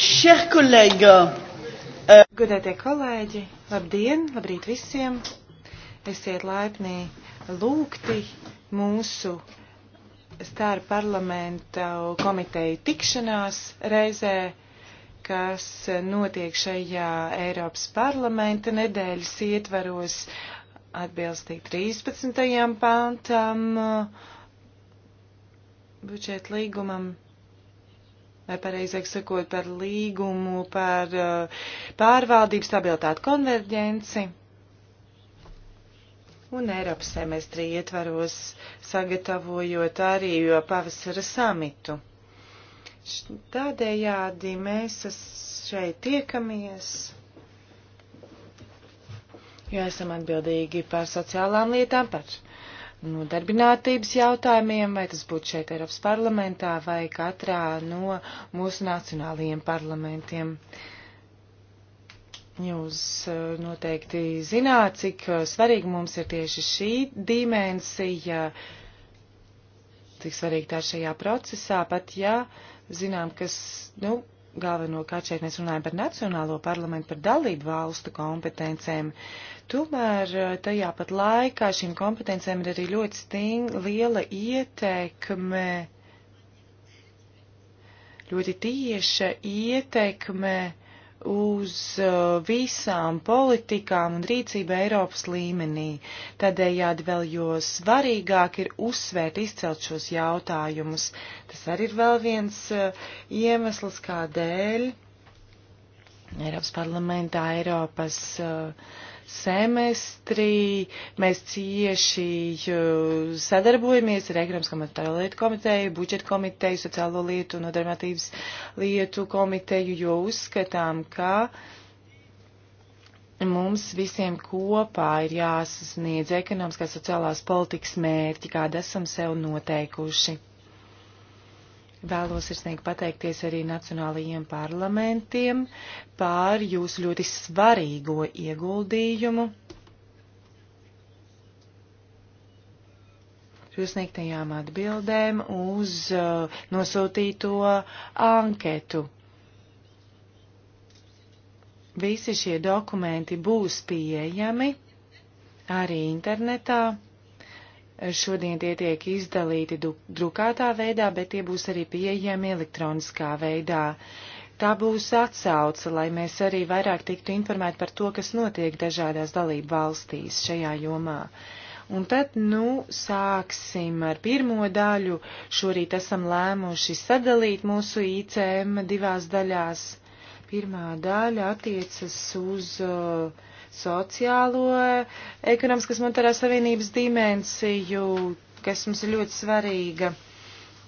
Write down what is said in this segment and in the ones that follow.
Chers collègues, euh, Godētie kolēģi, labdien, labrīt visiem! Esiet laipni lūgti mūsu starp parlamenta komiteju tikšanās reizē, kas notiek šajā Eiropas parlamenta nedēļas ietvaros atbilstīgi 13. pantam budžeta līgumam vai pareizāk sakot par līgumu, par uh, pārvaldību, stabilitāti, konverģenci. Un Eiropas semestri ietvaros sagatavojot arī pavasara samitu. Tādējādi mēs šeit tiekamies, jo esam atbildīgi par sociālām lietām, par nodarbinātības jautājumiem, vai tas būtu šeit Eiropas parlamentā vai katrā no mūsu nacionālajiem parlamentiem. Jūs eh, noteikti zināt, cik eh, svarīgi mums ir tieši šī dimensija, cik svarīgi tā ir šajā procesā, pat ja zinām, kas, nu, galvenokārt šeit mēs runājam par nacionālo parlamentu, par dalību valstu kompetencēm. Tomēr eh, tajā pat laikā šīm kompetencijām ir arī ļoti sting, liela ietekme, ļoti tieša ietekme uz eh, visām politikām un rīcību Eiropas līmenī. Tādējādi vēl jo svarīgāk ir uzsvērt izcelt šos jautājumus. Tas arī ir vēl viens eh, iemesls, kādēļ Eiropas parlamentā Eiropas uh, semestrī mēs cieši eh, sadarbojamies ar ekonomisko monetāro lietu komiteju, budžeta komiteju, sociālo lietu un nodarbinātības lietu komiteju, jo uzskatām, ka mums visiem kopā ir jāsasniedz ekonomiskās sociālās politikas mērķi, kāda esam sev noteikuši. Vēlos sirsnīgi pateikties arī nacionālajiem parlamentiem pār jūsu ļoti svarīgo ieguldījumu sniegtajām atbildēm uz uh, nosūtīto anketu. Visi šie dokumenti būs pieejami arī internetā. Šodien tie tiek izdalīti drukātā veidā, bet tie būs arī pieejami elektroniskā veidā. Tā būs atsauce, lai mēs arī vairāk tiktu informēti par to, kas notiek dažādās dalību valstīs šajā jomā. Un tad, nu, sāksim ar pirmo daļu. Šorīt esam lēmuši sadalīt mūsu ICM divās daļās. Pirmā daļa attiecas uz uh, sociālo ekonomiskas monetārās savienības dimensiju, kas mums ir ļoti svarīga.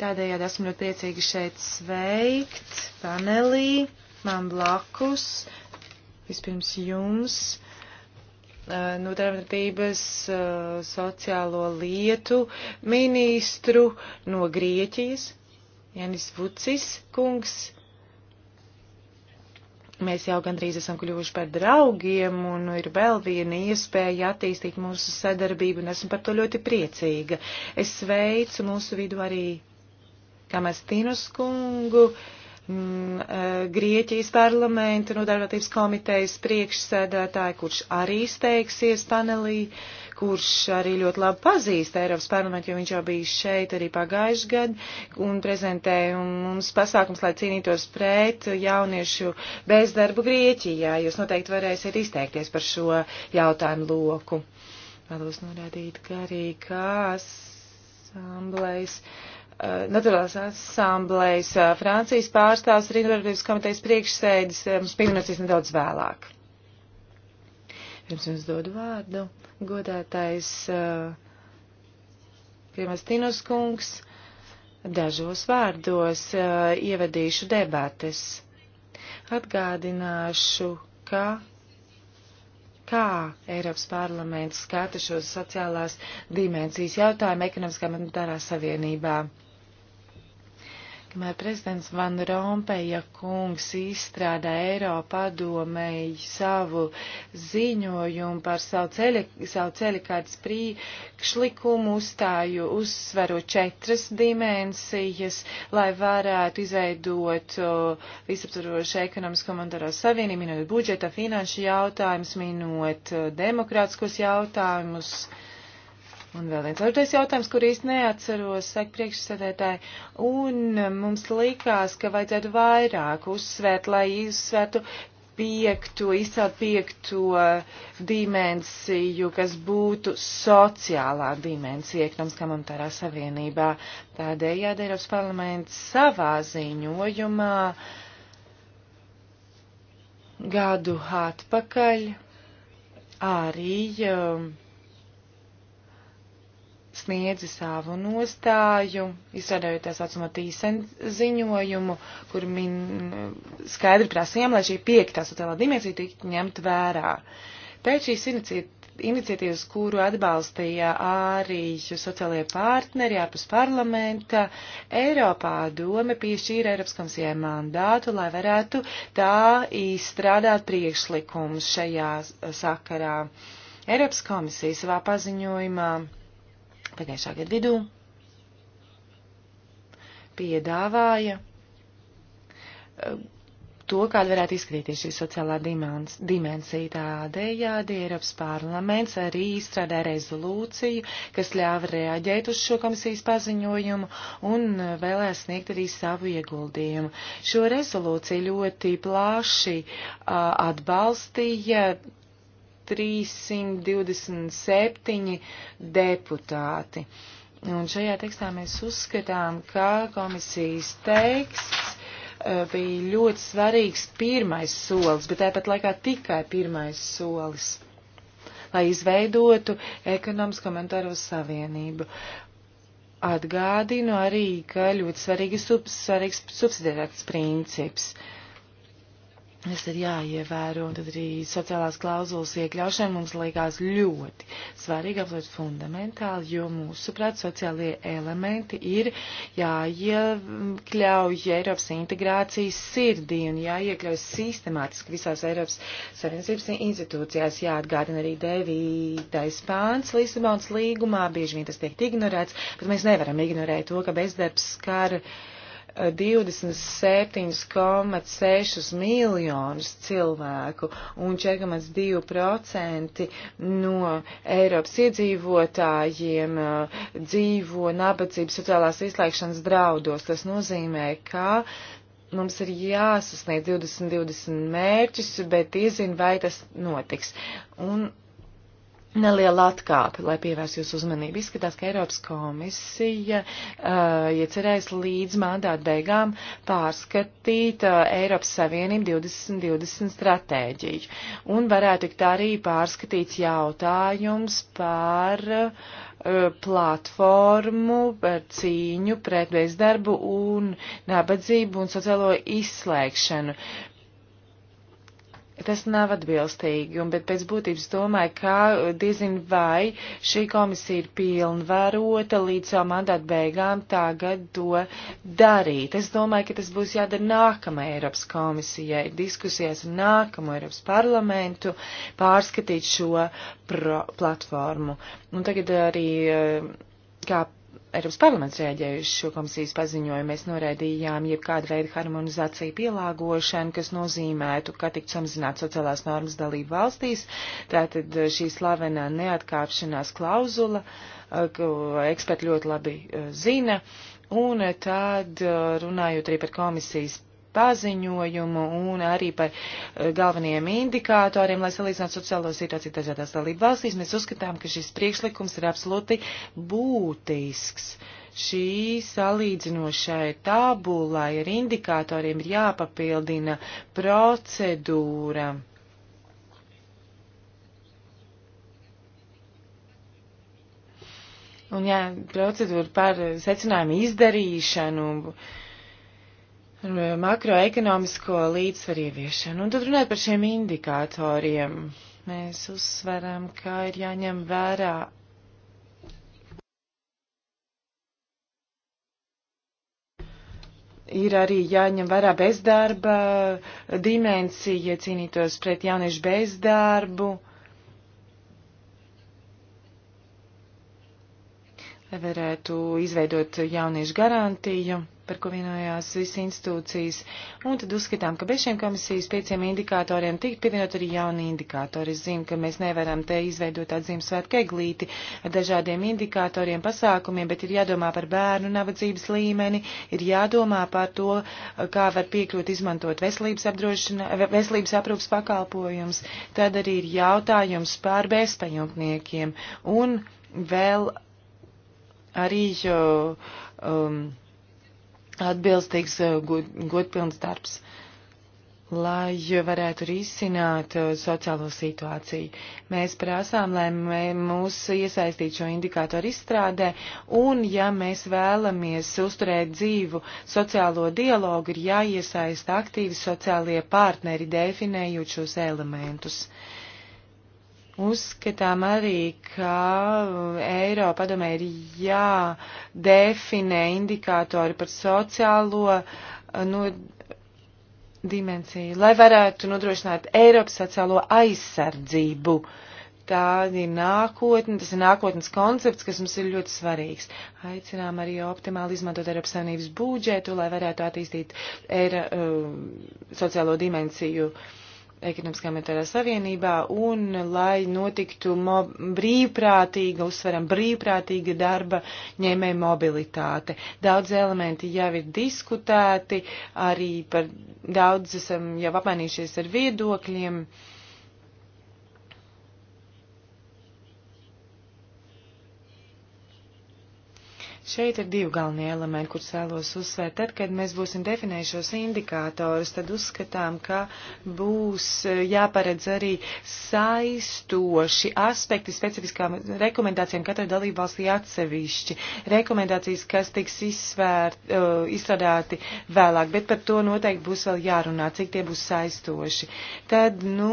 Tādējādi esmu ļoti priecīgi šeit sveikt panelī, man blakus, vispirms jums, eh, nodarbinātības eh, sociālo lietu ministru no Grieķijas, Janis Vucis kungs. Mēs jau gandrīz esam kļuvuši par draugiem, un ir vēl viena iespēja attīstīt mūsu sadarbību, un esmu par to ļoti priecīga. Es sveicu mūsu vidu arī Kamastinus kungu, mm, eh, Grieķijas parlamenta nodarbinātības komitejas priekšsēdētāju, kurš arī steigsies panelī. Uh, kurš arī ļoti labi pazīst Eiropas parlamentu, jo viņš jau bija šeit arī pagājuši gadu un prezentēja mums pasākums, lai cīnītos pret jauniešu bezdarbu Grieķijā. Jūs noteikti varēsiet izteikties par šo jautājumu loku. Vēlos norādīt, ka arī kā asamblējas. Uh, eh, Naturālās asamblējas uh, Francijas pārstāvs Rīnvarbības komitejas priekšsēdis eh, mums um, pieminēsies nedaudz vēlāk. Pirms jums dodu vārdu, godātais uh, eh, Piemastinos kungs, dažos vārdos uh, ievadīšu debates. Atgādināšu, ka kā Eiropas parlaments skata šos sociālās dimensijas jautājumu ekonomiskā monetārā savienībā. Kamēr prezidents Van Rompeja kungs izstrādā Eiropā domēji savu ziņojumu par savu, ceļa, savu ceļakārtas priekšlikumu, uzstāju uzsveru četras dimensijas, lai varētu izveidot visaptvarošu ekonomisko monetāro savienību, minot budžeta finanšu jautājumus, minot demokrātiskos jautājumus. Uh, Un vēl viens otrais jautājums, kur īsti neatceros, saka priekšsēdētāji. Un e, mums likās, ka vajadzētu vairāk uzsvērt, lai uzsvērtu piekto, izcelt piekto dimensiju, kas būtu sociālā dimensija ekonomiskā monetārā savienībā. Tādējādi Eiropas parlaments savā ziņojumā gadu atpakaļ arī e, sniedzi savu nostāju, izstrādājot tā saucamo tīsen ziņojumu, kur min skaidri prasījām, lai šī piektā sociālā dimensija tiktu ņemt vērā. Pēc šīs iniciatīvas, kuru atbalstīja arī sociālajie partneri ārpus parlamenta, Eiropā doma piešķīra Eiropas komisijai mandātu, lai varētu tā izstrādāt priekšlikumus šajā sakarā. Eiropas komisija savā paziņojumā pagājušā gada vidū piedāvāja eh, to, kāda varētu izskatīties šī sociālā dimens, dimensija. Tādējādi Eiropas parlaments arī izstrādē rezolūciju, kas ļāva reaģēt uz šo komisijas paziņojumu un eh, vēlēs sniegt arī savu ieguldījumu. Šo rezolūciju ļoti plaši uh, atbalstīja 327 deputāti. Un šajā tekstā mēs uzskatām, ka komisijas teksts e, bija ļoti svarīgs pirmais solis, bet tāpat laikā tikai pirmais solis, lai izveidotu ekonomisko monetāro savienību. Atgādinu arī, ka ļoti svarīgi subs, svarīgs subsidiarāts princips. Uh, Tas ir jāievēro, un tad arī sociālās klauzulas iekļaušana mums liekas ļoti svarīga, bet fundamentāli, jo mūsuprāt sociālie elementi ir jāiekļauj Eiropas integrācijas sirdī un jāiekļauj sistemātiski visās Eiropas Savienības institūcijās. Jāatgādina arī 9. pāns Lisabonas līgumā, bieži vien tas tiek ignorēts, bet mēs nevaram ignorēt to, ka bezdarbs skar. Uh, 27,6 miljonus cilvēku un 4,2% no Eiropas iedzīvotājiem eh, dzīvo nabadzības sociālās izslēgšanas draudos. Tas nozīmē, ka mums ir jāsasniedz 2020 mērķis, bet iezin, vai tas notiks. Un Neliela atkāpe, lai pievērstu jūsu uzmanību. Izskatās, ka Eiropas komisija uh, iecerēs līdz mandāta beigām pārskatīt uh, Eiropas Savienību 2020 stratēģiju. Un varētu tikt arī pārskatīts jautājums par uh, platformu par cīņu pret bezdarbu un nabadzību un sociālo izslēgšanu. Tas nav atbilstīgi, un, bet pēc būtības domāju, ka diezin vai šī komisija ir pilnvarota līdz savu mandātu beigām tagad to darīt. Es domāju, ka tas būs jādara nākamajai Eiropas komisijai, diskusijās ar nākamo Eiropas parlamentu, pārskatīt šo platformu. Un tagad arī eh, kā Eiropas parlaments rēģēja uz šo komisijas paziņojumu. Mēs noraidījām jebkādu veidu harmonizāciju pielāgošanu, kas nozīmētu, ka tiktu samazināt sociālās normas dalību valstīs. Tātad uh, šī slavenā neatkāpšanās klauzula, uh, ko eksperti ļoti labi uh, zina. Un tad runājot arī par komisijas paziņojumu un arī par eh, galvenajiem indikātoriem, lai salīdzinātu sociālo situāciju dažādās dalību valstīs. Mēs uzskatām, ka šis priekšlikums ir absolūti būtisks. Šī salīdzinošai tabulai ar indikātoriem ir jāpapildina procedūra. Un jā, procedūra par secinājumu izdarīšanu. Uh, Eh, makroekonomisko līdzsvaru ieviešanu. Un tad runājot par šiem indikatoriem, mēs uzsveram, ka ir jāņem vērā. Ir arī jāņem vērā bezdarba dimensija, cīnītos pret jauniešu bezdarbu. Lai varētu izveidot jauniešu garantiju par ko vienojās visi institūcijas. Un tad uzskatām, ka bez šiem komisijas pieciem indikatoriem tikt pievienot arī jauni indikatori. Es zinu, ka mēs nevaram te izveidot tādu Ziemassvētku eglīti ar dažādiem indikatoriem, pasākumiem, bet ir jādomā par bērnu nabadzības līmeni, ir jādomā par to, kā var piekļūt izmantot veselības, veselības aprūpas pakalpojumus. Tad arī ir jautājums par bezpajumtniekiem un vēl arī jo, um, atbilstīgs eh, godpilns darbs, lai varētu risināt eh, sociālo situāciju. Mēs prasām, lai mūs iesaistītu šo indikātoru izstrādē, un ja mēs vēlamies uzturēt dzīvu sociālo dialogu, ir jāiesaista aktīvi sociālie partneri, definējot šos elementus. Uh, Uzskatām arī, ka um, Eiropa domē ir jādefinē indikātori par sociālo uh, no, nu, dimensiju, lai varētu nodrošināt Eiropas sociālo aizsardzību. Tā ir nākotne, tas ir nākotnes koncepts, kas mums ir ļoti svarīgs. Aicinām arī optimāli izmantot Eiropas Savienības budžetu, lai varētu attīstīt Eira, uh, sociālo dimensiju uh, ekonomiskā monetārā savienībā un lai notiktu mo, brīvprātīga, uzsveram, brīvprātīga darba ņēmēja mobilitāte. Daudz elementi jau ir diskutēti, arī par daudz esam jau apmainījušies ar viedokļiem. Uh, Šeit ir divi galvenie elementi, kurus vēlos uzsvērt. Tad, kad mēs būsim definējušos indikātorus, tad uzskatām, ka būs eh, jāparedz arī saistoši aspekti specifiskām rekomendācijām katrai dalībvalstī atsevišķi. Rekomendācijas, kas tiks izsvērt, uh, izstrādāti vēlāk, bet par to noteikti būs vēl jārunā, cik tie būs saistoši. Tad, nu,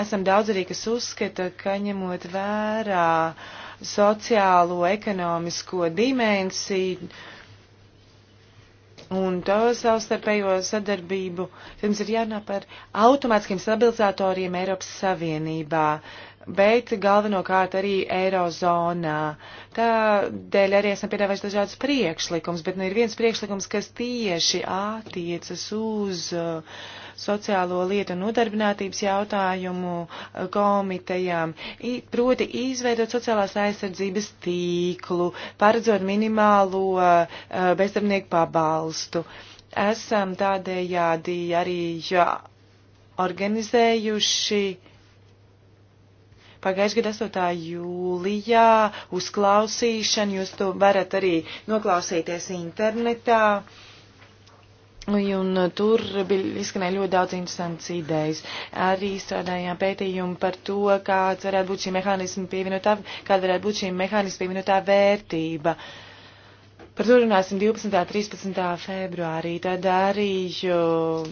esam daudz arī, kas uzskata, ka ņemot vērā. Uh, sociālo, ekonomisko dimensiju un to savstarpējo sadarbību. Mums ir jārunā par automātiskiem stabilizatoriem Eiropas Savienībā. Uh, bet galvenokārt arī Eirozonā. Tādēļ arī esam piedāvājuši dažādas priekšlikums, bet nu ir viens priekšlikums, kas tieši attiecas uz uh, sociālo lietu un nodarbinātības jautājumu uh, komitejām, proti izveidot sociālās aizsardzības tīklu, paredzot minimālo uh, bezdarbnieku pabalstu. Esam tādējādi arī organizējuši Pagājušajā gadā 8. jūlijā uzklausīšana, jūs to varat arī noklausīties internetā. Un uh, tur bija izskanēja ļoti daudz interesants idejas. Arī strādājām pētījumu par to, kāds varētu būt šī mehānisma pievienotā, kāda varētu būt šī mehānisma pievienotā vērtība. Par to runāsim 12. un 13. februārī. Tad arī, jo,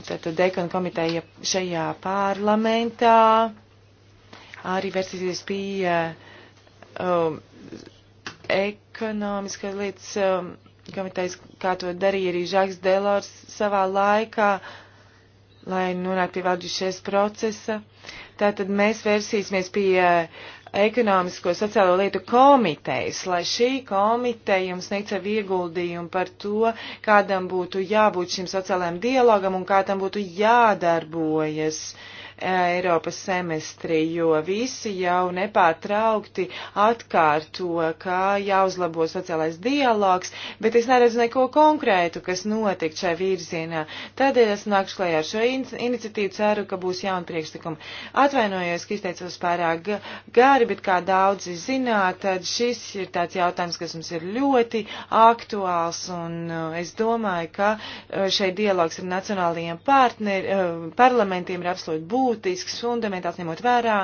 tad, tad dekona komiteja šajā parlamentā arī vērsīsies pie um, ekonomiskās lietas um, komitejas, kā to darīja arī Žaks Delors savā laikā, lai nonāktu pie valdīšanas procesa. Tātad mēs vērsīsimies pie eh, ekonomisko sociālo lietu komitejas, lai šī komiteja jums sniegtu savu ieguldījumu par to, kādam būtu jābūt šim sociālajam dialogam un kā tam būtu jādarbojas. Eh, Eiropas semestrī, jo visi jau nepārtraukti atkārto, kā jāuzlabo sociālais dialogs, bet es neredzu neko konkrētu, kas notiek šajā virzienā. Tādēļ es nākšu klajā ar šo in iniciatīvu, ceru, ka būs jauni priekšlikumi atvainojos, ka izteicos pārāk gari, bet kā daudzi zināt, tad šis ir tāds jautājums, kas mums ir ļoti aktuāls, un uh, es domāju, ka uh, šeit dialogs ar nacionālajiem partneri, uh, parlamentiem ir absolūti būtisks, fundamentāls ņemot vērā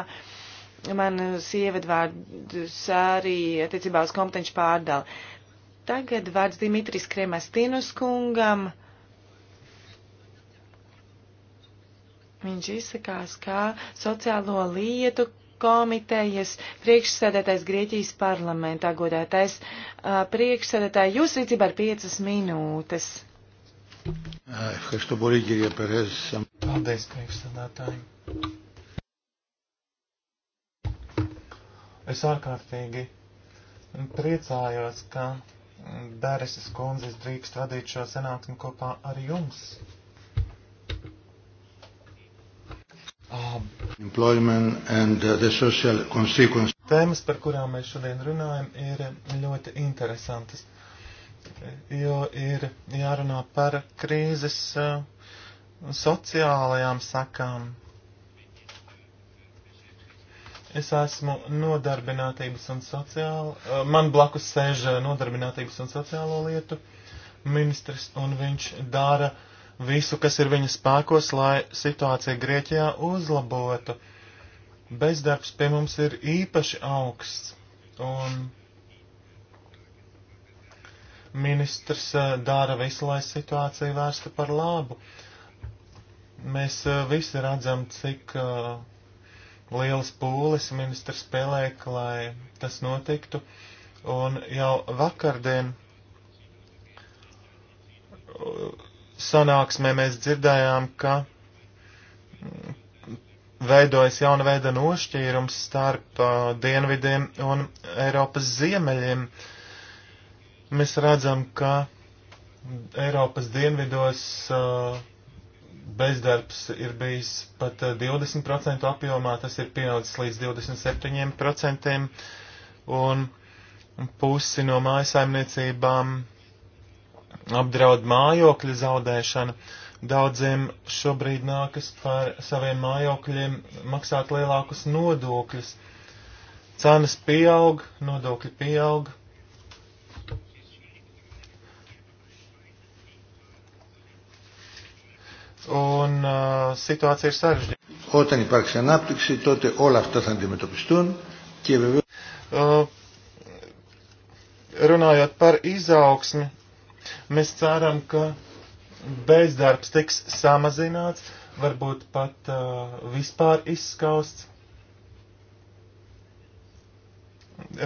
manas ievadvārdus arī attiecībā uz kompetenci pārdali. Tagad vārds Dimitris Kremastinus kungam. Uh, Viņš izsakās kā sociālo lietu komitejas priekšsēdētais Grieķijas parlamentā, godētais priekšsēdētāji. Jūs rīcībā ar piecas minūtes. Paldies, priekšsēdētāji. Es ārkārtīgi priecājos, ka Darises kundzes drīkst vadīt šo sanāksmi kopā ar jums. Uh, Tēmas, par kurām mēs šodien runājam, ir ļoti interesantas, jo ir jārunā par krīzes uh, sociālajām sakām. Es esmu nodarbinātības un sociāla, uh, man blakus sēž nodarbinātības un sociālo lietu ministrs, un viņš dara uh, visu, kas ir viņa spēkos, lai situācija Grieķijā uzlabotu. Bezdarbs pie mums ir īpaši augsts, un ministrs eh, dara visu, lai situācija vērsta par labu. Mēs eh, visi redzam, cik uh, lielas pūles ministrs spēlēk, lai tas notiktu, un jau vakardien uh, sanāksmē mēs dzirdējām, ka veidojas jauna veida nošķīrums starp uh, dienvidiem un Eiropas ziemeļiem. Mēs redzam, ka Eiropas dienvidos uh, bezdarbs ir bijis pat 20% uh, apjomā, tas ir pieaudzis līdz 27%, un pusi no mājasaimniecībām apdraud mājokļa zaudēšana. Daudziem šobrīd nākas par saviem mājokļiem maksāt lielākus nodokļus. Cenas pieaug, nodokļi pieaug. Un uh, situācija ir sarežģīta. Όταν υπάρξει ανάπτυξη, τότε όλα αυτά θα αντιμετωπιστούν και βεβαίως. Uh, runājot par izaugsmi, Mēs ceram, ka bezdarbs tiks samazināts, varbūt pat uh, vispār izskausts.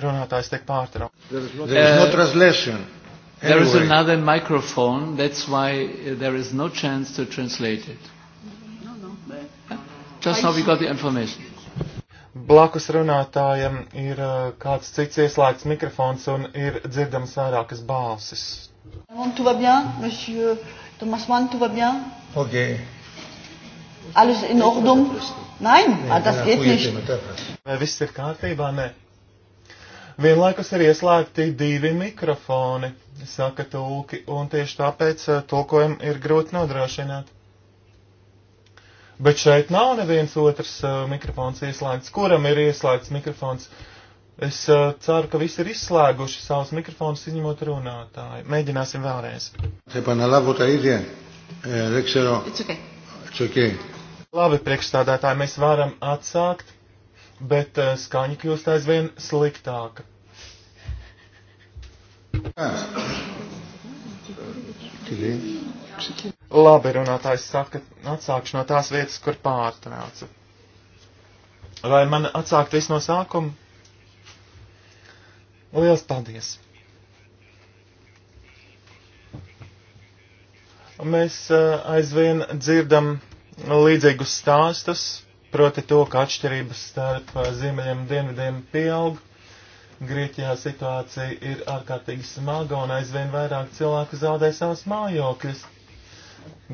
Runātājs tiek pārtraukts. There is no, there is no uh, translation. Anyway. There is another microphone, that's why uh, there is no chance to translate it. No, no. Uh, just how we got the information. Blakus runātājam ir kāds cits ieslēgts mikrofons un ir dzirdams vairākas balsis. Tu va bien, monsieur Thomas Mann, tu va bien? Okay. Alles in Ordnung? Nein, Nē, ah, tas geht nicht. Vai viss ir kārtībā? Nē. Vienlaikus ir ieslēgti divi mikrofoni, saka tulki, un tieši tāpēc eh, tulkojumu ir grūti nodrošināt. Bet šeit nav neviens otrs eh, mikrofons ieslēgts. Kuram ir ieslēgts mikrofons? Uh, Es uh, ceru, ka visi ir izslēguši savus mikrofonus, izņemot runātāju. Mēģināsim vēlreiz. E, It's okay. It's okay. Labi, priekšstādātāji, mēs varam atsākt, bet uh, skaņa kļūst aizvien sliktāka. Labi, runātājs saka, atsākšu no tās vietas, kur pārtraucu. Vai man atsākt viss no sākuma? Lielas paldies! Mēs uh, aizvien dzirdam līdzīgus stāstus, proti to, ka atšķirības starp uh, ziemeļiem un dienvidiem pieaug. Grieķijā situācija ir ārkārtīgi smaga un aizvien vairāk cilvēku zaudē savas mājokļus.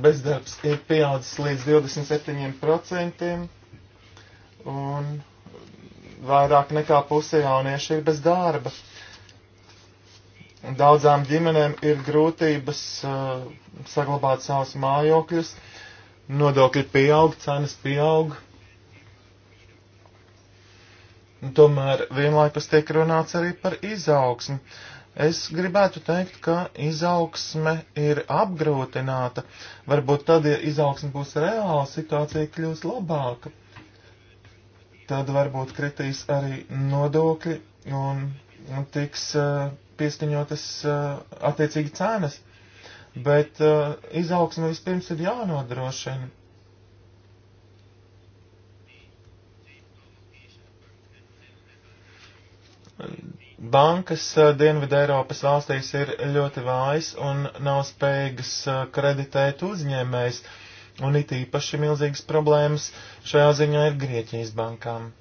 Bezdarbs ir pieaudzis līdz 27% un vairāk nekā puse jaunieši ir bez darba. Daudzām ģimenēm ir grūtības uh, saglabāt savus mājokļus, nodokļi pieaug, cenas pieaug. Tomēr vienlaikus tiek runāts arī par izaugsmu. Es gribētu teikt, ka izaugsme ir apgrūtināta. Varbūt tad, ja izaugsme būs reāla, situācija kļūs labāka. Tad varbūt kritīs arī nodokļi un tiks uh, pieskaņotas eh, attiecīgi cenas, bet eh, izaugsme vispirms ir jānodrošina. Bankas eh, Dienvidē Eiropas valstīs ir ļoti vājas un nav spējīgas kreditēt uzņēmējs, un it īpaši milzīgas problēmas šajā ziņā ir Grieķijas bankām.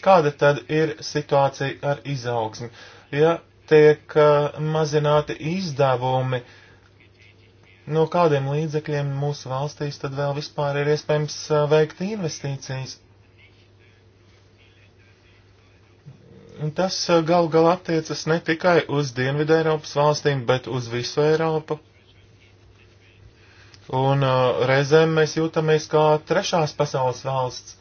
Kāda tad ir situācija ar izaugsmi? ja tiek uh, mazināti izdevumi, no kādiem līdzekļiem mūsu valstīs tad vēl vispār ir iespējams uh, veikt investīcijas. Tas uh, gal galā attiecas ne tikai uz Dienvidu Eiropas valstīm, bet uz visu Eiropu. Un uh, reizēm mēs jūtamies kā trešās pasaules valsts.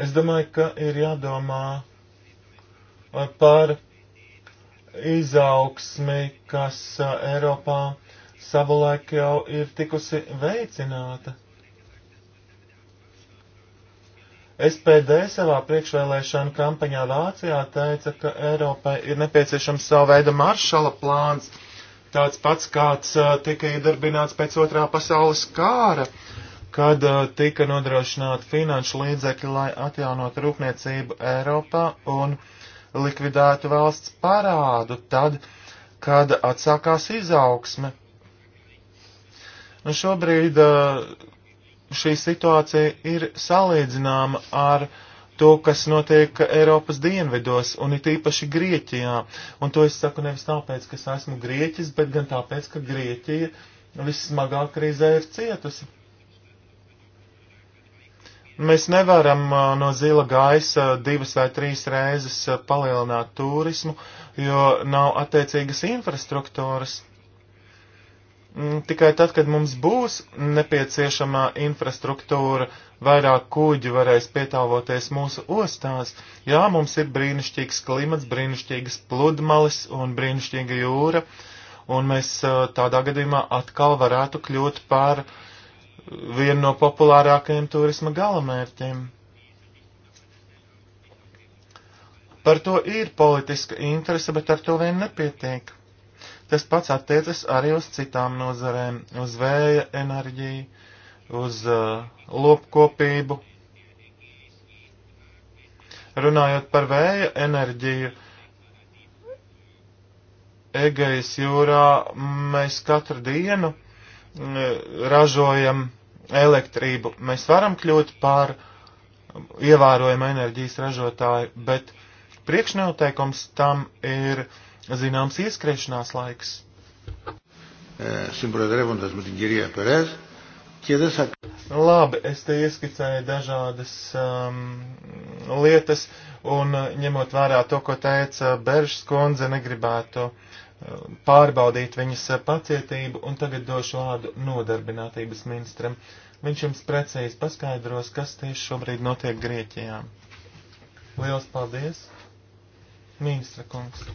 Es domāju, ka ir jādomā uh, par izaugsmi, kas uh, Eiropā savulaik jau ir tikusi veicināta. SPD savā priekšvēlēšana kampaņā Vācijā teica, ka Eiropai ir nepieciešams savu veidu maršala plāns, tāds pats kāds uh, tika iedarbināts pēc otrā pasaules kāra. Uh, kad uh, tika nodrošināta finanšu līdzekļi, lai atjaunot rūpniecību Eiropā un likvidētu valsts parādu tad, kad atsākās izaugsme. Nu, šobrīd uh, šī situācija ir salīdzināma ar to, kas notiek Eiropas dienvidos, un it īpaši Grieķijā. Un to es saku nevis tāpēc, ka es esmu Grieķis, bet gan tāpēc, ka Grieķija vissmagāk krīzē ir cietusi. Mēs nevaram no zila gaisa divas vai trīs reizes palielināt turismu, jo nav attiecīgas infrastruktūras. Mm, tikai tad, kad mums būs nepieciešamā infrastruktūra, vairāk kuģi varēs pietāvoties mūsu ostās. Jā, mums ir brīnišķīgs klimats, brīnišķīgas pludmales un brīnišķīga jūra, un mēs tādā gadījumā atkal varētu kļūt par uh, vienu no populārākajiem turisma galamērķiem. Par to ir politiska interese, bet ar to vien nepietiek. Tas pats attiecas arī uz citām nozarēm, uz vēja enerģiju, uz uh, lopkopību. Runājot par vēja enerģiju, Egejas jūrā mēs katru dienu uh, ražojam elektrību, mēs varam kļūt par ievērojumu enerģijas ražotāju, bet priekšnoteikums tam ir zināms ieskriešanās laiks. Labi, es te ieskicēju dažādas um, lietas, un ņemot vērā to, ko teica Beržs kundze, negribētu pārbaudīt viņas pacietību, un tagad došu vārdu nodarbinātības ministram. Viņš jums precīzi paskaidros, kas tieši šobrīd notiek Grieķijā. Lielas paldies! Ministra kungs.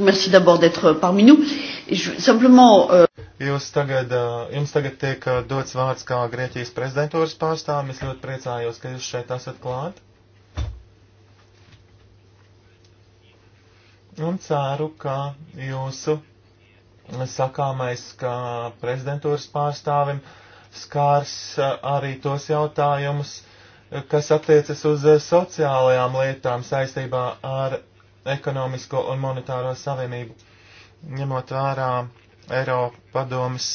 Merci d'abord d'être parmi nous. Je, simplement, euh... Jūs tagad, uh, jums tagad tiek uh, dots vārds kā Grieķijas prezidentūras pārstāvis. Es ļoti priecājos, ka jūs šeit esat klāt. un ceru, ka jūsu sakāmais, ka prezidentūras pārstāvim skārs eh, arī tos jautājumus, kas attiecas uz eh, sociālajām lietām saistībā ar ekonomisko un monetāro savienību, ņemot vērā Eiropa padomas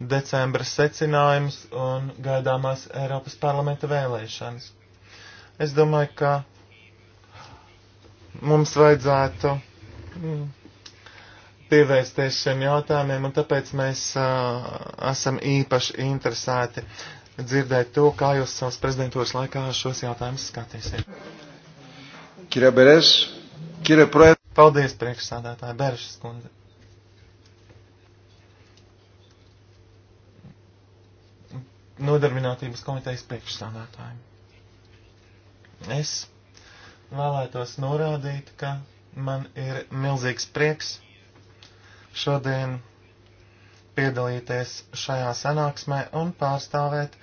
decembra secinājumus un gaidāmās Eiropas parlamenta vēlēšanas. Es domāju, ka mums vajadzētu mm, pievērsties šiem jautājumiem, un tāpēc mēs uh, esam īpaši interesēti dzirdēt to, kā jūs savas prezidentūras laikā šos jautājumus skatīsiet. Kire Beres, Kire Proe. Paldies, priekšsādātāja Berešas kundze. Nodarbinātības komitejas priekšsādātājiem. Es vēlētos norādīt, ka man ir milzīgs prieks šodien piedalīties šajā sanāksmē un pārstāvēt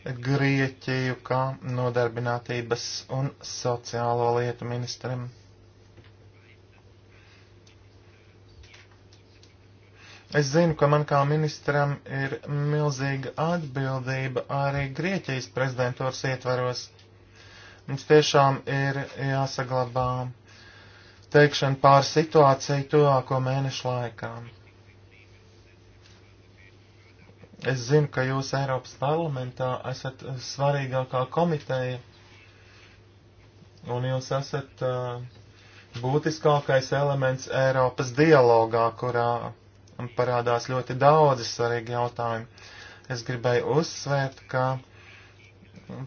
Grieķiju kā nodarbinātības un sociālo lietu ministram. Es zinu, ka man kā ministram ir milzīga atbildība arī Grieķijas prezidentūras ietvaros Mums tiešām ir jāsaglabā teikšana pār situāciju tuvāko mēnešu laikā. Es zinu, ka jūs Eiropas parlamentā esat svarīgākā komiteja, un jūs esat uh, būtiskākais elements Eiropas dialogā, kurā parādās ļoti daudzi svarīgi jautājumi. Es gribēju uzsvērt, ka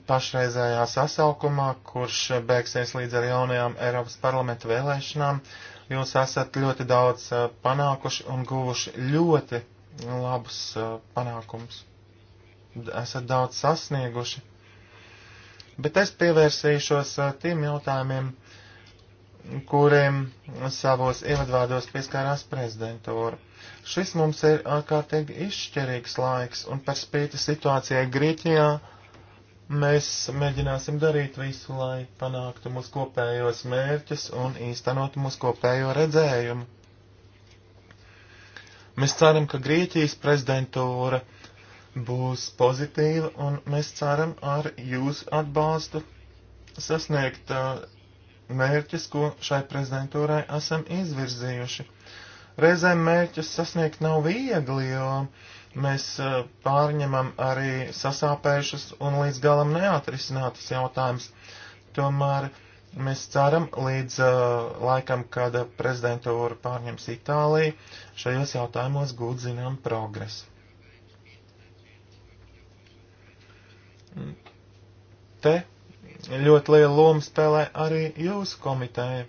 pašreizējā sasaukumā, kurš beigsies līdz ar jaunajām Eiropas parlamenta vēlēšanām. Jūs esat ļoti daudz eh, panākuši un guvuši ļoti labus eh, panākumus. Esat daudz sasnieguši. Bet es pievērsīšos eh, tiem jautājumiem, kuriem savos ievadvārdos pieskārās prezidentūra. Šis mums ir ārkārtīgi izšķirīgs laiks, un par spīti situācijai Grieķijā Mēs mēģināsim darīt visu, lai panāktu mūsu kopējos mērķus un īstenotu mūsu kopējo redzējumu. Mēs ceram, ka Grieķijas prezidentūra būs pozitīva un mēs ceram ar jūsu atbalstu sasniegt uh, mērķus, ko šai prezidentūrai esam izvirzījuši. Reizēm mērķus sasniegt nav viegli, jo mēs pārņemam arī sasāpējušas un līdz galam neatrisinātas jautājumas. Tomēr mēs ceram līdz laikam, kad prezidentūra pārņems Itāliju, šajos jautājumos gūt zinām progresu. Te ļoti lielu lomu spēlē arī jūsu komiteja.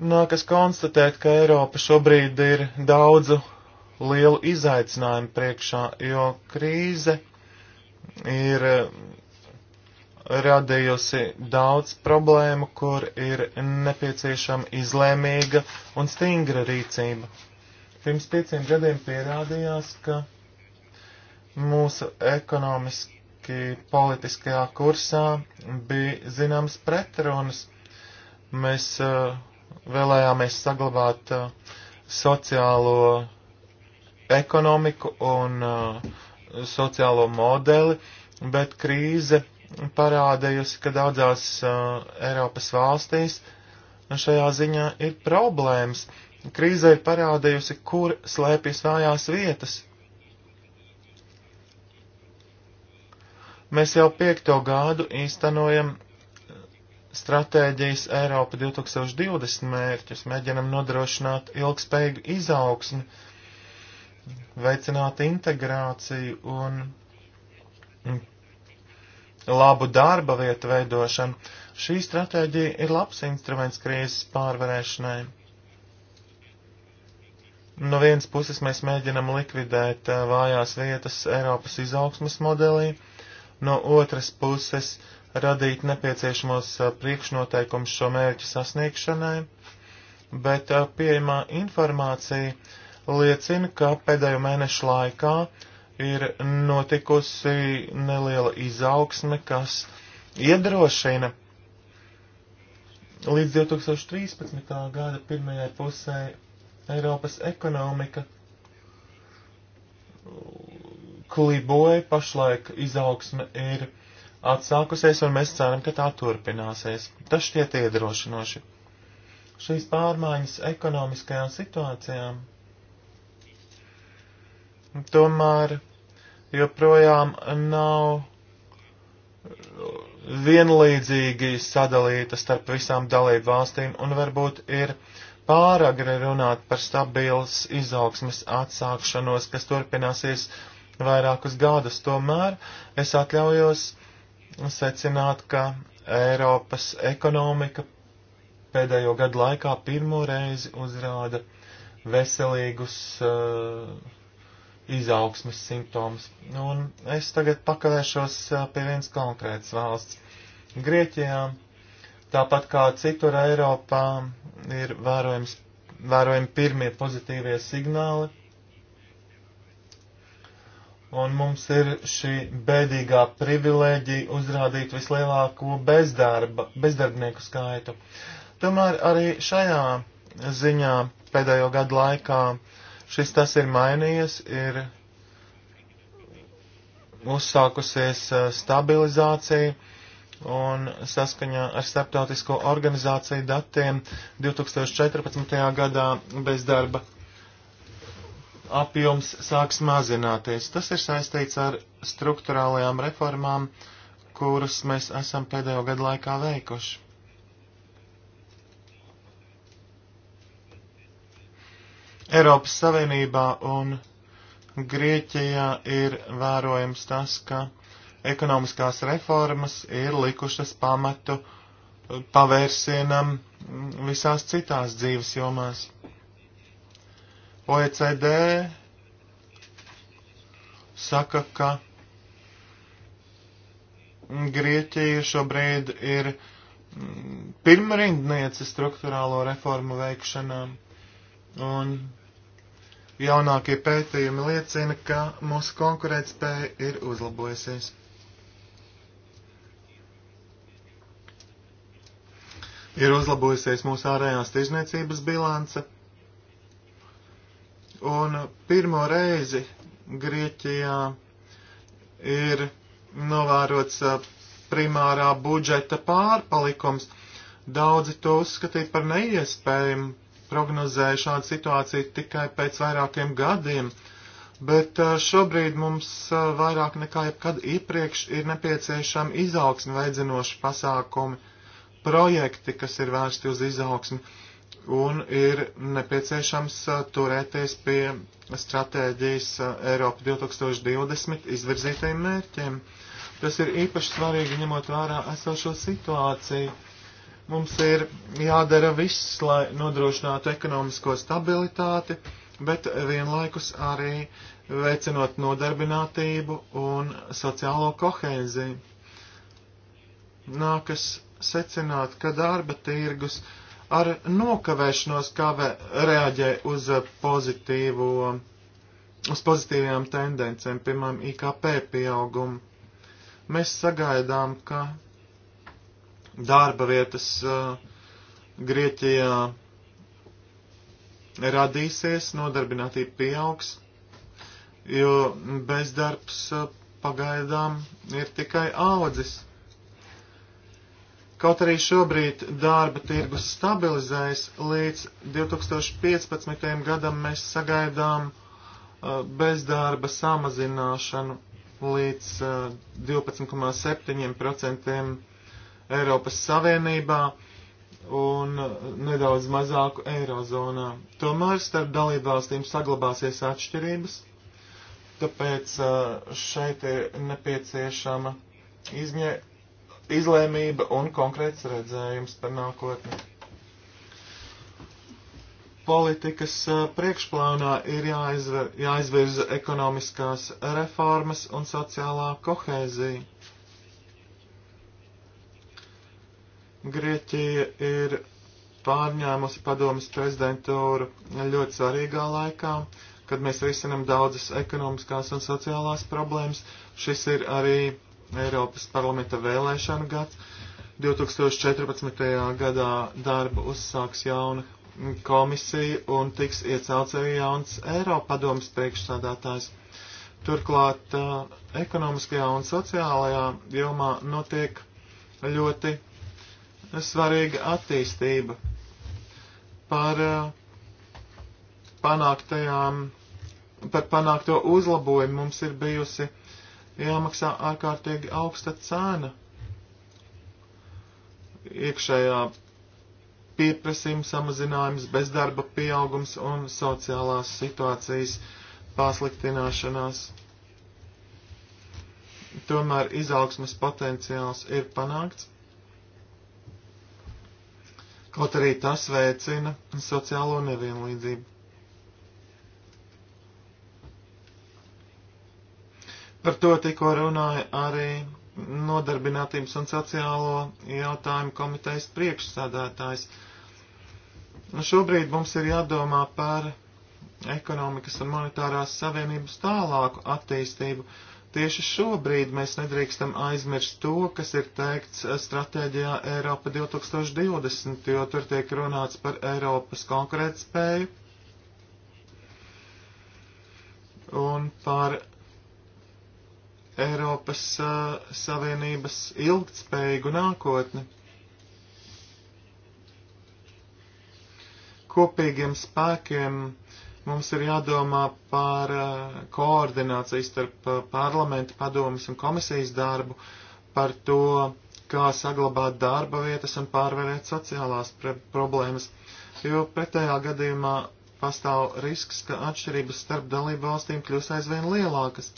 Nākas konstatēt, ka Eiropa šobrīd ir daudzu lielu izaicinājumu priekšā, jo krīze ir eh, radījusi daudz problēmu, kur ir nepieciešama izlēmīga un stingra rīcība. Pirms pieciem gadiem pierādījās, ka mūsu ekonomiski politiskajā kursā bija zināms pretrunas. Mēs uh, vēlējāmies saglabāt uh, sociālo ekonomiku un uh, sociālo modeli, bet krīze parādījusi, ka daudzās uh, Eiropas valstīs šajā ziņā ir problēmas. Krīze ir parādījusi, kur slēpjas vājās vietas. Mēs jau piekto gadu īstenojam stratēģijas Eiropa 2020 mērķus, mēģinam nodrošināt ilgspējīgu izaugsmu, veicināt integrāciju un labu darba vietu veidošanu. Šī stratēģija ir labs instruments krīzes pārvarēšanai. No vienas puses mēs mēģinam likvidēt vājās vietas Eiropas izaugsmas modelī, no otras puses uh, radīt nepieciešamos priekšnoteikumus šo mērķu sasniegšanai, bet pieejamā informācija liecina, ka pēdējo mēnešu laikā ir notikusi neliela izaugsme, kas iedrošina līdz 2013. gada pirmajai pusē Eiropas ekonomika kliboja, pašlaik izaugsme ir atsākusies, un mēs ceram, ka tā turpināsies. Tas šķiet iedrošinoši. Šīs pārmaiņas ekonomiskajām situācijām tomēr joprojām nav vienlīdzīgi sadalīta starp visām dalību valstīm un varbūt ir pāragri runāt par stabilas izaugsmes atsākšanos, kas turpināsies vairākus gadus. Tomēr es atļaujos secināt, ka Eiropas ekonomika pēdējo gadu laikā pirmo reizi uzrāda veselīgus uh, izaugsmes simptomus. Un es tagad pakavēšos uh, pie viens konkrēts valsts. Grieķijā, tāpat kā citur Eiropā, ir vērojams, vērojami pirmie pozitīvie signāli un mums ir šī bēdīgā privilēģija uzrādīt vislielāko bezdarba, bezdarbnieku skaitu. Tomēr arī šajā ziņā pēdējo gadu laikā šis tas ir mainījies, ir uzsākusies uh, stabilizācija un saskaņā ar starptautisko organizāciju datiem 2014. gadā bezdarba apjoms sāks mazināties. Tas ir saistīts ar struktūrālajām reformām, kuras mēs esam pēdējo gadu laikā veikuši. Eiropas Savienībā un Grieķijā ir vērojams tas, ka ekonomiskās reformas ir likušas pamatu pavērsienam visās citās dzīves jomās. OECD saka, ka Grieķija šobrīd ir mm, pirmrindniece struktūrālo reformu veikšanā, un jaunākie pētījumi liecina, ka mūsu konkurētspēja ir uzlabojusies. Ir uzlabojusies mūsu ārējās tirzniecības bilance Un pirmo reizi Grieķijā ir novērots uh, primārā budžeta pārpalikums. Daudzi to uzskatīja par neiespējumu, prognozēja šādu situāciju tikai pēc vairākiem gadiem, bet uh, šobrīd mums uh, vairāk nekā jebkad iepriekš ir nepieciešama izaugsme veidzinoši pasākumi, projekti, kas ir vērsti uz izaugsmi un ir nepieciešams uh, turēties pie stratēģijas uh, Eiropa 2020 izvirzītajiem mērķiem. Tas ir īpaši svarīgi ņemot vērā esošo situāciju. Mums ir jādara viss, lai nodrošinātu ekonomisko stabilitāti, bet vienlaikus arī veicinot nodarbinātību un sociālo kohēziju. Nākas secināt, ka darba tirgus ar nokavēšanos, kā reaģē uz pozitīvo, uz pozitīvajām tendencēm, piemēram, IKP pieaugumu. Mēs sagaidām, ka darba vietas uh, Grieķijā radīsies, nodarbinātība pieaugs, jo bezdarbs uh, pagaidām ir tikai audzis. Kaut arī šobrīd darba tirgus stabilizējas, līdz 2015. gadam mēs sagaidām uh, bezdarba samazināšanu līdz uh, 12,7% Eiropas Savienībā un uh, nedaudz mazāku Eirozonā. Tomēr starp dalībvalstīm saglabāsies atšķirības, tāpēc uh, šeit ir nepieciešama izņēmuma izlēmība un konkrēts redzējums par nākotni. Politikas priekšplānā ir jāizver, jāizvirza ekonomiskās reformas un sociālā kohēzija. Grieķija ir pārņēmusi padomas prezidentūru ļoti svarīgā laikā, kad mēs risinam daudzas ekonomiskās un sociālās problēmas. Šis ir arī Eiropas parlamenta vēlēšanu gads. 2014. gadā darbu uzsāks jauna komisija un tiks iecelts arī jauns Eiropadomas priekšsādātājs. Turklāt ekonomiskajā un sociālajā jomā notiek ļoti svarīga attīstība par panāktajām, par panākto uzlabojumu mums ir bijusi jāmaksā ārkārtīgi augsta cena. Iekšējā pieprasījuma samazinājums, bezdarba pieaugums un sociālās situācijas pasliktināšanās. Tomēr izaugsmas potenciāls ir panākts. Kaut arī tas veicina sociālo nevienlīdzību. Par to tikko runāja arī nodarbinātības un sociālo jautājumu komitejas priekšsādātājs. Nu, šobrīd mums ir jādomā par ekonomikas un monetārās savienības tālāku attīstību. Tieši šobrīd mēs nedrīkstam aizmirst to, kas ir teikts stratēģijā Eiropa 2020, jo tur tiek runāts par Eiropas konkurētspēju un par Eiropas uh, Savienības ilgtspējīgu nākotni. Kopīgiem spēkiem mums ir jādomā par uh, koordināciju starp uh, parlamentu padomas un komisijas darbu, par to, kā saglabāt darba vietas un pārvarēt sociālās problēmas, jo pretējā gadījumā pastāv risks, ka atšķirības starp dalību valstīm kļūs aizvien lielākas.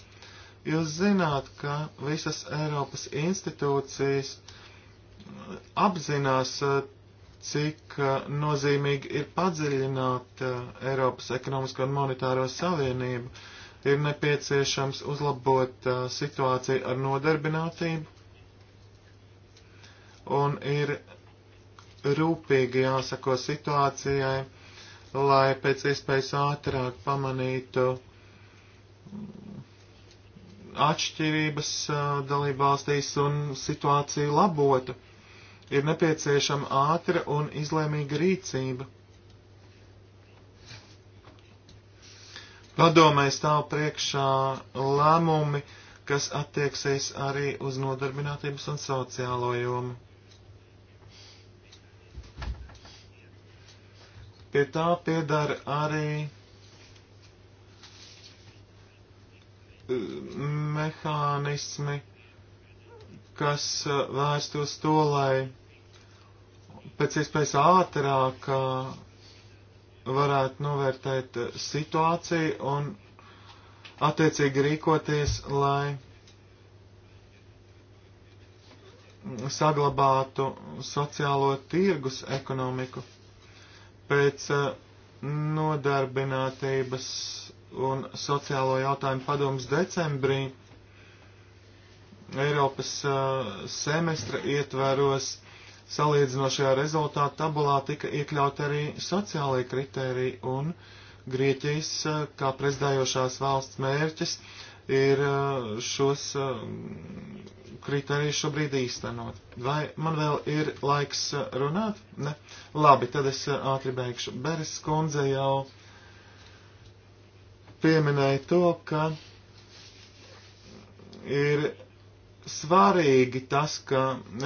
Jūs zināt, ka visas Eiropas institūcijas uh, apzinās, uh, cik uh, nozīmīgi ir padziļināt Eiropas ekonomisko un monetāro savienību. Ir nepieciešams uzlabot situāciju ar nodarbinātību un ir rūpīgi jāsako situācijai, lai pēc iespējas ātrāk pamanītu atšķirības dalībvalstīs un situāciju labotu. Ir nepieciešama ātra un izlēmīga rīcība. Padomē stāv priekšā lēmumi, kas attieksies arī uz nodarbinātības un sociālo jomu. Pie tā piedara arī mehānismi, kas uh, vērst uz to, lai pēc iespējas ātrāk uh, varētu novērtēt uh, situāciju un attiecīgi rīkoties, lai saglabātu sociālo tirgus ekonomiku pēc nodarbinātības un sociālo jautājumu padomus decembrī Eiropas uh, semestra ietveros salīdzinošajā rezultātu tabulā tika iekļaut arī sociālai kriteriji un Grieķijas uh, kā prezidējošās valsts mērķis ir uh, šos kriterijus šobrīd īstenot. Vai man vēl ir laiks runāt? Ne? Labi, tad es ātri beigšu. Beres kundze jau pieminēja to, ka ir svarīgi tas, ka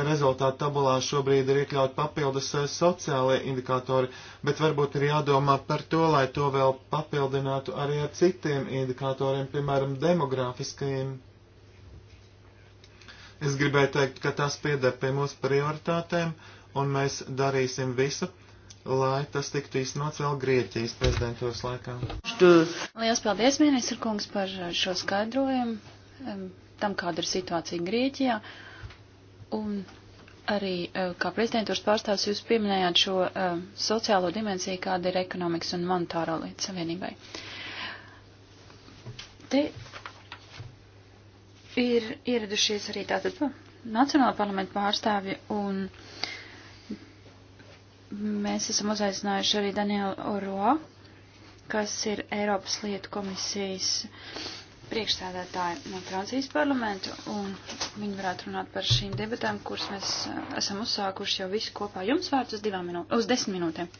rezultātu tabulā šobrīd ir iekļaut papildus eh, sociālai indikātori, bet varbūt ir jādomā par to, lai to vēl papildinātu arī ar citiem indikatoriem, piemēram, demografiskajiem. Es gribēju teikt, ka tas pieder pie mūsu prioritātēm, un mēs darīsim visu, lai tas tiktu īstenots vēl Grieķijas prezidentūras laikā. Lielas paldies, ministra kungs, par eh, šo skaidrojumu tam, kāda ir situācija Grieķijā. Un arī eh, kā prezidentūras pārstāvs jūs pieminējāt šo uh, sociālo dimensiju, kāda ir ekonomikas un monetāro lietu savienībai. Te ir ieradušies arī tātad nu, nacionāla parlamenta pārstāvi un uh, Mēs esam uzaicinājuši arī Danielu Oro, kas ir Eiropas lietu komisijas priekšstādātāja no Francijas parlamentu, un viņi varētu runāt par šīm debatēm, kuras mēs eh, esam uzsākuši jau visi kopā. Jums vārds uz, minū uz desmit minūtēm.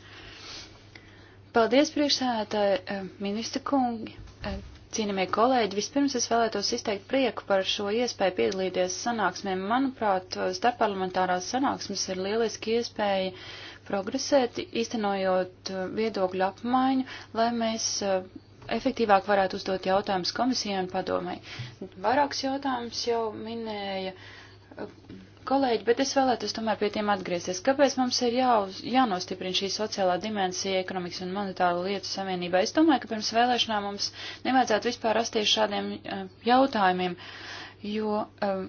Paldies, priekšstādātāji, eh, ministra kungi, eh, cienījamie kolēģi. Vispirms es vēlētos izteikt prieku par šo iespēju piedalīties sanāksmēm. Manuprāt, starpparlamentārās sanāksmes ir lieliski iespēja progresēt, īstenojot uh, viedokļu apmaiņu, lai mēs uh, efektīvāk varētu uzdot jautājumus komisijai un padomai. Vairākus jautājumus jau minēja uh, kolēģi, bet es vēlētos tomēr pie tiem atgriezties. Kāpēc mums ir jā, jānostiprina šī sociālā dimensija ekonomikas un monetāru lietu savienībā? Es domāju, ka pirms vēlēšanām mums nevajadzētu vispār rasties šādiem jautājumiem, jo. Um,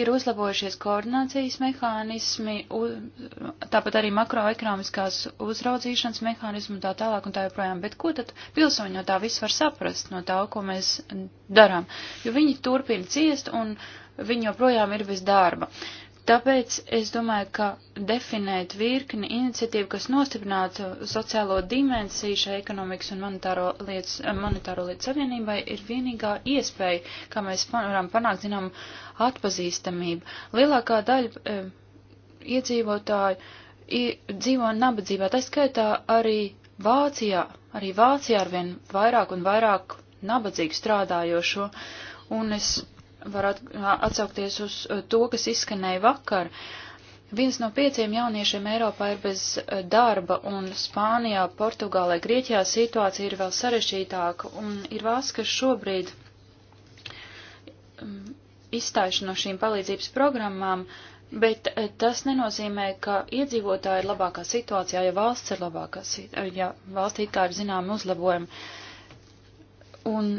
ir uzlabojušies koordinācijas mehānismi, u, tāpat arī makroekonomiskās uzraudzīšanas mehānismi un tā tālāk un tā joprojām. Bet ko tad pilsoņi no tā viss var saprast, no tā, ko mēs darām? Jo viņi turpina ciest un viņi joprojām ir bez darba. Tāpēc es domāju, ka definēt virkni iniciatīvu, kas nostiprinātu sociālo dimensiju šai ekonomikas un monetāro lietas, monetāro lietas savienībai, ir vienīgā iespēja, kā mēs varam panākt, zinām, atpazīstamību. Lielākā daļa e, eh, iedzīvotāju i, dzīvo nabadzībā, tā skaitā arī Vācijā, arī Vācijā arvien vairāk un vairāk nabadzīgu strādājošo, un es var at, atsaukties uz to, kas izskanēja vakar. Viens no pieciem jauniešiem Eiropā ir bez darba, un Spānijā, Portugālē, Grieķijā situācija ir vēl sarežģītāka, un ir valsts, kas šobrīd izstājuši no šīm palīdzības programmām, bet tas nenozīmē, ka iedzīvotāji ir labākā situācijā, ja valsts ir labākā, ja valstī kā ir zinām uzlabojumi. Un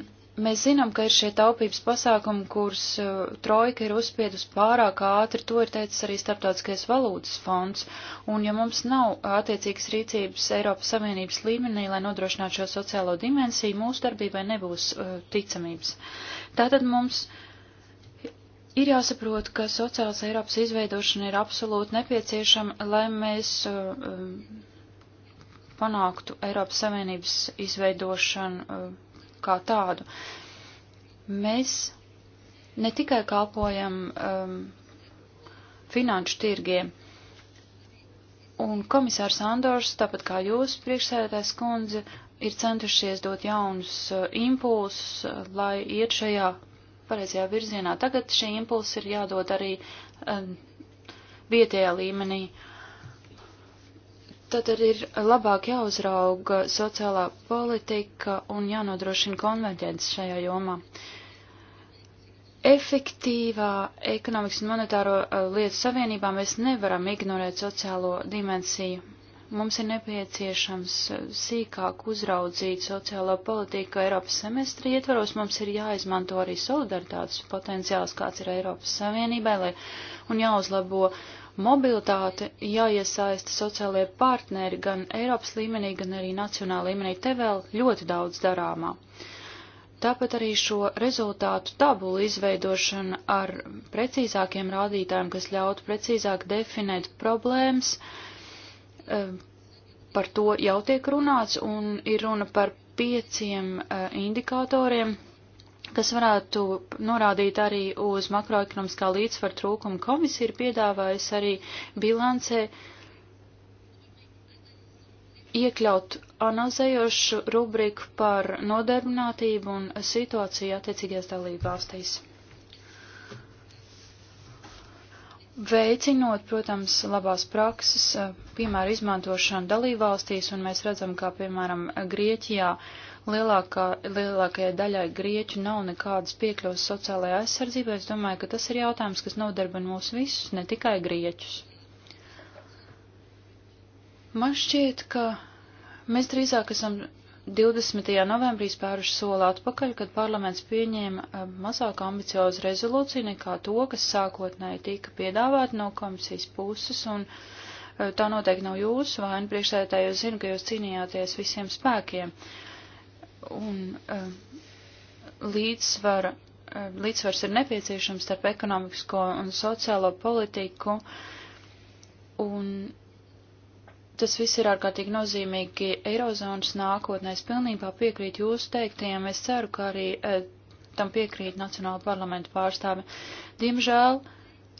Mēs zinām, ka ir šie taupības pasākumi, kurus uh, trojka ir uzspiedus pārāk ātri, to ir teicis arī Startautiskais valūtas fonds, un ja mums nav attiecīgas rīcības Eiropas Savienības līmenī, lai nodrošinātu šo sociālo dimensiju, mūsu darbībai nebūs uh, ticamības. Tātad mums ir jāsaprot, ka sociālas Eiropas izveidošana ir absolūti nepieciešama, lai mēs. Uh, um, panāktu Eiropas Savienības izveidošanu uh, kā tādu. Mēs ne tikai kalpojam um, finanšu tirgiem, un komisārs Andors, tāpat kā jūs, priekšsēdētājs kundze, ir centušies dot jaunus uh, impulsus, uh, lai iet šajā pareizajā virzienā. Tagad šie impulsi ir jādod arī um, vietējā līmenī. Uh, Tad arī ir labāk jāuzrauga sociālā politika un jānodrošina konverģence šajā jomā. Efektīvā ekonomikas un monetāro uh, lietu savienībā mēs nevaram ignorēt sociālo dimensiju. Mums ir nepieciešams uh, sīkāk uzraudzīt sociālo politiku Eiropas semestri ietvaros. Mums ir jāizmanto arī solidaritātes potenciāls, kāds ir Eiropas Savienībai, lai, un jāuzlabo uh, mobilitāti jāiesaista sociālajie partneri gan Eiropas līmenī, gan arī nacionāla līmenī. Te vēl ļoti daudz darāmā. Tāpat arī šo rezultātu tabulu izveidošana ar precīzākiem rādītājiem, kas ļautu precīzāk definēt problēmas, e, par to jau tiek runāts un ir runa par pieciem e, indikatoriem, kas varētu norādīt arī uz makroekonomiskā līdzsvaru trūkumu. Komisija ir piedāvājusi arī bilancē iekļaut analizējošu rubriku par nodarbinātību un situāciju attiecīgajās dalību valstīs. Veicinot, protams, labās prakses, piemēra izmantošanu dalībvalstīs, un mēs redzam, kā, piemēram, Grieķijā uh, lielākā, lielākajai daļai grieķu nav nekādas piekļuvas sociālajai aizsardzībai, es domāju, ka tas ir jautājums, kas nodarbina mūs visus, ne tikai grieķus. Man šķiet, ka mēs drīzāk esam 20. novembrī spēruši soli atpakaļ, kad parlaments pieņēma eh, mazāk ambiciozu rezolūciju nekā to, kas sākotnēji tika piedāvāta no komisijas puses, un eh, tā noteikti nav jūsu vaina priekšsēdētāji, jo zinu, ka jūs cīnījāties visiem spēkiem. Uh, un uh, eh, līdzsvara, uh, eh, līdzsvars ir nepieciešams starp ekonomisko un sociālo politiku, un tas viss ir ārkārtīgi nozīmīgi Eirozonas nākotnē. Es pilnībā piekrītu jūsu teiktiem, es ceru, ka arī uh, tam piekrīt Nacionāla parlamenta pārstāve. Diemžēl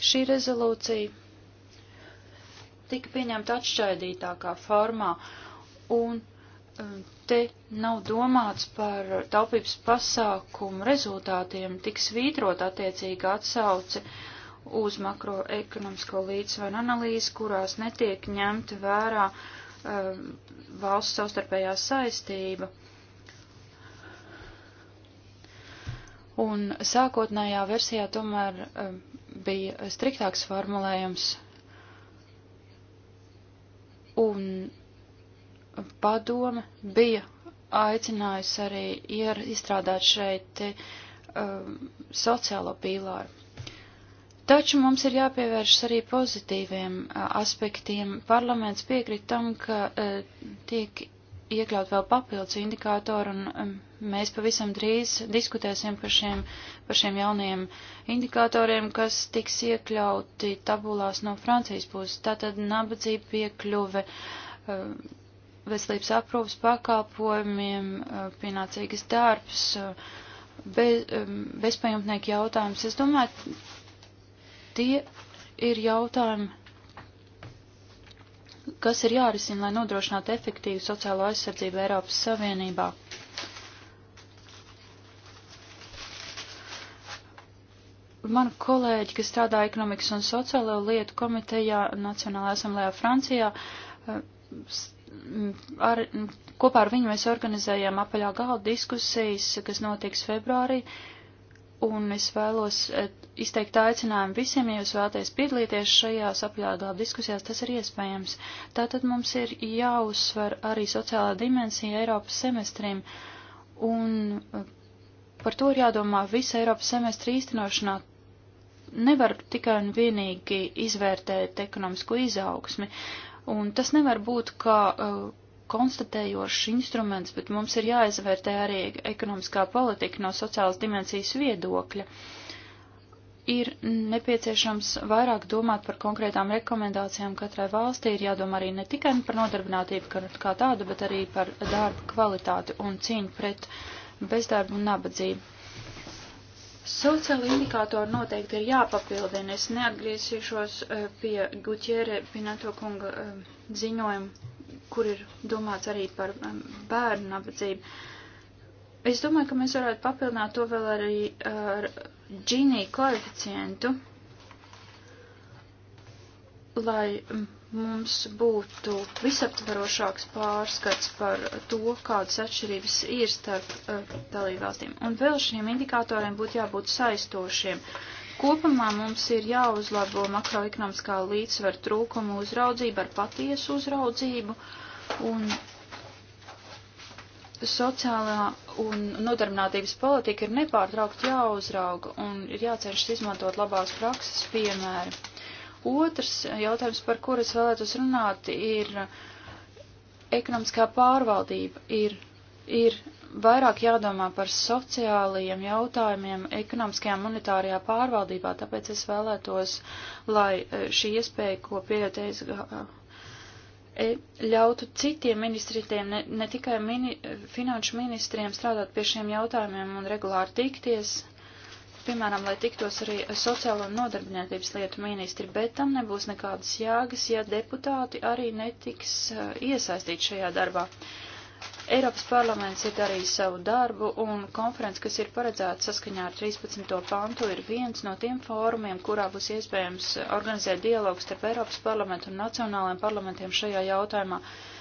šī rezolūcija tika pieņemta atšķaidītākā formā, un te nav domāts par taupības pasākumu rezultātiem, tik svītrot attiecīga atsauce uz makroekonomisko līdzsvaru analīzi, kurās netiek ņemta vērā uh, valsts savstarpējā saistība. Un sākotnējā versijā tomēr uh, bija striktāks formulējums. Un padome bija aicinājusi arī ir izstrādāt šeit um, sociālo pīlāru. Taču mums ir jāpievēršas arī pozitīviem uh, aspektiem. Parlaments piekrīt tam, ka uh, tiek iekļaut vēl papildus indikātoru, un um, mēs pavisam drīz diskutēsim par šiem, par šiem jaunajiem indikātoriem, kas tiks iekļauti tabulās no Francijas puses. Tātad nabadzība piekļuve. Uh, veselības aprūpas pakalpojumiem, pienācīgas darbs, bez, bezpajumtnieku jautājums. Es domāju, tie ir jautājumi, kas ir jārisina, lai nodrošinātu efektīvu sociālo aizsardzību Eiropas Savienībā. Mani kolēģi, kas strādā ekonomikas un sociālo lietu komitejā Nacionālajā asamblējā Francijā, Mm, ar, mm, kopā ar viņu mēs organizējām apaļā galda diskusijas, kas notiks februārī, un es vēlos e, izteikt aicinājumu visiem, ja jūs vēlaties piedalīties šajās apaļā galda diskusijās, tas ir iespējams. Tātad mums ir jāuzsver arī sociālā dimensija Eiropas semestrim, un e, par to ir jādomā visa Eiropas semestra īstenošanā, nevar tikai un vienīgi izvērtēt ekonomisko izaugsmi. Un tas nevar būt kā uh, konstatējošs instruments, bet mums ir jāizvērtē arī ekonomiskā politika no sociālas dimensijas viedokļa. Ir nepieciešams vairāk domāt par konkrētām rekomendācijām katrai valstī, ir jādomā arī ne tikai par nodarbinātību kā tādu, bet arī par darba kvalitāti un cīņu pret bezdarbu un nabadzību. Sociāla indikātori noteikti ir jāpapildina. Es neatgriezīšos eh, pie Gutjere Pinato kunga eh, ziņojuma, kur ir domāts arī par eh, bērnu nabadzību. Es domāju, ka mēs varētu papildināt to vēl arī ar Gini koeficientu, lai mm, mums būtu visaptvarošāks pārskats par to, kādas atšķirības ir starp uh, dalībvalstīm. Un vēl šiem indikatoriem būtu jābūt saistošiem. Kopumā mums ir jāuzlabo makroekonomiskā līdzsvera trūkuma uzraudzība ar patiesu uzraudzību un sociālā un nodarbinātības politika ir nepārtraukti jāuzrauga un ir jācenšas izmantot labās prakses piemēri. Otrs jautājums, par kur es vēlētos runāt, ir ekonomiskā pārvaldība. Ir, ir vairāk jādomā par sociālajiem jautājumiem ekonomiskajā monetārajā pārvaldībā, tāpēc es vēlētos, lai e, šī iespēja, ko pieļauties, e, e, ļautu citiem ministriem, ne, ne tikai mini, finanšu ministriem strādāt pie šiem jautājumiem un regulāri tikties, piemēram, lai tiktos arī sociālo un nodarbinātības lietu ministri, bet tam nebūs nekādas jēgas, ja deputāti arī netiks eh, iesaistīti šajā darbā. Eiropas parlaments ir darījis savu darbu, un konferences, kas ir paredzēta saskaņā ar 13. pantu, ir viens no tiem fórumiem, kurā būs iespējams organizēt dialogu starp Eiropas parlamentu un nacionālajiem parlamentiem šajā jautājumā. Uh,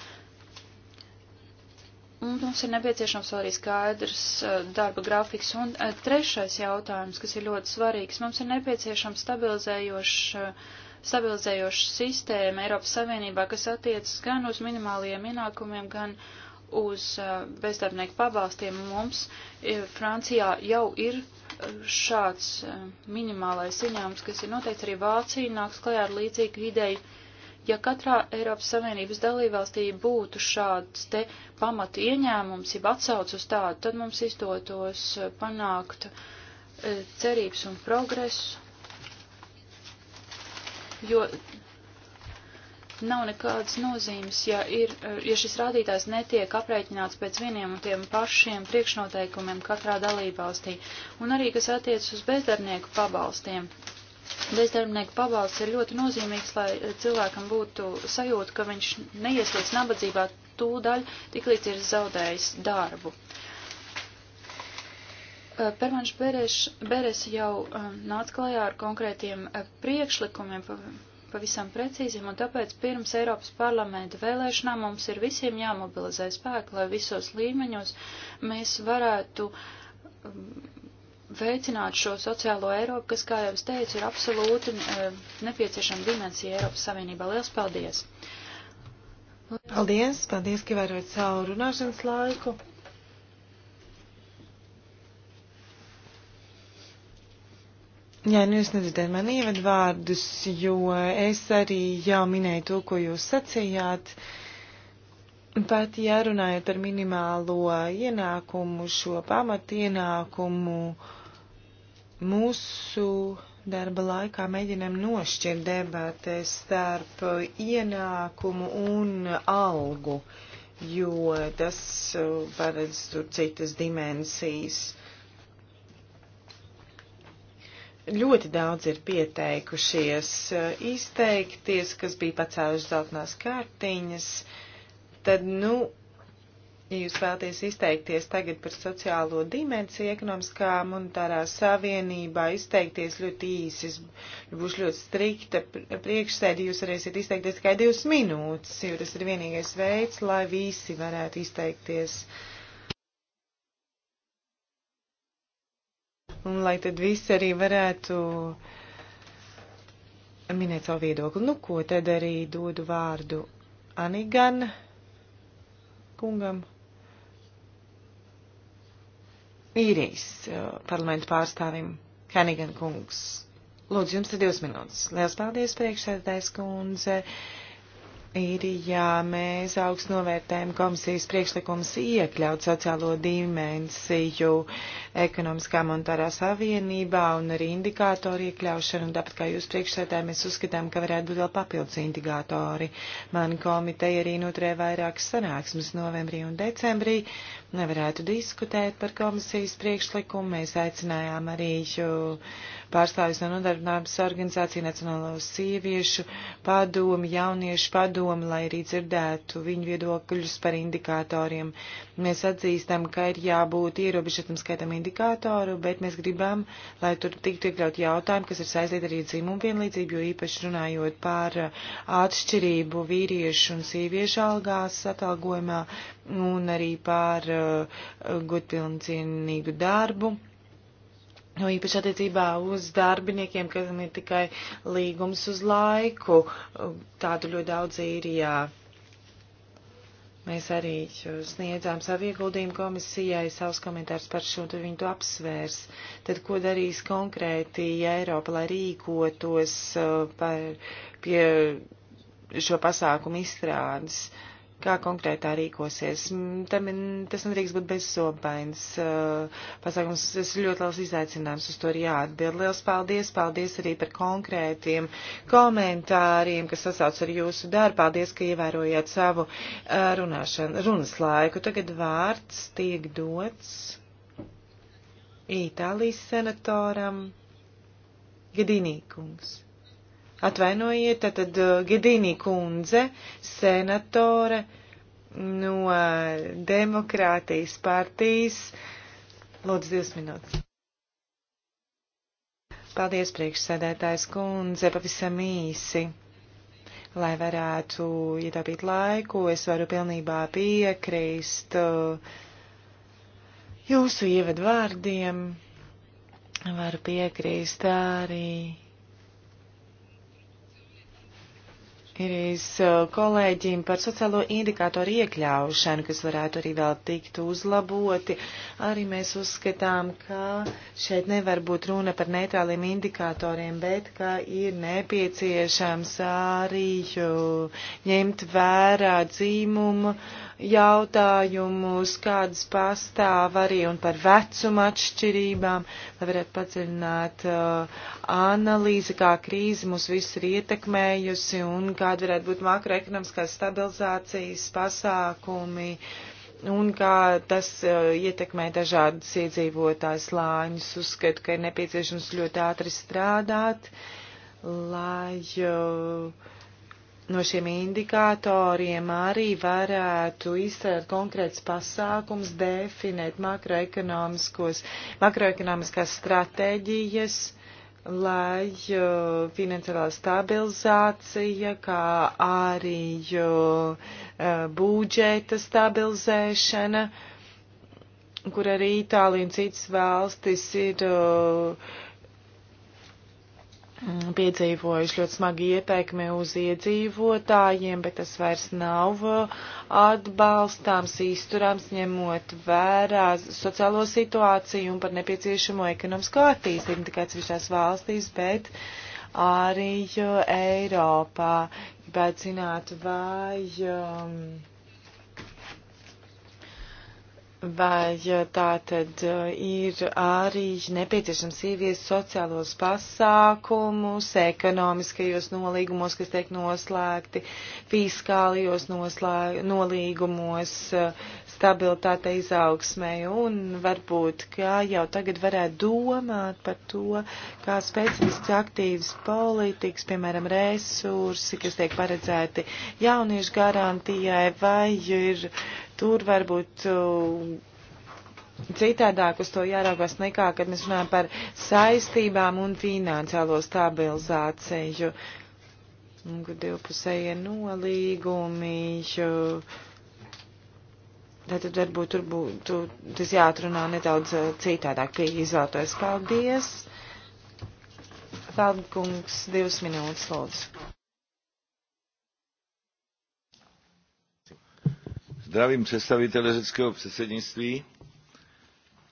Mums ir nepieciešams arī skaidrs eh, darba grafiks. Un eh, trešais jautājums, kas ir ļoti svarīgs, mums ir nepieciešams stabilizējošs eh, stabilizējoša sistēma Eiropas Savienībā, kas attiecas gan uz minimālajiem ienākumiem, gan uz bezdarbnieku pabalstiem. Mums Francijā jau ir šāds minimālais ienākums, kas ir noteikts arī Vācija, nāks klajā ar līdzīgu ideju. Ja katrā Eiropas Savienības dalībvalstī būtu šāds te pamatu ieņēmums, ja atsauc uz tādu, tad mums izdotos eh, panākt eh, cerības un progresu, jo nav nekādas nozīmes, ja, ir, eh, ja šis rādītājs netiek aprēķināts pēc vieniem un tiem pašiem priekšnoteikumiem katrā dalībvalstī, un arī kas attiecas uz bezdarbnieku pabalstiem. Bezdarbnieku pabalsts ir ļoti nozīmīgs, lai eh, cilvēkam būtu sajūta, ka viņš neieslīdz nabadzībā tūdaļ, tiklīdz ir zaudējis darbu. Eh, Permanš Beres jau eh, nāca klajā ar konkrētiem priekšlikumiem pavisam precīziem, un tāpēc pirms Eiropas parlamenta vēlēšanām mums ir visiem jāmobilizē spēki, lai visos līmeņos mēs varētu veicināt šo sociālo Eiropu, kas, kā jau es teicu, ir absolūti eh, nepieciešama dimensija Eiropas Savienībā. Lielas paldies! Paldies! Paldies, ka vērojat savu runāšanas laiku! Jā, nu jūs nedzirdējat man ievadvārdus, jo es arī jau minēju to, ko jūs sacījāt. Uh, Pat ja runājot par minimālo ienākumu, šo pamatienākumu, mūsu darba laikā mēģinam nošķirt debatēs starp ienākumu un algu, jo tas paredz tur citas dimensijas. Ļoti daudz ir pieteikušies izteikties, kas bija pacēluši zeltnās kārtiņas. Uh, Tad, nu, ja jūs vēlaties izteikties tagad par sociālo dimensiju ekonomiskā monetārā savienībā, izteikties ļoti īsi, būs ļoti strikta priekšsēdi, jūs varēsiet izteikties tikai divas minūtes, jo tas ir vienīgais veids, lai visi varētu izteikties. Un lai tad visi arī varētu minēt savu viedokli. Nu, ko tad arī dodu vārdu Anigan kungam. Īrijas eh, parlamentu pārstāvim Kanigan kungs. Lūdzu, jums ir divas minūtes. Liels paldies, priekšsēdētājs kundze. Uh, Īrijā mēs augstu novērtējam komisijas priekšlikums iekļaut sociālo dimensiju ekonomiskā monetārā savienībā un arī indikātoru iekļaušanu. Un tāpat kā jūs priekšsētāji, mēs uzskatām, ka varētu būt vēl papildus indikātori. Man komiteja arī noturē vairākas sanāksmes novembrī un decembrī nevarētu diskutēt par komisijas priekšlikumu. Mēs aicinājām arī pārstāvis no nodarbinātības organizāciju Nacionālo sieviešu padomu, jauniešu padomu, lai arī dzirdētu viņu viedokļus par indikatoriem. Mēs atzīstam, ka ir jābūt ierobežotam skaitam indikatoru, bet mēs gribam, lai tur tiktu iekļaut jautājumi, kas ir saistīti arī dzimumu vienlīdzību, jo īpaši runājot par uh, atšķirību vīriešu un sieviešu algās atalgojumā, un arī par uh, godpilncienīgu darbu. Jo nu, īpaši attiecībā uz darbiniekiem, kas ir tikai līgums uz laiku, uh, tādu ļoti daudz īrijā. Mēs arī sniedzām savu ieguldījumu komisijai, savus komentārus par šo, tad viņi to apsvērs. Tad, ko darīs konkrēti Eiropa, lai rīkotos uh, par, pie šo pasākumu izstrādes? Uh, kā konkrētā rīkosies. Tam, tas nedrīkst būt bezsobains uh, pasākums. Tas ir ļoti liels izaicinājums, uz to ir jāatbild. Liels paldies, paldies arī par konkrētiem komentāriem, kas sasauc ar jūsu darbu. Paldies, ka ievērojāt savu uh, runāšanu, runas laiku. Tagad vārds tiek dots Itālijas senatoram Gadinīkums. Atvainojiet, tad uh, Gedīnī kundze, senatore no uh, Demokrātijas partijas. Lūdzu, divas minūtes. Paldies, priekšsēdētājs kundze, pavisam īsi. Lai varētu ietaupīt laiku, es varu pilnībā piekrīst uh, jūsu ievadvārdiem. Varu piekrīst arī Irijas uh, kolēģiem par sociālo indikātoru iekļaušanu, kas varētu arī vēl tikt uzlaboti. Arī mēs uzskatām, ka šeit nevar būt runa par neitrāliem indikatoriem, bet ka ir nepieciešams arī uh, ņemt vērā dzīmumu uh, jautājumus, kādas pastāv arī un par vecuma atšķirībām, lai varētu padziļināt uh, analīzi, kā krīze mūs visus ir ietekmējusi un kāda varētu būt makroekonomiskās stabilizācijas pasākumi un kā tas uh, ietekmē dažādas iedzīvotājs lāņus. Uzskatu, ka ir nepieciešams ļoti ātri strādāt, lai. Uh, no šiem indikatoriem arī varētu izstrādāt konkrēts pasākums, definēt makroekonomiskās stratēģijas, lai uh, finansiālā stabilizācija, kā arī uh, budžeta stabilizēšana, kur arī Itālija un citas valstis ir uh, piedzīvojuši ļoti smagi ieteikumi uz iedzīvotājiem, bet tas vairs nav uh, atbalstāms, izturams, ņemot vērā sociālo situāciju un par nepieciešamo ekonomisko attīstību, ne tikai atsevišķās valstīs, bet arī uh, Eiropā. Gribētu zināt, vai. Um, Vai eh, tā tad eh, ir arī nepieciešams ievies sociālos pasākumus, ekonomiskajos nolīgumos, kas tiek noslēgti, fiskālijos noslēg, nolīgumos, eh, stabilitāte izaugsmē un varbūt, kā jau tagad varētu domāt par to, kā specifiski aktīvas politikas, piemēram, resursi, kas tiek paredzēti jauniešu garantijai, vai ir tur varbūt uh, citādāk uz to jāraugās nekā, kad mēs runājam par saistībām un finansiālo stabilizāciju. Un, divpusējie nolīgumi. Jo, Tātad varbūt tur būtu tas jāatrunā nedaudz uh, citādāk pie izvēlētājs. Paldies! Feldkungs, divas minūtes, lūdzu. Zdravím představitele řeckého předsednictví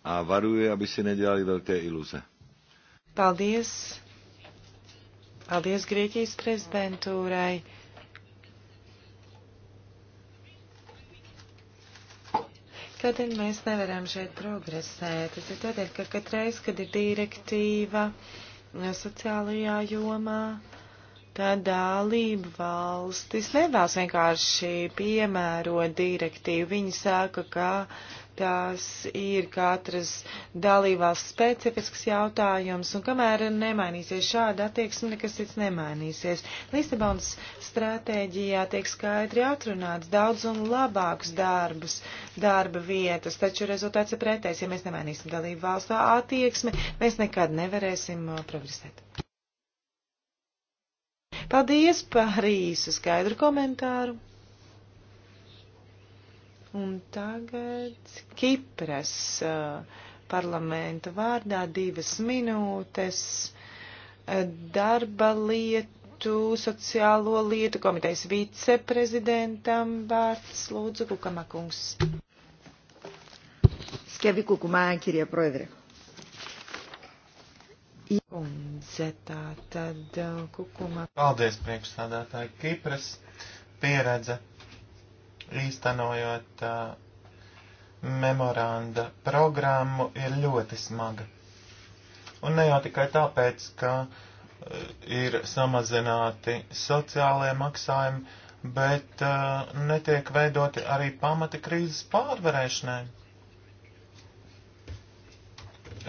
a varuji, aby si nedělali velké iluze. Paldies! Paldies Grieķijas prezidentūrai! Tādēļ mēs nevaram šeit progresēt. Tas ir tādēļ, ka katreiz, kad ir direktīva sociālajā jomā, uh, tad dalība valstis nevēlas vienkārši piemērot direktīvu. Viņi saka, ka tās ir katras dalībās specifisks jautājums, un kamēr nemainīsies šāda attieksme, nekas cits nemainīsies. Lisabonas stratēģijā tiek skaidri atrunāts daudz un labākus darbus, darba vietas, taču rezultāts ir pretējs. Ja mēs nemainīsim dalību valstā attieksmi, mēs nekad nevarēsim uh, progresēt. Paldies par īsu skaidru komentāru. Un tagad Kipras uh, parlamenta vārdā divas minūtes uh, darba lietu, sociālo lietu komitejas viceprezidentam vārds Lūdzu Kukamakungs. Skevikukumā, Kirija Proedre. Kundze, tā tad uh, kukuma. Paldies, priekšstādātāji. Kipras pieredze īstenojot uh, memoranda programmu ir ļoti smaga. Un ne jau tikai tāpēc, ka uh, ir samazināti sociālie maksājumi, bet uh, netiek veidoti arī pamati krīzes pārvarēšanai.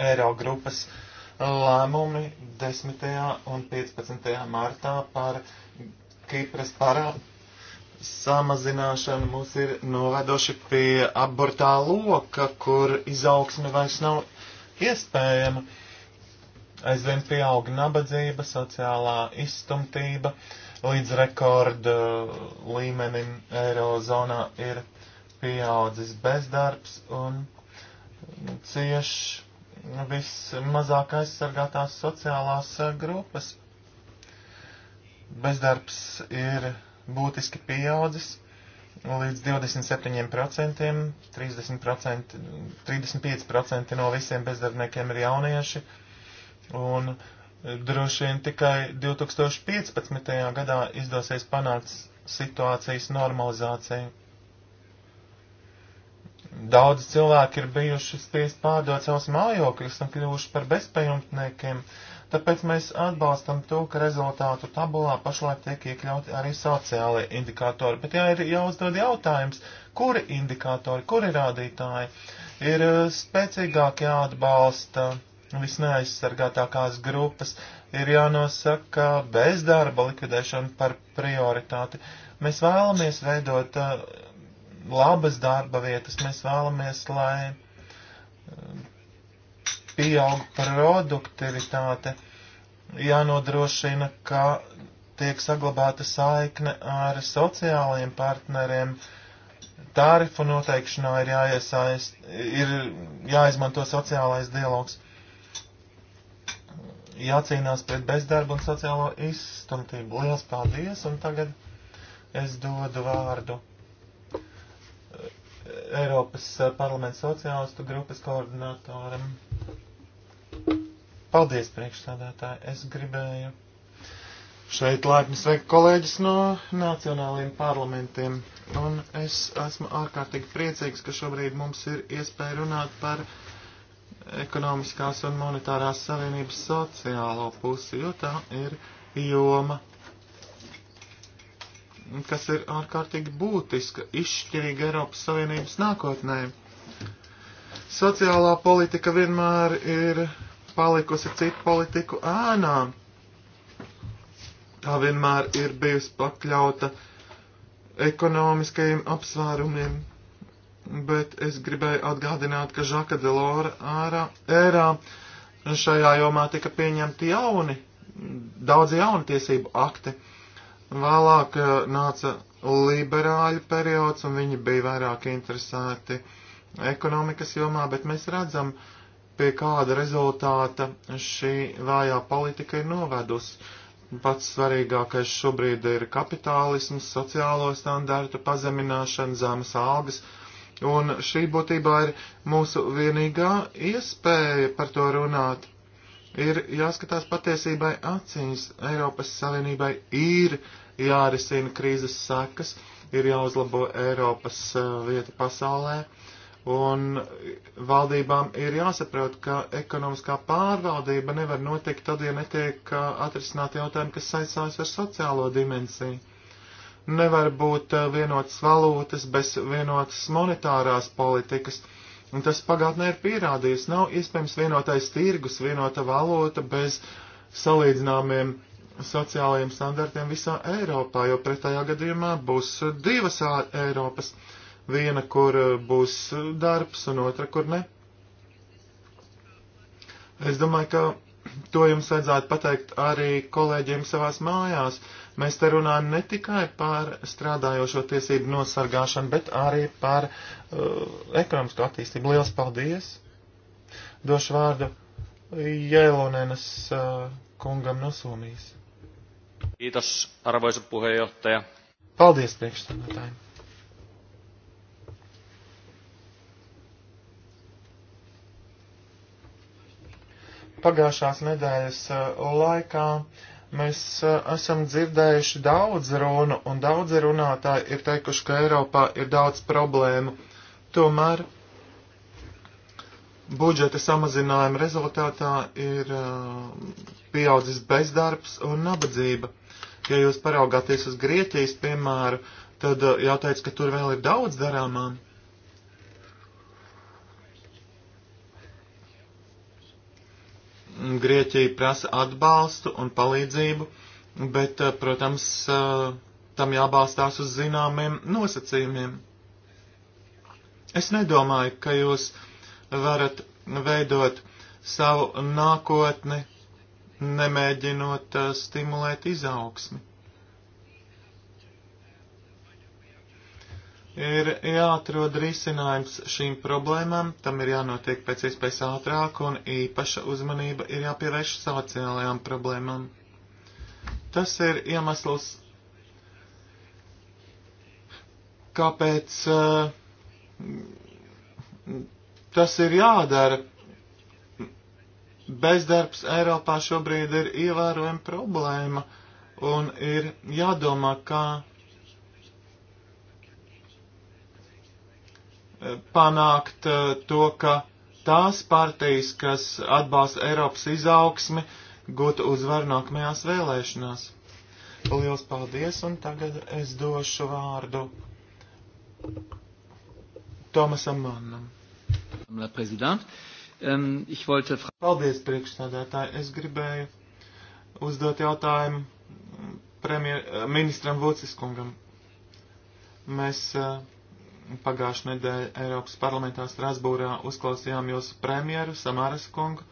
Eiro grupas uh, lēmumi 10. un 15. martā par Kipras parādu samazināšanu mūs ir novedoši pie abortā loka, kur izaugsme vairs nav iespējama. Aizvien pieauga nabadzība, sociālā izstumtība, līdz rekorda līmenim eirozonā ir pieaudzis bezdarbs un cieši vismazāk aizsargātās sociālās eh, grupas. Bezdarbs ir būtiski pieaudzis līdz 27%, 30%, 35% no visiem bezdarbniekiem ir jaunieši, un eh, droši vien tikai 2015. gadā izdosies panākt situācijas normalizāciju Daudz cilvēki ir bijuši spiest pārdot savus mājokļus un kļuvuši par bezpajumtniekiem, tāpēc mēs atbalstam to, ka rezultātu tabulā pašlaik tiek iekļauti arī sociālie indikātori. Bet jā, ir jāuzdod jautājums, kuri indikātori, kuri rādītāji ir eh, spēcīgāk jāatbalsta visneaizsargātākās grupas, ir jānosaka bezdarba likvidēšana par prioritāti. Mēs vēlamies veidot uh, labas darba vietas, mēs vēlamies, lai um, pieaug produktivitāte, jānodrošina, ka tiek saglabāta saikne ar sociālajiem partneriem. Tārifu noteikšanā ir, jāiesaist, ir jāizmanto sociālais dialogs, jācīnās pret bezdarbu un sociālo izstumtību. Lielas paldies, un tagad es dodu vārdu Eiropas eh, parlamenta sociālistu grupas koordinatoram. Paldies, priekšsādātāji. Es gribēju šeit laipni sveikt kolēģis no nacionālajiem parlamentiem. Un es esmu ārkārtīgi priecīgs, ka šobrīd mums ir iespēja runāt par ekonomiskās un monetārās savienības sociālo pusi, jo tā ir joma, kas ir ārkārtīgi būtiska, izšķirīga Eiropas Savienības nākotnē. Sociālā politika vienmēr ir palikusi citu politiku ēnā. Tā vienmēr ir bijusi pakļauta ekonomiskajiem apsvērumiem, bet es gribēju atgādināt, ka Žaka Delora ārā, ērā šajā jomā tika pieņemti jauni, daudzi jauni tiesību akti Vēlāk eh, nāca liberāļu periods, un viņi bija vairāk interesēti ekonomikas jomā, bet mēs redzam, pie kāda rezultāta šī vājā politika ir novedusi. Pats svarīgākais šobrīd ir kapitālisms, sociālo standārtu pazemināšana, zemes algas, un šī būtībā ir mūsu vienīgā iespēja par to runāt ir jāskatās patiesībai acīs. Eiropas Savienībai ir jārisina krīzes sekas, ir jāuzlabo Eiropas uh, vieta pasaulē, un valdībām ir jāsaprot, ka ekonomiskā pārvaldība nevar notikt tad, ja netiek uh, atrisināti jautājumi, kas saistās ar sociālo dimensiju. Nevar būt uh, vienotas valūtas bez vienotas monetārās politikas. Uh, Un tas pagātnē ir pierādījis. Nav iespējams vienotais tirgus, vienota valota bez salīdzināmiem sociālajiem standartiem visā Eiropā, jo pretējā gadījumā būs divas Eiropas. Viena, kur būs darbs, un otra, kur ne. Es domāju, ka to jums vajadzētu pateikt arī kolēģiem savās mājās. Uh, Mēs te runājam ne tikai par strādājošo tiesību nosargāšanu, bet arī par uh, ekonomisko attīstību. Liels paldies! Došu vārdu Jēlonenas uh, kungam no Somijas. Kiitos, arvoisa puheenjohtaja. Paldies, priekšstādātāji! pagājušās nedēļas uh, laikā Mēs esam dzirdējuši daudz runu, un daudzi runātāji ir teikuši, ka Eiropā ir daudz problēmu. Tomēr budžeta samazinājuma rezultātā ir pieaudzis bezdarbs un nabadzība. Ja jūs paraugāties uz Grieķijas piemēru, tad jāteic, ka tur vēl ir daudz darāmām. Grieķija prasa atbalstu un palīdzību, bet, eh, protams, eh, tam jābalstās uz zināmiem nosacījumiem. Es nedomāju, ka jūs varat veidot savu nākotni, nemēģinot eh, stimulēt izaugsmi. ir jāatrod risinājums šīm problēmām, tam ir jānotiek pēc iespējas ātrāk un īpaša uzmanība ir jāpievērš sociālajām problēmām. Tas ir iemesls, kāpēc uh, tas ir jādara. Bezdarbs Eiropā šobrīd ir ievērojama problēma un ir jādomā, kā panākt eh, to, ka tās partijas, kas atbalsta Eiropas izaugsmi, gūtu uzvaru nākamajās vēlēšanās. Liels paldies, un tagad es došu vārdu Tomasam Mannam. Paldies, priekšstādātāji. Es gribēju uzdot jautājumu premjer, ministram Vuciskungam. Mēs uh, Pagājušajā nedēļā Eiropas parlamentā Strasbūrā uzklausījām jūsu premjeru Samaras kungu.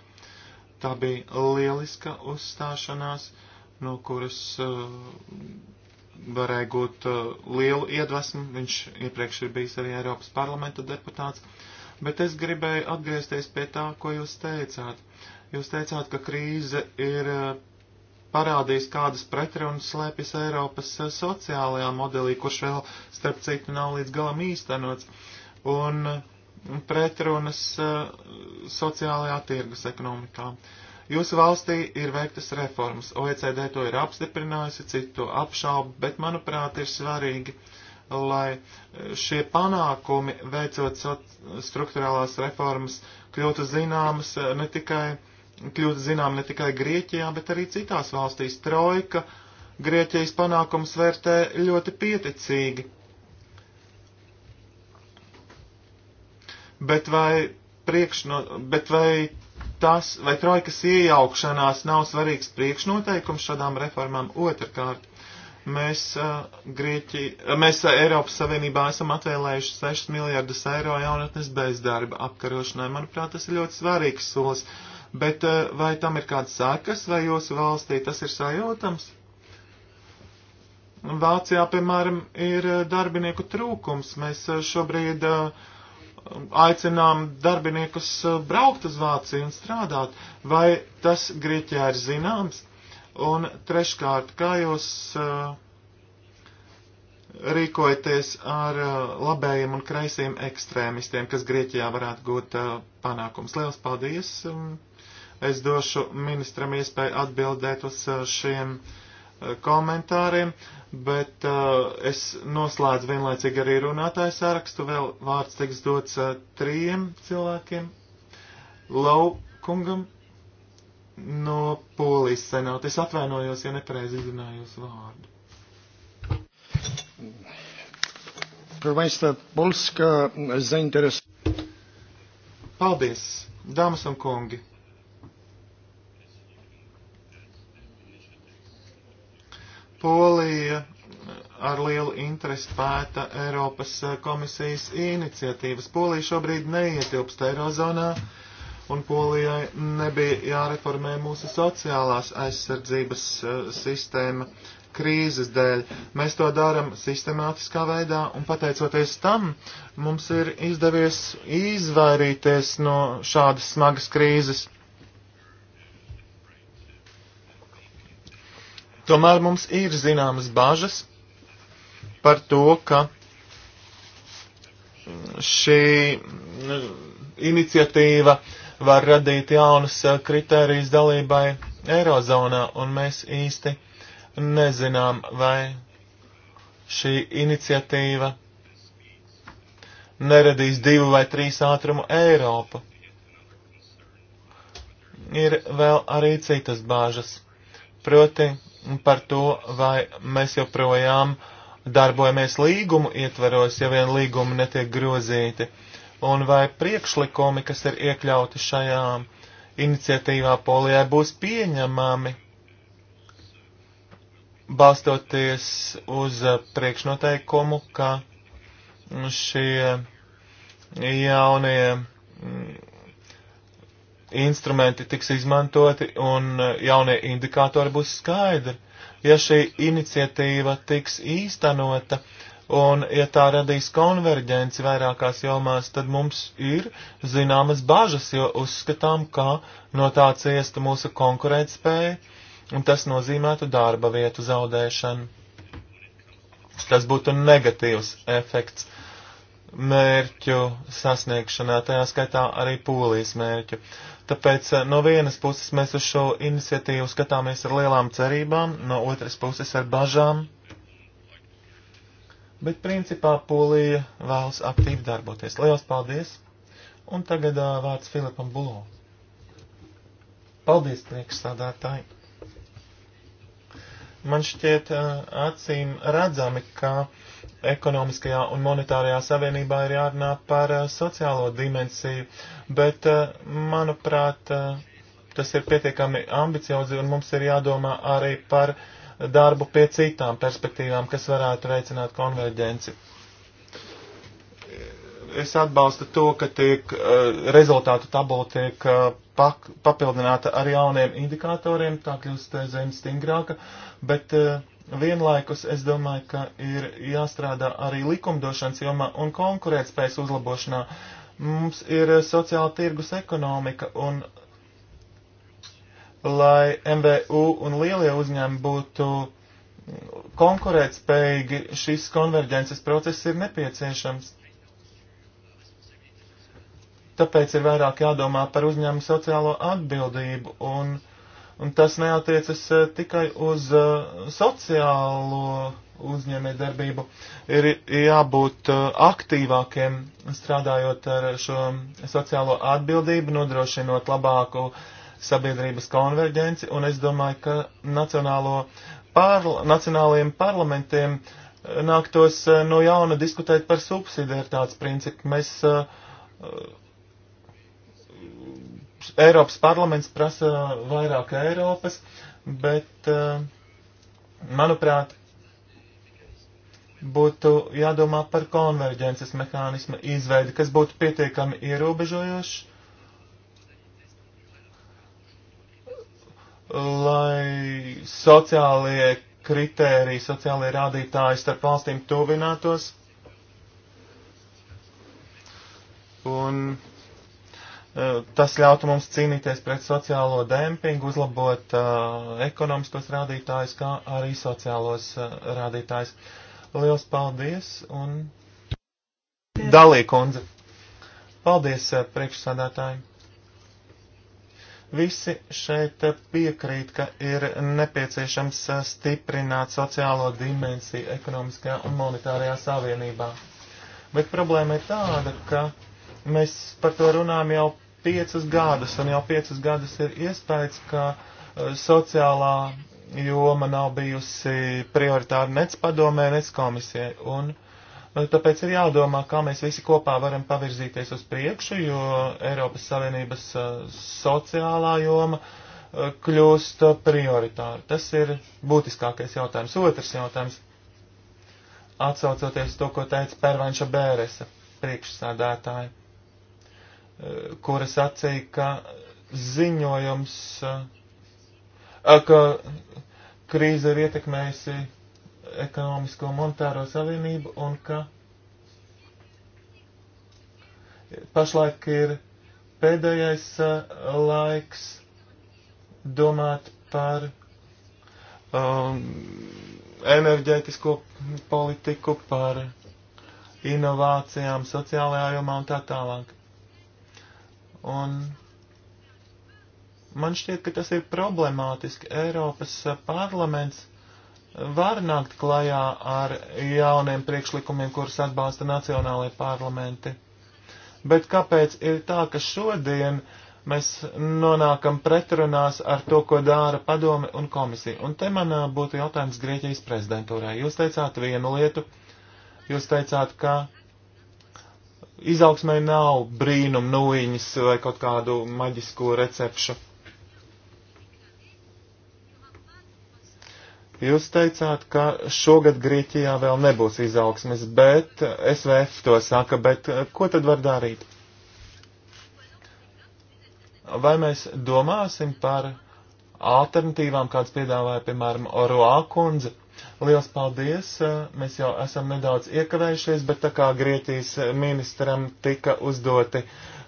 Tā bija lieliska uzstāšanās, no kuras uh, varēja gūt uh, lielu iedvesmu. Viņš iepriekš ir bijis arī Eiropas parlamenta deputāts. Bet es gribēju atgriezties pie tā, ko jūs teicāt. Jūs teicāt, ka krīze ir uh, parādīs, kādas pretrunas slēpjas Eiropas eh, sociālajā modelī, kurš vēl, starp citu, nav līdz galam īstenots, un mm, pretrunas eh, sociālajā tirgus ekonomikā. Jūsu valstī ir veiktas reformas, OECD to ir apstiprinājusi, citu apšaubu, bet, manuprāt, ir svarīgi, lai eh, šie panākumi, veicot struktūrālās reformas, kļūtu zināmas ne tikai uh, kļūst zinām ne tikai Grieķijā, bet arī citās valstīs. Trojka Grieķijas panākums vērtē ļoti pieticīgi. Bet vai, priekšno, bet vai tas, vai trojkas iejaukšanās nav svarīgs priekšnoteikums šādām reformām otrkārt? Mēs, uh, Grieķi, mēs uh, Eiropas Savienībā esam atvēlējuši 6 miljardus eiro jaunatnes bezdarba apkarošanai. Manuprāt, tas ir ļoti svarīgs solis. Uh, bet eh, vai tam ir kāds sākas, vai jūsu valstī tas ir sajūtams? Vācijā, piemēram, ir eh, darbinieku trūkums. Mēs eh, šobrīd aicinām darbiniekus braukt uz Vāciju un strādāt. Vai tas Grieķijā ir zināms? Un treškārt, kā jūs rīkojaties ar labējiem un kreisiem ekstrēmistiem, kas Grieķijā varētu gūt panākums? Liels paldies! Um, Es došu ministram iespēju atbildēt uz uh, šiem uh, komentāriem, bet uh, es noslēdzu vienlaicīgi arī runātāju sārakstu. Vēl vārds tiks dots uh, trījiem cilvēkiem. Lau kungam no Polijas senāt. Es atvainojos, ja nepareizi izrunāju jūsu vārdu. Paldies, dāmas un kungi! Polija ar lielu interesi pēta Eiropas eh, komisijas iniciatīvas. Polija šobrīd neietilpst Eirozonā, un Polijai nebija jāreformē mūsu sociālās aizsardzības eh, sistēma krīzes dēļ. Mēs to darām sistemātiskā veidā, un pateicoties tam, mums ir izdevies izvairīties no šādas smagas krīzes. Tomēr mums ir zināmas bažas par to, ka šī iniciatīva var radīt jaunas eh, kritērijas dalībai Eirozonā, un mēs īsti nezinām, vai šī iniciatīva neradīs divu vai trīs ātrumu Eiropu. Ir vēl arī citas bāžas, proti par to, vai mēs joprojām darbojamies līgumu ietveros, ja vien līgumi netiek grozīti, un vai priekšlikumi, kas ir iekļauti šajā iniciatīvā polijā, būs pieņemami, balstoties uz priekšnoteikumu, ka šie jaunie instrumenti tiks izmantoti un e, jaunie indikātori būs skaidri. Ja šī iniciatīva tiks īstenota un ja tā radīs konverģenci vairākās jomās, tad mums ir zināmas bažas, jo uzskatām, ka no tā ciesta mūsu konkurētspēja un tas nozīmētu darba vietu zaudēšanu. Tas būtu negatīvs efekts mērķu sasniegšanā, tajā skaitā arī polijas mērķu. Tāpēc eh, no vienas puses mēs uz šo iniciatīvu skatāmies ar lielām cerībām, no otras puses ar bažām, bet principā polija vēlas aktīvi darboties. Lielas paldies! Un tagad eh, vārds Filipam Bulo. Paldies, priekšsādātāji! Man šķiet eh, acīm redzami, ka uh, ekonomiskajā un monetārajā savienībā ir jārunā par eh, sociālo dimensiju, bet, eh, manuprāt, eh, tas ir pietiekami ambiciozi un mums ir jādomā arī par darbu pie citām perspektīvām, kas varētu veicināt konverģenci. Es atbalstu to, ka tiek rezultātu tabula tiek pak, papildināta ar jauniem indikatoriem, tā kļūst zem stingrāka, bet uh, vienlaikus es domāju, ka ir jāstrādā arī likumdošanas jomā un konkurētspējas uzlabošanā. Mums ir sociāla tirgus ekonomika un lai MVU un lielie uzņēmumi būtu konkurētspējīgi, šis konverģences process ir nepieciešams. Tāpēc ir vairāk jādomā par uzņēmumu sociālo atbildību un uh, Un tas neatiecas e, tikai uz e, sociālo uzņēmēju darbību. Ir jābūt e, aktīvākiem strādājot ar šo sociālo atbildību, nodrošinot labāku sabiedrības konverģenci, un es domāju, ka nacionālo parla nacionālajiem parlamentiem nāktos no jauna diskutēt par subsidiaritātes principu. Mēs uh, Eiropas parlaments prasa vairāk Eiropas, bet, eh, manuprāt, būtu jādomā par konverģences mehānismu izveidi, kas būtu pietiekami ierobežojošs, lai sociālie kritēriji, sociālie rādītāji starp valstīm tuvinātos. Un Eh, tas ļautu mums cīnīties pret sociālo dempingu, uzlabot uh, ekonomiskos rādītājus, kā arī sociālos uh, rādītājus. Liels paldies un dalīja kundze. Paldies uh, priekšsādātāji. Visi šeit piekrīt, ka ir nepieciešams stiprināt sociālo dimensiju ekonomiskajā un monetārajā savienībā. Bet problēma ir tāda, ka mēs par to runājam jau piecus gadus, un jau piecus gadus ir iespējas, ka uh, sociālā joma nav bijusi prioritāra nec padomē, nec komisijai. Un, nu, tāpēc ir jādomā, kā mēs visi kopā varam pavirzīties uz priekšu, jo Eiropas Savienības uh, sociālā joma uh, kļūst prioritāra. Tas ir būtiskākais jautājums. Otrs jautājums, atsaucoties to, ko teica Pērvanša Bēresa priekšsādātāja kura sacīja, ka ziņojums, eh, ka krīze ir ietekmējusi ekonomisko monetāro savienību un ka pašlaik ir pēdējais eh, laiks domāt par um, enerģētisko politiku, par inovācijām sociālajā jomā un tā tālāk. Un man šķiet, ka tas ir problemātiski. Eiropas parlaments var nākt klajā ar jauniem priekšlikumiem, kurus atbalsta nacionālajie parlamenti. Bet kāpēc ir tā, ka šodien mēs nonākam pretrunās ar to, ko dara padome un komisija? Un te man uh, būtu jautājums Grieķijas prezidentūrai. Jūs teicāt vienu lietu, jūs teicāt, ka Izaugsmē nav brīnum nūjiņas vai kaut kādu maģisko recepšu. Jūs teicāt, ka šogad Grieķijā vēl nebūs izaugsmes, bet SVF to saka, bet eh, ko tad var darīt? Vai mēs domāsim par alternatīvām, kāds piedāvāja, piemēram, Oruā kundze? Liels paldies! Eh, mēs jau esam nedaudz iekavējušies, bet tā kā Grieķijas eh, ministram tika uzdoti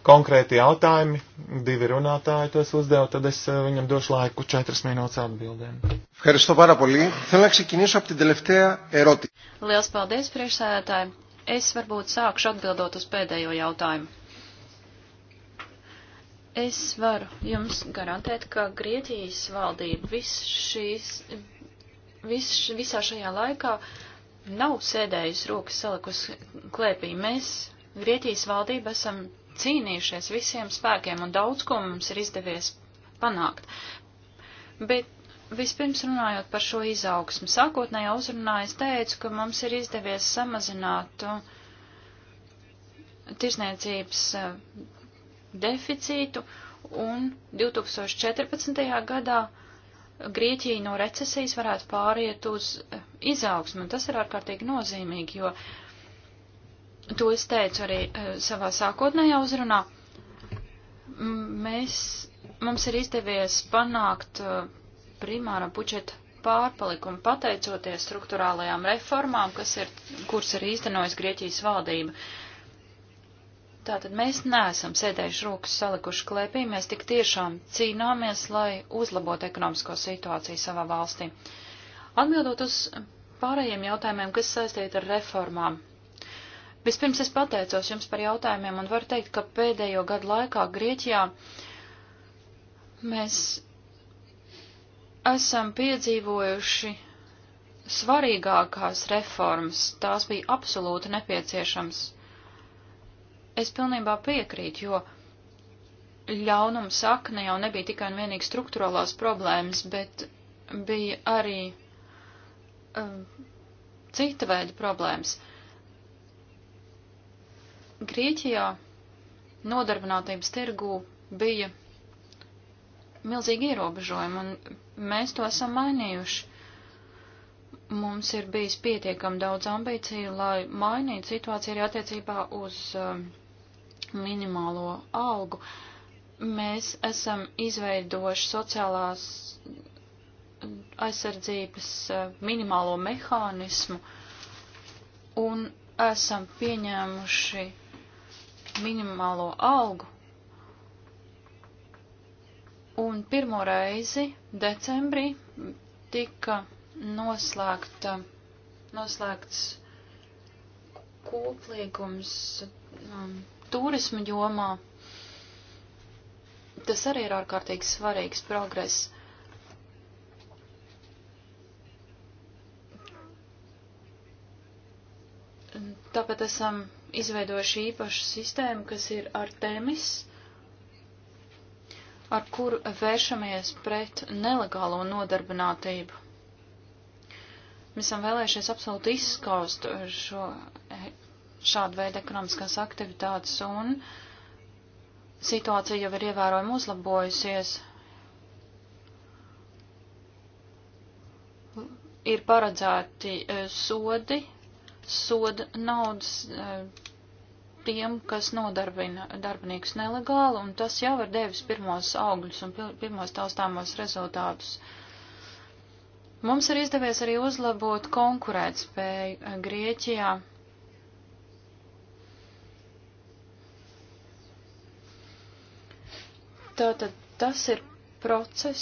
konkrēti jautājumi, divi runātāji tos uzdeva, tad es eh, viņam došu laiku četras minūtes atbildēm. Ευχαριστώ πάρα πολύ. Θέλω να ξεκινήσω από την τελευταία ερώτηση. Liels paldies, priekšsēdētāji. Es varbūt sākšu atbildot uz pēdējo jautājumu. Es varu jums garantēt, ka Grieķijas valdība visu šīs, vis, visā šajā laikā nav sēdējusi rokas salikus klēpī. Mēs Grieķijas valdība esam cīnījušies visiem spēkiem un daudz ko mums ir izdevies panākt. Bet vispirms runājot par šo izaugsmu, sākotnējā uzrunā es teicu, ka mums ir izdevies samazināt tirsniecības eh, deficītu un 2014. gadā Grieķija no recesijas varētu pāriet uz izaugsmu, un tas ir ārkārtīgi nozīmīgi, jo to es teicu arī eh, savā sākotnējā uzrunā. Mēs, mums ir izdevies panākt eh, primāra budžeta pārpalikumu pateicoties struktūrālajām reformām, kas ir, kuras ir īstenojis Grieķijas valdība. Uh, Tātad mēs neesam sēdējuši rokas salikuši klēpī, mēs tik tiešām cīnāmies, lai uzlabotu ekonomisko situāciju savā valstī. Atbildot uz pārējiem jautājumiem, kas saistīti ar reformām. Vispirms es pateicos jums par jautājumiem un varu teikt, ka pēdējo gadu laikā Grieķijā mēs esam piedzīvojuši svarīgākās reformas, tās bija absolūti nepieciešams es pilnībā piekrītu, jo ļaunuma sakne jau nebija tikai un vienīgi struktūrālās problēmas, bet bija arī um, cita veida problēmas. Grieķijā nodarbinātības tirgū bija milzīgi ierobežojumi, un mēs to esam mainījuši. Mums ir bijis pietiekam daudz ambīciju, lai mainītu situāciju arī attiecībā uz um, minimālo algu. Mēs esam izveidojuši sociālās aizsardzības eh, minimālo mehānismu un esam pieņēmuši minimālo algu. Un pirmo reizi decembrī tika noslēgta, noslēgts koplīgums um, turismu jomā. Tas arī ir ārkārtīgi svarīgs progress. Tāpēc esam izveidojuši īpašu sistēmu, kas ir Artemis, ar kuru vēršamies pret nelegālo nodarbinātību. Mēs esam vēlējušies absolūti izskaust šo šādu veidu ekonomiskās aktivitātes un situācija jau ir ievērojami uzlabojusies. Ir paredzēti e, sodi, soda naudas e, tiem, kas nodarbina darbinieks nelegāli, un tas jau ir devis pirmos augļus un pirmos taustāmos rezultātus. Mums ir izdevies arī uzlabot konkurētspēju e, Grieķijā. Tātad tas ir process,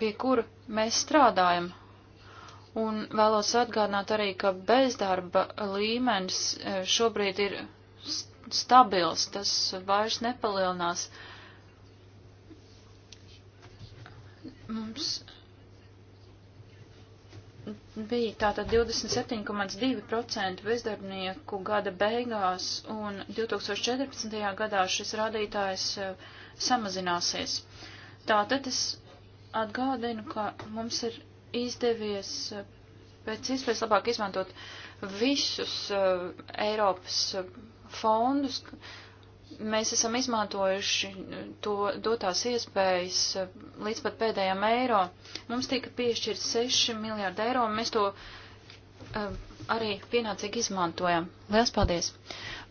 pie kura mēs strādājam. Un vēlos atgādināt arī, ka bezdarba līmenis e, šobrīd ir stabils, tas vairs nepalielinās. Mums bija tātad 27,2% bezdarbnieku gada beigās, un 2014. gadā šis rādītājs eh, samazināsies. Tātad es atgādinu, ka mums ir izdevies eh, pēc iespējas labāk izmantot visus eh, Eiropas fondus, mēs esam izmantojuši to dotās iespējas eh, līdz pat pēdējiem eiro. Mums tika piešķirt 6 miljārdi eiro, un mēs to uh, arī pienācīgi izmantojam. Lielas paldies!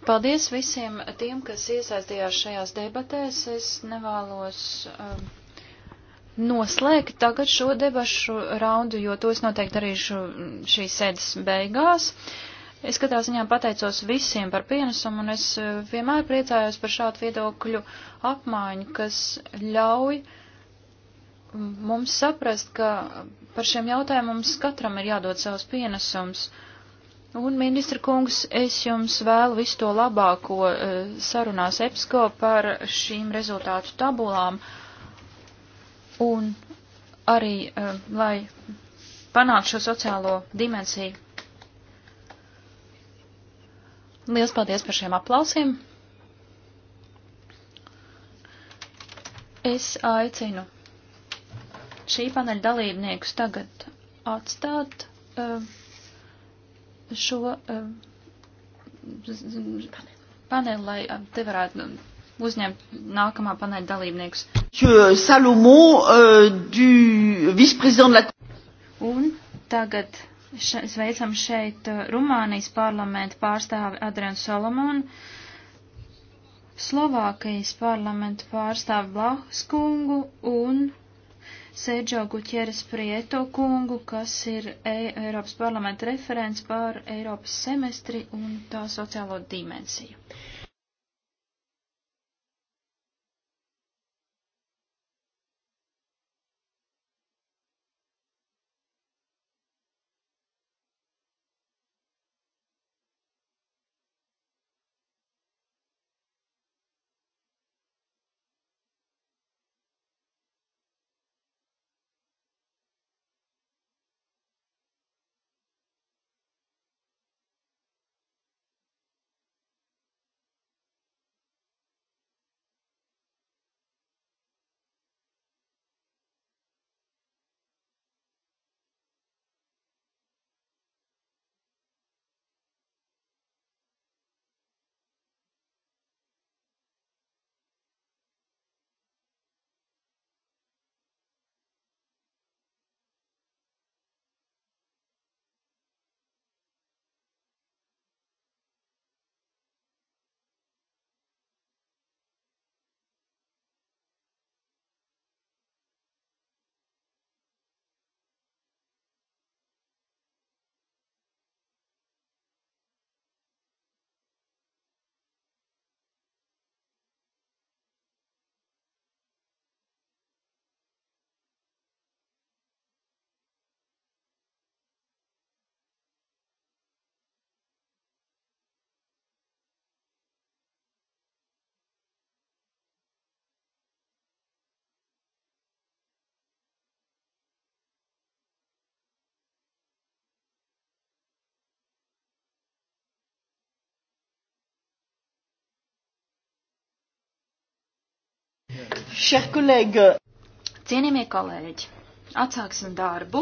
Paldies visiem tiem, kas iesaistījās šajās debatēs. Es nevēlos uh, noslēgt tagad šo debašu raundu, jo to es noteikti darīšu šīs sēdes beigās. Uh, Es katrā ziņā pateicos visiem par pienesumu, un es eh, vienmēr priecājos par šādu viedokļu apmaiņu, kas ļauj mums saprast, ka par šiem jautājumiem mums katram ir jādod savs pienesums. Un, ministra kungs, es jums vēlu visu to labāko eh, sarunās EPSCO par šīm rezultātu tabulām. Un arī, eh, lai panāktu šo sociālo dimensiju Liels paldies par šiem aplausiem. Es aicinu šī paneļa dalībniekus tagad atstāt uh, šo uh, eh, paneli, lai uh, te varētu uzņemt nākamā paneļa dalībniekus. Salomo, uh, du viceprezidents de la... Un tagad še, sveicam šeit eh, Rumānijas parlamenta pārstāvi Adrianu Solomonu, Slovākijas parlamenta pārstāvi Blahus kungu un Sēdžo Guķeres Prieto kungu, kas ir Ei Eiropas parlamenta referents par Eiropas semestri un tā sociālo dimensiju. Šer kolēģi! Cienījamie kolēģi, atsāksim darbu.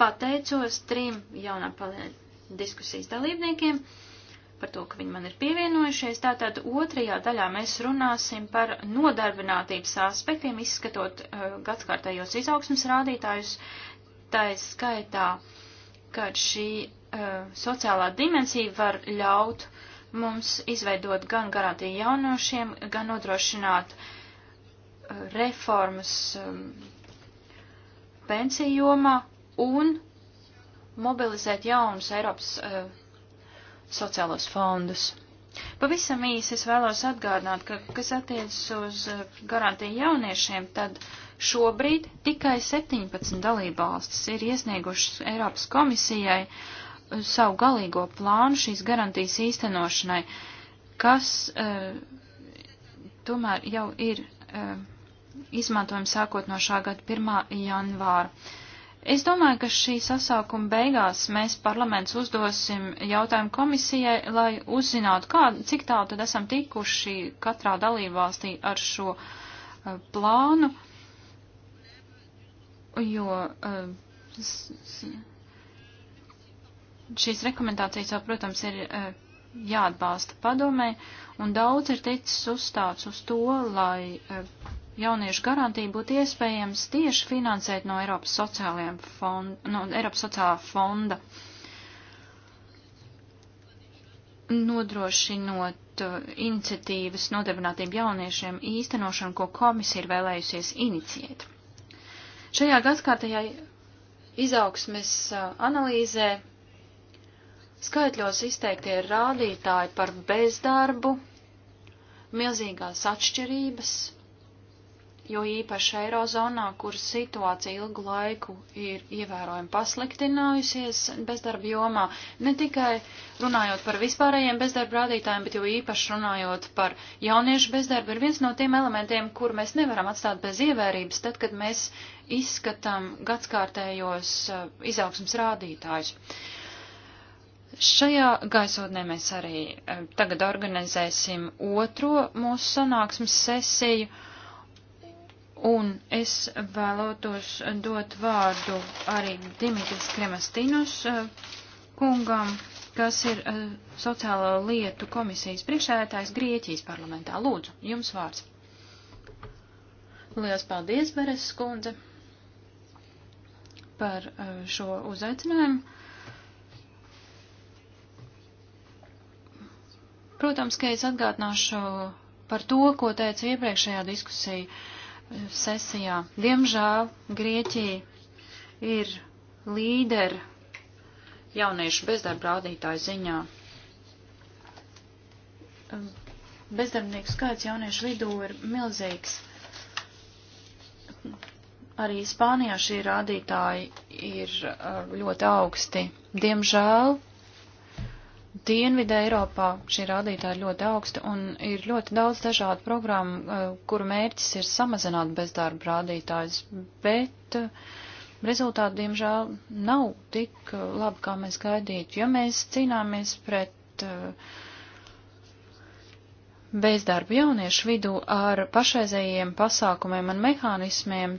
Pateicos trim jaunā palēļa diskusijas dalībniekiem par to, ka viņi man ir pievienojušies. Tātad otrajā daļā mēs runāsim par nodarbinātības aspektiem, izskatot uh, gadskārtējos izaugsmas rādītājus, tā skaitā, ka šī uh, sociālā dimensija var ļaut mums izveidot gan garantiju jaunošiem, gan nodrošināt uh, reformas um, pensiju jomā un mobilizēt jaunus Eiropas uh, sociālos fondus. Pavisam īsi es vēlos atgādināt, ka, kas attiecas uz uh, garantiju jauniešiem, tad šobrīd tikai 17 dalībvalstis ir iesniegušas Eiropas komisijai uh, savu galīgo plānu šīs garantijas īstenošanai, kas uh, tomēr jau ir uh, e, izmantojami sākot no šā gada 1. janvāra. Es domāju, ka šī sasaukuma beigās mēs parlaments uzdosim jautājumu komisijai, lai uzzinātu, kā, cik tālu tad esam tikuši katrā dalībvalstī ar šo uh, plānu, jo uh, šīs rekomendācijas jau, protams, ir eh, jāatbalsta padomē, un daudz ir ticis uzstāts uz to, lai eh, jauniešu garantija būtu iespējams tieši finansēt no Eiropas, fonda, no Eiropas sociālā fonda, nodrošinot eh, iniciatīvas nodarbinātiem jauniešiem īstenošanu, ko komisija ir vēlējusies iniciēt. Šajā gadskārtajā izaugsmes analīzē Skaitļos izteiktie rādītāji par bezdarbu, milzīgās atšķirības, jo īpaši Eirozonā, kur situācija ilgu laiku ir ievērojami pasliktinājusies bezdarba jomā, ne tikai runājot par vispārējiem bezdarba rādītājiem, bet jo īpaši runājot par jauniešu bezdarbu, ir viens no tiem elementiem, kur mēs nevaram atstāt bez ievērības, tad, kad mēs izskatām gadskārtējos eh, izaugsmas rādītājus. Šajā gaisotnē mēs arī eh, tagad organizēsim otro mūsu sanāksmes sesiju, un es vēlotos dot vārdu arī Dimitris Kremastinus eh, kungam, kas ir eh, sociālo lietu komisijas priekšsēdētājs Grieķijas parlamentā. Lūdzu, jums vārds. Lielas paldies, Beres skundze, par šo uzaicinājumu. Protams, ka es atgādināšu par to, ko teicu iepriekšējā diskusiju eh, sesijā. Diemžēl Grieķija ir līdera jauniešu bezdarba rādītāju ziņā. Bezdarbnieku skaits jauniešu vidū ir milzīgs. Arī Spānijā šī rādītāji ir eh, ļoti augsti. Diemžēl Dienvidē Eiropā šī rādītāja ir ļoti augsta un ir ļoti daudz dažādu programmu, eh, kuru mērķis ir samazināt bezdarba rādītājus, bet eh, rezultāti, diemžēl, nav tik eh, labi, kā mēs gaidītu. Ja mēs cīnāmies pret uh, bezdarbu jauniešu vidū ar pašreizējiem pasākumiem un mehānismiem,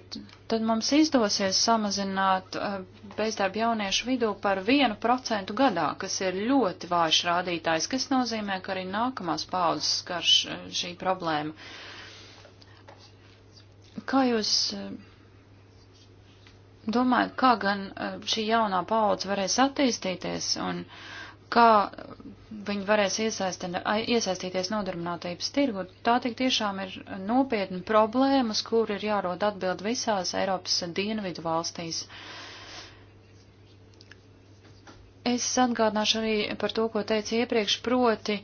tad mums izdosies samazināt uh, bezdarbu jauniešu vidū par 1% gadā, kas ir ļoti vājš rādītājs, kas nozīmē, ka arī nākamās paudzes skar šī problēma. Kā jūs uh, domājat, kā gan uh, šī jaunā paudze varēs attīstīties un uh, kā viņi varēs iesaistīties nodarbinātības tirgu. Tā tik tiešām ir nopietna problēmas, kur ir jārod atbild visās Eiropas dienvidu valstīs. Es atgādināšu arī par to, ko teicu iepriekš, proti,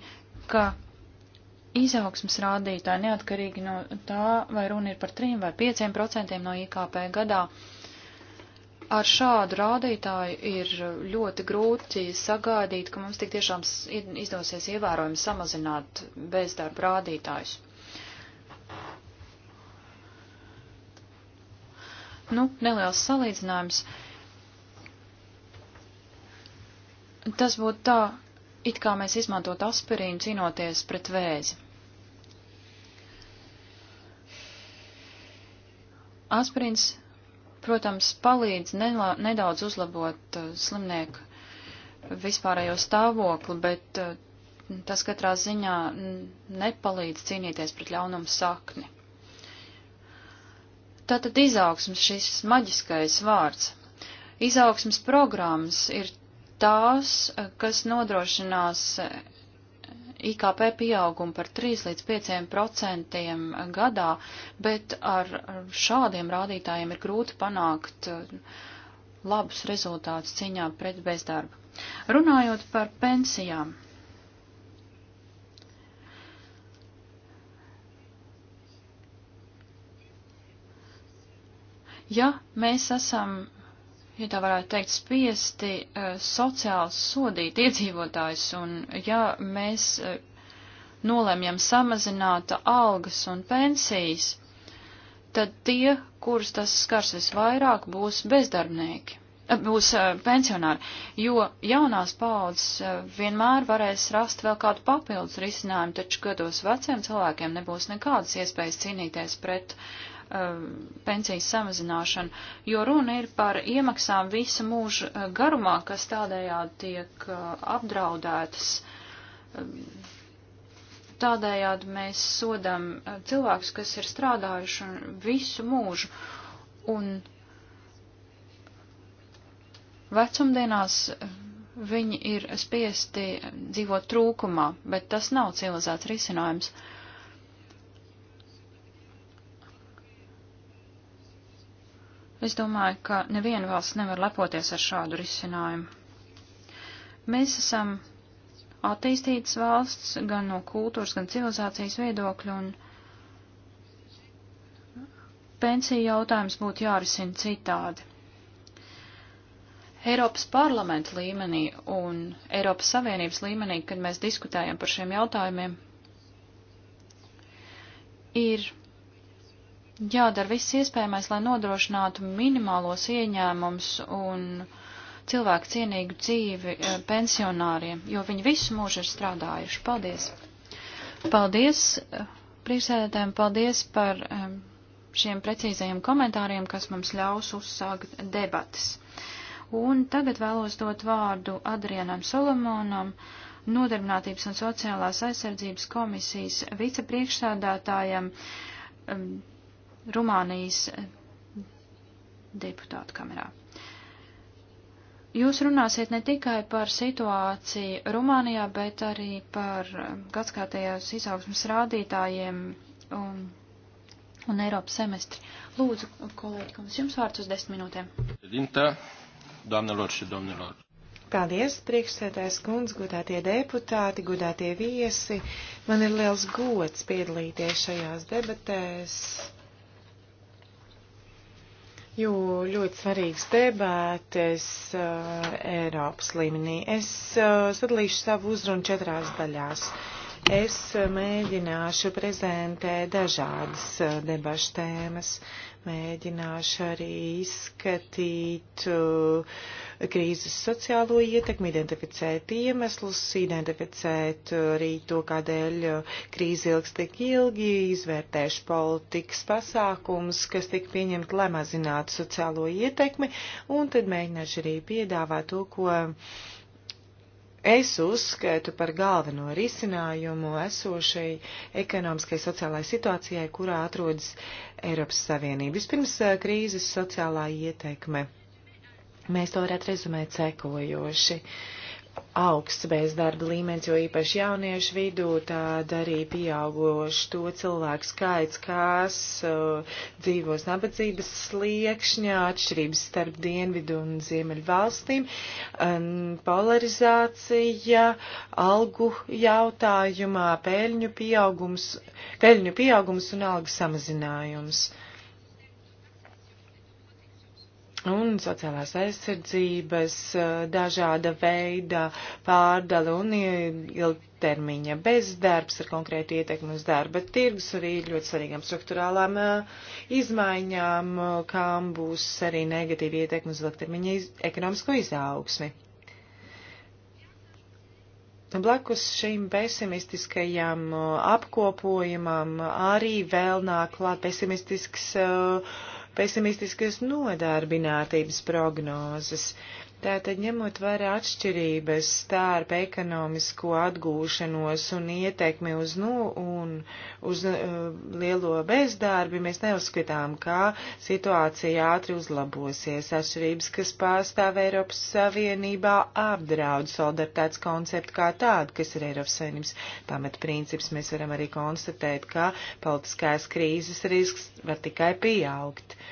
ka izaugsmas rādītāji neatkarīgi no tā, vai runa ir par 3 vai 5 procentiem no IKP gadā, uh, Ar šādu rādītāju ir ļoti grūti sagaidīt, ka mums tik tiešām izdosies ievērojami samazināt bezdarba rādītājus. Nu, neliels salīdzinājums. Tas būtu tā, it kā mēs izmantot aspirīnu cīnoties pret vēzi. Aspirīns protams, palīdz nedaudz uzlabot uh, slimnieku vispārējo stāvokli, bet uh, tas katrā ziņā nepalīdz cīnīties pret ļaunumu sakni. Tātad izaugsmas šis maģiskais vārds. Izaugsmas programmas ir tās, uh, kas nodrošinās IKP pieaugumu par 3 līdz 5 procentiem gadā, bet ar šādiem rādītājiem ir grūti panākt uh, labus rezultātus cīņā pret bezdarbu. Runājot par pensijām. Ja mēs esam ja tā varētu teikt, spiesti eh, sociāli sodīt iedzīvotājs, un ja mēs eh, nolemjam samazināt algas un pensijas, tad tie, kurus tas skars visvairāk, būs bezdarbnieki, eh, būs pensionāri, jo jaunās paaudzes vienmēr varēs rast vēl kādu papildus risinājumu, taču gados veciem cilvēkiem nebūs nekādas iespējas cīnīties pret uh, Um, pensijas samazināšanu, jo runa ir par iemaksām visa mūža uh, garumā, kas tādējādi tiek uh, apdraudētas. Um, tādējādi mēs sodam uh, cilvēkus, kas ir strādājuši visu mūžu, un vecumdienās viņi ir spiesti dzīvot trūkumā, bet tas nav civilizēts risinājums. Uh, Es domāju, ka neviena valsts nevar lepoties ar šādu risinājumu. Mēs esam attīstītas valsts gan no kultūras, gan civilizācijas viedokļu, un pensiju jautājums būtu jārisina citādi. Eiropas parlamenta līmenī un Eiropas Savienības līmenī, kad mēs diskutējam par šiem jautājumiem, ir jādara viss iespējamais, lai nodrošinātu minimālos ieņēmums un cilvēku cienīgu dzīvi eh, pensionāriem, jo viņi visu mūžu ir strādājuši. Paldies! Paldies eh, priekšsēdētājiem, paldies par eh, šiem precīzajiem komentāriem, kas mums ļaus uzsākt debatas. Un tagad vēlos dot vārdu Adrianam Solomonam, Nodarbinātības un sociālās aizsardzības komisijas vicepriekšsēdētājam. Um, Rumānijas eh, deputātu kamerā. Jūs runāsiet ne tikai par situāciju Rumānijā, bet arī par eh, gadskārtējās izaugsmas rādītājiem un, un Eiropas semestri. Lūdzu, kolēģi, kungs, jums vārds uz desmit minūtēm. Dinta, domnilor și domnilor. Paldies, priekšsētājs kundz, godātie deputāti, godātie viesi. Man ir liels gods piedalīties šajās debatēs jo ļoti svarīgs debētes uh, eh, Eiropas līmenī. Es uh, sadalīšu savu uzrunu četrās daļās. Es uh, mēģināšu prezentēt dažādas uh, debašu tēmas, mēģināšu arī izskatīt uh, krīzes sociālo ietekmi, identificēt iemeslus, identificēt uh, arī to, kādēļ uh, krīze ilgs tik ilgi, izvērtēšu politikas pasākums, kas tik pieņemt, lai mazinātu sociālo ietekmi, un tad mēģināšu arī piedāvāt to, ko Es uzskaitu par galveno risinājumu esošai ekonomiskai sociālai situācijai, kurā atrodas Eiropas Savienība. Vispirms uh, krīzes sociālā ietekme. Mēs to varētu rezumēt sekojoši. Augsts bezdarba līmenis, jo īpaši jauniešu vidū, tad arī pieaugoši to cilvēku skaits, kas uh, dzīvos nabadzības sliekšņā, atšķirības starp dienvidu un ziemeļu valstīm, um, polarizācija, algu jautājumā, peļņu pieaugums, peļņu pieaugums un algu samazinājums. Uh, un sociālās aizsardzības, dažāda veida pārdala un ilgtermiņa bezdarbs ar konkrēti ietekmi uz darba tirgus, arī ļoti svarīgām struktūrālām izmaiņām, kām būs arī negatīva ietekme uz ilgtermiņa iz ekonomisko izaugsmi. Blakus šīm pesimistiskajām apkopojumam arī vēl nāk klāt pesimistisks uh, pesimistiskas nodarbinātības prognozes. Tātad ņemot vērā atšķirības starp ekonomisko atgūšanos un ietekmi uz, nu, un uz uh, lielo bezdarbi, mēs neuzskatām, kā situācija ātri uzlabosies. Atšķirības, kas pārstāv Eiropas Savienībā, apdraud solidaritātes konceptu kā tādu, kas ir Eiropas Savienības pamatprincips. Mēs varam arī konstatēt, ka politiskās krīzes risks var tikai pieaugt. Uh,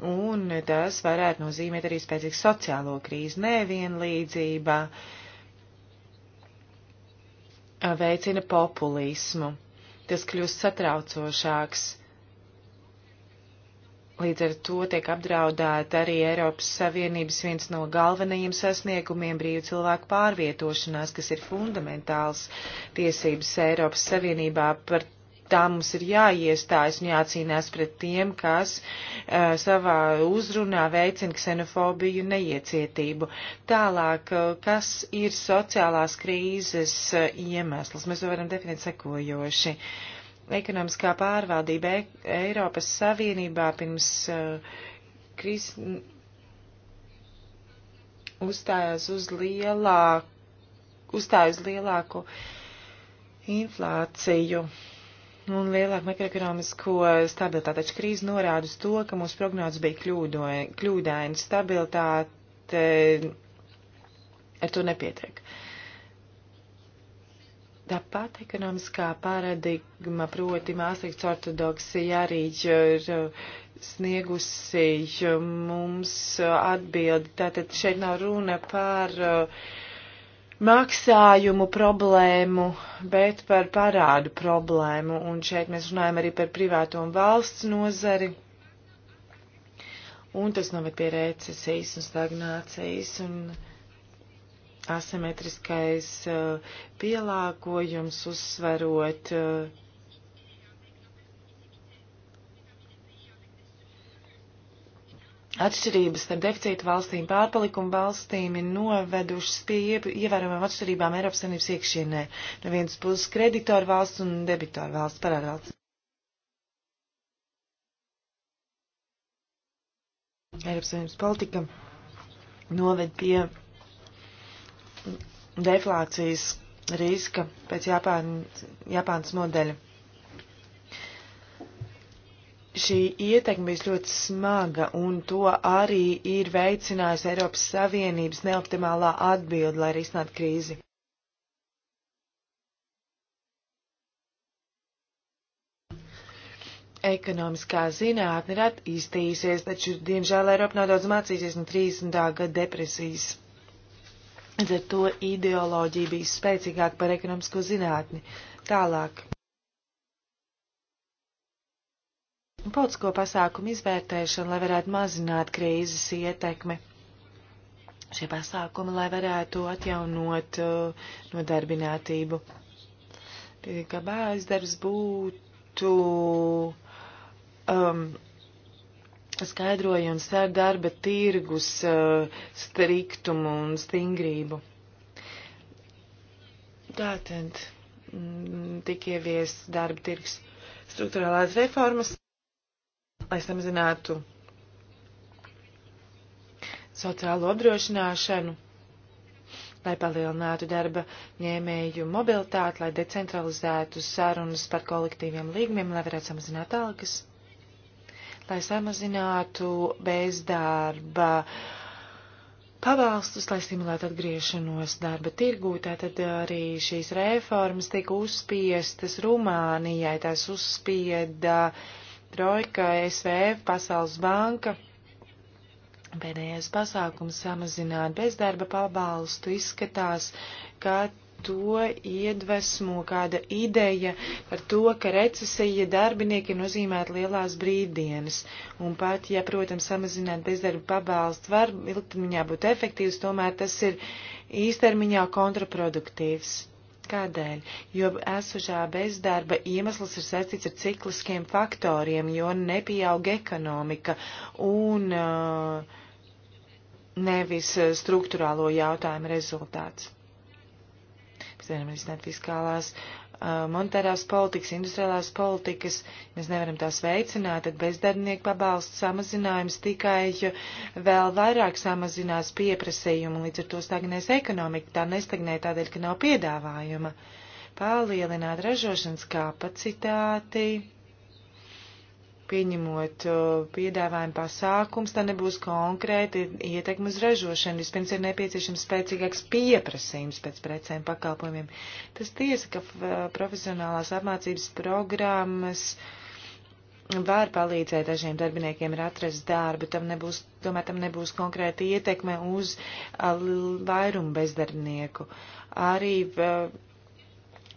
un tas varētu nozīmēt arī spēcīgu sociālo krīzi, nevienlīdzība, veicina populismu, tas kļūst satraucošāks. Līdz ar to tiek apdraudēta arī Eiropas Savienības viens no galvenajiem sasniegumiem brīvu cilvēku pārvietošanās, kas ir fundamentāls tiesības Eiropas Savienībā par tā mums ir jāiestājas un jācīnās pret tiem, kas uh, savā uzrunā veicina ksenofobiju un neiecietību. Tālāk, uh, kas ir sociālās krīzes uh, iemesls? Mēs to varam definēt sekojoši. Ekonomiskā pārvaldība e Eiropas Savienībā pirms uh, krīzes uzstājās uz lielāku, uzstājas lielāku inflāciju. Uh, un lielāku makroekonomisko stabilitāti. Taču krīze norāda uz to, ka mūsu prognozes bija kļūdo, kļūdaini. Stabilitāte eh, ar to nepietiek. Tāpat ekonomiskā paradigma, proti Māsrīks ortodoksija arī ir eh, sniegusi eh, mums atbildi. Tātad šeit nav runa par uh, maksājumu problēmu, bet par parādu problēmu. Un šeit mēs runājam arī par privāto un valsts nozari. Un tas noved pie recesijas un stagnācijas un asimetriskais uh, pielāgojums uzsverot uh, Atšķirības starp deficītu valstīm, pārpalikumu valstīm ir novedušas pie ievērojamām atšķirībām Eiropas Savienības iekšienē. No vienas puses kreditoru valsts un debitoru valsts parādvalsts. Eiropas Savienības politika noved pie deflācijas riska pēc Japānas, Japānas modeļa šī ietekme bijis ļoti smaga, un to arī ir veicinājusi Eiropas Savienības neoptimālā atbilde, lai risinātu krīzi. Ekonomiskā zinātne ir attīstījusies, taču, diemžēl, Eiropa nav daudz mācīsies no 30. gada depresijas. Līdz ar to ideoloģija bija spēcīgāka par ekonomisko zinātni. Tālāk. Politisko pasākumu izvērtēšana, lai varētu mazināt krīzes ietekmi. Šie pasākumi, lai varētu atjaunot uh, nodarbinātību. Kā bāzdarbs būtu um, skaidrojums ar darba tirgus uh, striktumu un stingrību. Tātad mm, tik ievies darba tirgs struktūrālās reformas lai samazinātu sociālo apdrošināšanu, lai palielinātu darba ņēmēju mobilitāti, lai decentralizētu sarunas par kolektīviem līgumiem, lai varētu samazināt algas, lai samazinātu bezdarba pabalstus, lai stimulētu atgriešanos darba tirgū. Tātad arī šīs reformas tika uzspiestas Rumānijai, tās uzspieda uh, Trojka, e SVF, Pasaules banka. Pēdējais pasākums samazināt bezdarba pabalstu izskatās, ka to iedvesmo kāda ideja par to, ka recesija darbinieki nozīmē lielās brīvdienas. Un pat, ja, protams, samazināt bezdarba pabalstu var ilgtermiņā būt efektīvs, tomēr tas ir īstermiņā kontraproduktīvs. Kādēļ? Jo esošā bezdarba iemesls ir saistīts ar cikliskiem faktoriem, jo nepieauga ekonomika un uh, nevis uh, struktūrālo jautājumu rezultāts. Piemēram, risināt fiskālās Uh, monetārās politikas, industriālās politikas, mēs nevaram tās veicināt, tad bezdarbnieku pabalsts samazinājums tikai vēl vairāk samazinās pieprasījumu, līdz ar to stagnēs ekonomika, tā nestagnē tādēļ, ka nav piedāvājuma. Palielināt ražošanas kapacitāti pieņemot uh, piedāvājumu pasākums, tā nebūs konkrēti ietekme uz ražošanu. Vispirms ir nepieciešams spēcīgāks pieprasījums pēc precēm pakalpojumiem. Tas tiesa, ka uh, profesionālās apmācības programmas var palīdzēt dažiem darbiniekiem ir atrast darbu, tam nebūs, tomēr tam nebūs konkrēta ietekme uz uh, vairumu bezdarbnieku. Arī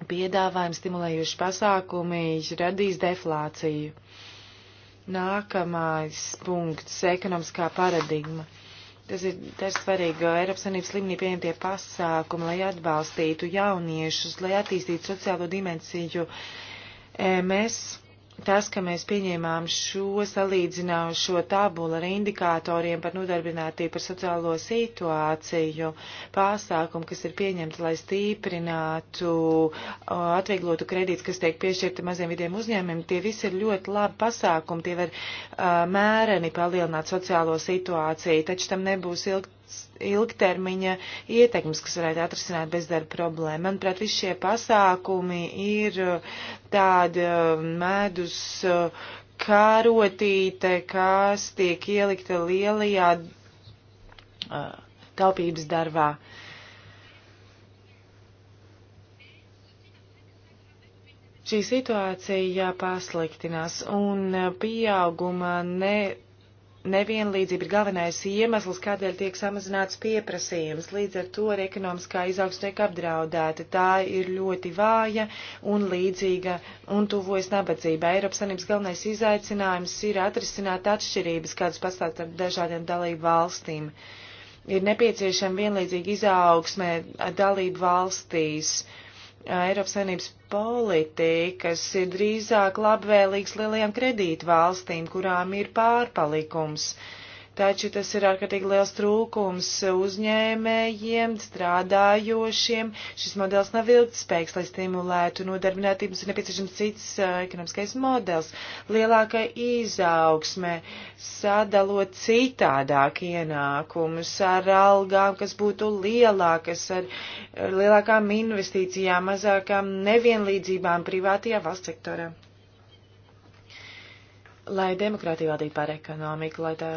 piedāvājumi stimulējuši pasākumi radīs deflāciju. Nākamais punkts - ekonomiskā paradigma. Tas ir, tas ir svarīgi. Eiropas Savienības līmenī pieņemtie pasākumi, lai atbalstītu jauniešus, lai attīstītu sociālo dimensiju. E, mēs tas, ka mēs pieņēmām šo salīdzinājušo tabulu ar indikatoriem par nodarbinātību par sociālo situāciju, pasākumu, kas ir pieņemta, lai stīprinātu, atvieglotu kredītus, kas tiek piešķirta maziem vidiem uzņēmumiem, tie visi ir ļoti labi pasākumi, tie var mēreni palielināt sociālo situāciju, taču tam nebūs ilg, ilgtermiņa ietekmes, kas varētu atrisināt bezdarba problēmu. Manuprāt, visi šie pasākumi ir uh, tāda uh, medus uh, kārotīte, kas tiek ielikta lielajā taupības darbā. Šī situācija jāpasliktinās un pieauguma ne nevienlīdzība ir galvenais iemesls, kādēļ tiek samazināts pieprasījums. Līdz ar to arī ekonomiskā izaugs tiek apdraudēta. Tā ir ļoti vāja un līdzīga un tuvojas nabadzībai. Eiropas Sanības galvenais izaicinājums ir atrisināt atšķirības, kādas pastāv starp dažādiem dalību valstīm. Ir nepieciešama vienlīdzīga izaugsme dalību valstīs. Uh, Eiropas Savienības politikas ir drīzāk labvēlīgs lielajām kredītvalstīm, kurām ir pārpalikums. Uh, taču tas ir ārkārtīgi liels trūkums uzņēmējiem, strādājošiem. Šis modelis nav ilgtspējīgs, lai stimulētu nodarbinātību, ir nepieciešams cits ekonomiskais modelis, lielāka izaugsme, sadalot citādāk ienākumus ar algām, kas būtu lielākas, ar, ar lielākām investīcijām, mazākām nevienlīdzībām privātajā valsts sektorā lai demokrātija valdītu pār ekonomiku, lai tā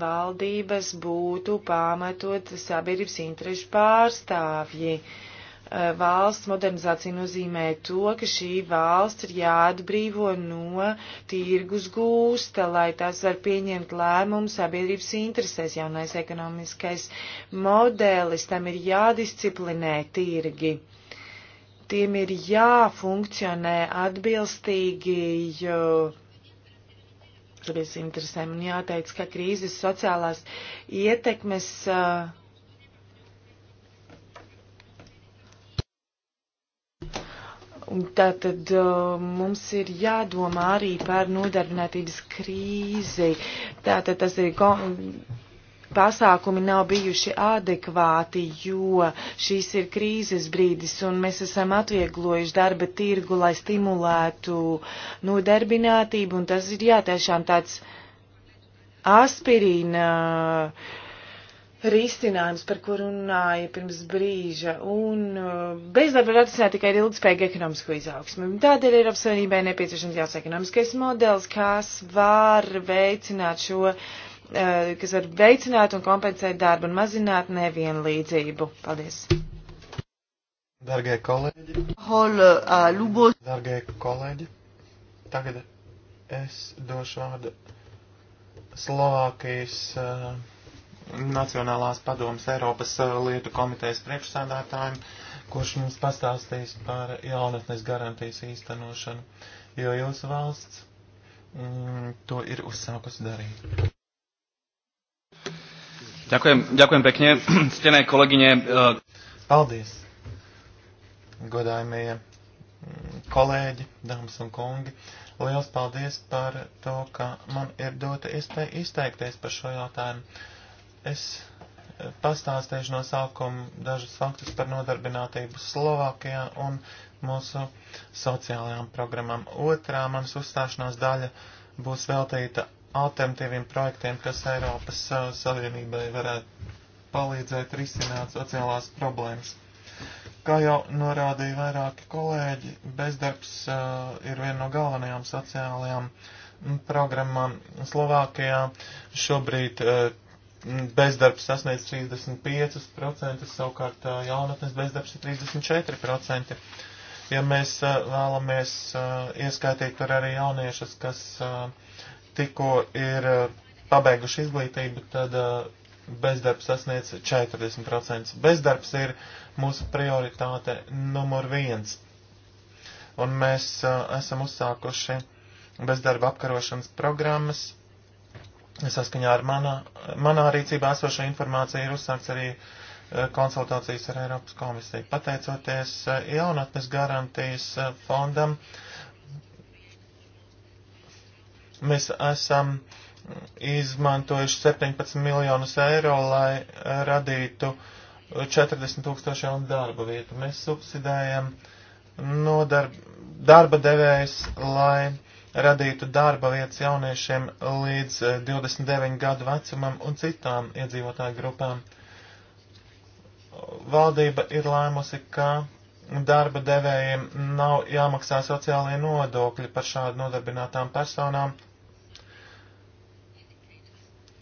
valdības būtu pamatot sabiedrības interešu pārstāvji. Valsts modernizācija nozīmē to, ka šī valsts ir jāatbrīvo no tirgus gūsta, lai tas var pieņemt lēmumu sabiedrības interesēs. Jaunais ekonomiskais modelis tam ir jādisciplinē tirgi tiem ir jāfunkcionē atbilstīgi sabiedrības interesēm. Un jāteic, ka krīzes sociālās ietekmes. Uh, Tātad uh, mums ir jādomā arī par nodarbinātības krīzi. Tātad tas ir pasākumi nav bijuši adekvāti, jo šīs ir krīzes brīdis un mēs esam atvieglojuši darba tirgu, lai stimulētu nodarbinātību, nu, un tas ir jā, tiešām tāds aspirīna risinājums, par ko runāja pirms brīža, un uh, bezdarba var atrisināt tikai ar ilgspējīgu ekonomisko izaugsmu. Tādēļ Eiropas Savienībai nepieciešams jauns ekonomiskais modelis, kas var veicināt šo uh, Eh, kas var veicināt un kompensēt darbu un mazināt nevienlīdzību. Paldies! Dargie kolēģi! Hol, uh, lubo... Dargie kolēģi! Tagad es došu vārdu Slovākijas uh, Nacionālās padomas Eiropas uh, lietu komitejas priekšsādātājiem, kurš jums pastāstīs par jaunatnes garantijas īstenošanu, jo jūsu valsts mm, to ir uzsākusi darīt. Ďakujem, ďakujem pekne, stené kolegyne. Eh, paldies, godājumie mm, kolēģi, dāmas un kungi. Liels paldies par to, ka man ir dota iespēja izteikties par šo jautājumu. Es eh, pastāstīšu no sākuma dažus faktus par nodarbinātību Slovākijā un mūsu sociālajām programmām. Otrā manas uzstāšanās daļa būs veltīta alternatīviem projektiem, kas Eiropas uh, Savienībai varētu palīdzēt risināt sociālās problēmas. Kā jau norādīja vairāki kolēģi, bezdarbs uh, ir viena no galvenajām sociālajām mm, programmām Slovākijā. Šobrīd uh, bezdarbs sasniedz 35%, savukārt uh, jaunatnes bezdarbs ir 34%. Ja mēs uh, vēlamies uh, ieskaitīt tur arī jauniešus, kas tikko ir eh, pabeiguši izglītību, tad eh, bezdarbs sasniedz 40%. Bezdarbs ir mūsu prioritāte numur viens. Un mēs eh, esam uzsākuši bezdarba apkarošanas programmas. Saskaņā ar manā, manā rīcībā esošo informāciju ir uzsākts arī uh, konsultācijas ar Eiropas komisiju. Pateicoties jaunatnes garantijas fondam, Mēs esam izmantojuši 17 miljonus eiro, lai radītu 40 tūkstoši jaunu darba vietu. Mēs subsidējam no darba, darba devējs, lai radītu darba vietas jauniešiem līdz 29 gadu vecumam un citām iedzīvotāju grupām. Valdība ir lēmusi, ka darba devējiem nav jāmaksā sociālajie nodokļi par šādu nodarbinātām personām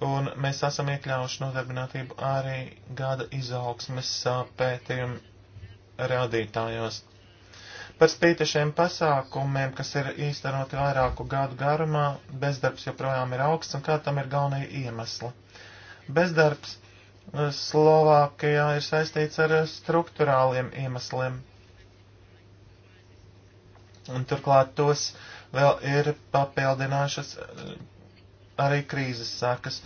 un mēs esam iekļāvuši nodarbinātību arī gada izaugsmes pētījumu rādītājos. Par spīti šiem pasākumiem, kas ir īstenoti vairāku gadu garumā, bezdarbs joprojām ir augsts un kā tam ir galvenie iemesli. Bezdarbs Slovākijā ir saistīts ar struktūrāliem iemesliem. Un turklāt tos vēl ir papildinājušas arī krīzes sākas.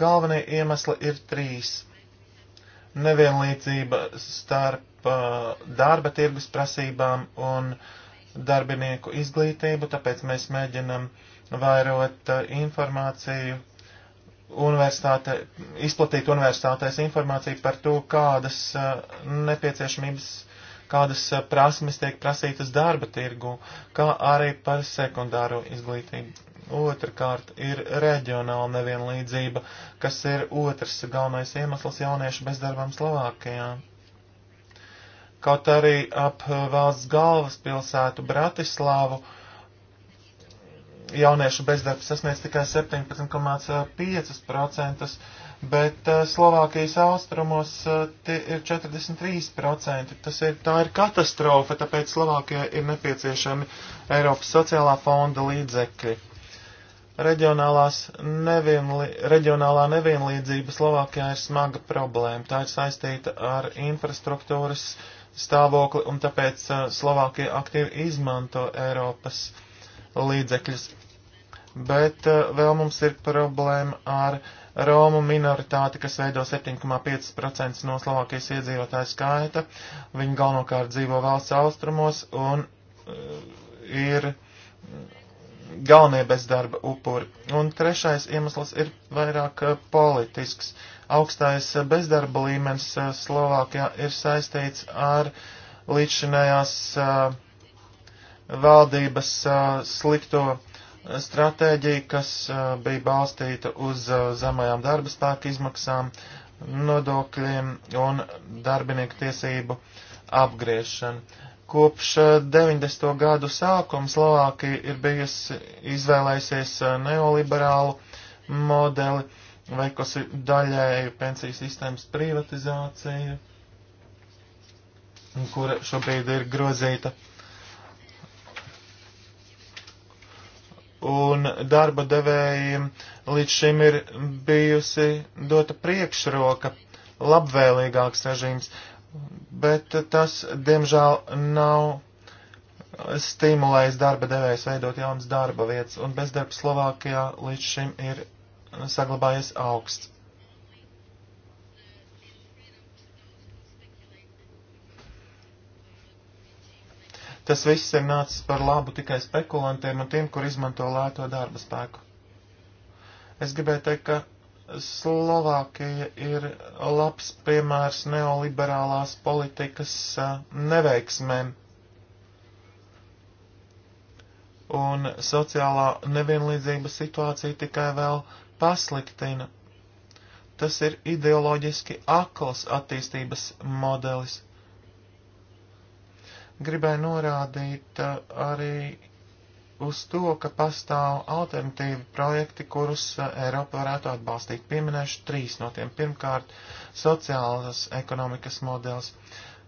Galvenie iemesli ir trīs. Nevienlīdzība starp uh, darba tirgus prasībām un darbinieku izglītību, tāpēc mēs mēģinam vairot uh, informāciju, universitāte, izplatīt universitātēs informāciju par to, kādas uh, nepieciešamības kādas uh, prasmes tiek prasītas darba tirgu, kā arī par sekundāro izglītību. Otrakārt ir reģionāla nevienlīdzība, kas ir otrs galvenais iemesls jauniešu bezdarbam Slovākijā. Kaut arī ap valsts galvaspilsētu Bratislāvu jauniešu bezdarbs sasniedz tikai 17,5%, bet eh, Slovākijas austrumos eh, ir 43%. Tas ir, tā ir katastrofa, tāpēc Slovākijai ir nepieciešami Eiropas sociālā fonda līdzekļi nevienli, reģionālā nevienlīdzība Slovākijā ir smaga problēma. Tā ir saistīta ar infrastruktūras stāvokli, un tāpēc uh, Slovākija aktīvi izmanto Eiropas līdzekļus. Bet uh, vēl mums ir problēma ar Romu minoritāti, kas veido 7,5% no Slovākijas iedzīvotāju skaita. Viņi galvenokārt dzīvo valsts austrumos un uh, ir. Uh, galvenie bezdarba upuri. Un trešais iemesls ir vairāk eh, politisks. Augstais bezdarba līmenis eh, Slovākijā ir saistīts ar līdzšinējās eh, valdības slikto stratēģiju, kas bija balstīta uz zemajām darba spēka izmaksām, nodokļiem un darbinieku tiesību apgriešanu. Kopš 90. gadu sākuma Slovākija ir bijusi izvēlējusies neoliberālu modeli, veikusi daļēju pensiju sistēmas privatizāciju, kura šobrīd ir grozīta. Un darba devējiem līdz šim ir bijusi dota priekšroka labvēlīgāks režīms, bet tas, diemžēl, nav stimulējis darba devējs veidot jaunas darba vietas, un bezdarbs Slovākijā līdz šim ir saglabājies augsts. Tas viss ir nācis par labu tikai spekulantiem un tiem, kur izmanto lēto darba spēku. Es gribēju teikt, ka Slovākija ir labs piemērs neoliberālās politikas neveiksmēm. Un sociālā nevienlīdzība situācija tikai vēl pasliktina. Tas ir ideoloģiski akls attīstības modelis. Gribēju norādīt arī uz to, ka pastāv alternatīvi projekti, kurus eh, Eiropa varētu atbalstīt. Pieminēšu trīs no tiem. Pirmkārt, sociālas ekonomikas modelis,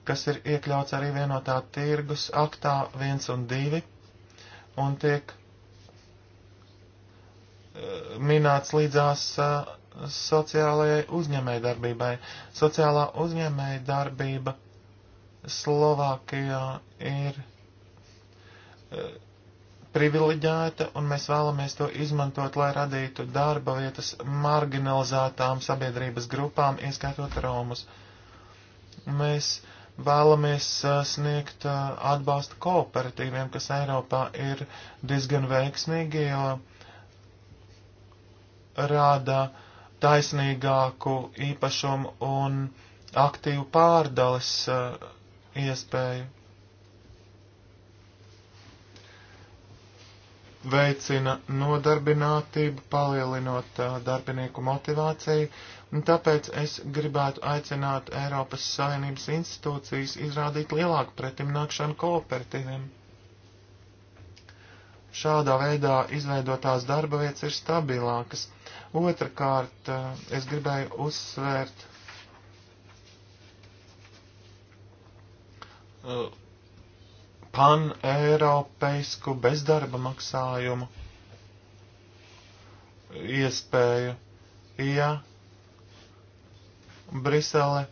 kas ir iekļauts arī vienotā tirgus aktā 1 un 2 un tiek eh, minēts līdzās eh, sociālajai uzņēmēji darbībai. Sociālā uzņēmēji darbība Slovākijā ir privileģēta, un mēs vēlamies to izmantot, lai radītu darba vietas marginalizētām sabiedrības grupām, ieskaitot Romus. Mēs vēlamies uh, sniegt uh, atbalstu kooperatīviem, kas Eiropā ir diezgan veiksmīgi, jo rāda taisnīgāku īpašumu un aktīvu pārdales uh, iespēju veicina nodarbinātību, palielinot uh, darbinieku motivāciju, un tāpēc es gribētu aicināt Eiropas Savienības institūcijas izrādīt lielāku pretimnākšanu kooperatīviem. Šādā veidā izveidotās darba vietas ir stabilākas. Otrakārt, uh, es gribēju uzsvērt uh, paneiropeisku bezdarba maksājumu iespēju, ja Brisele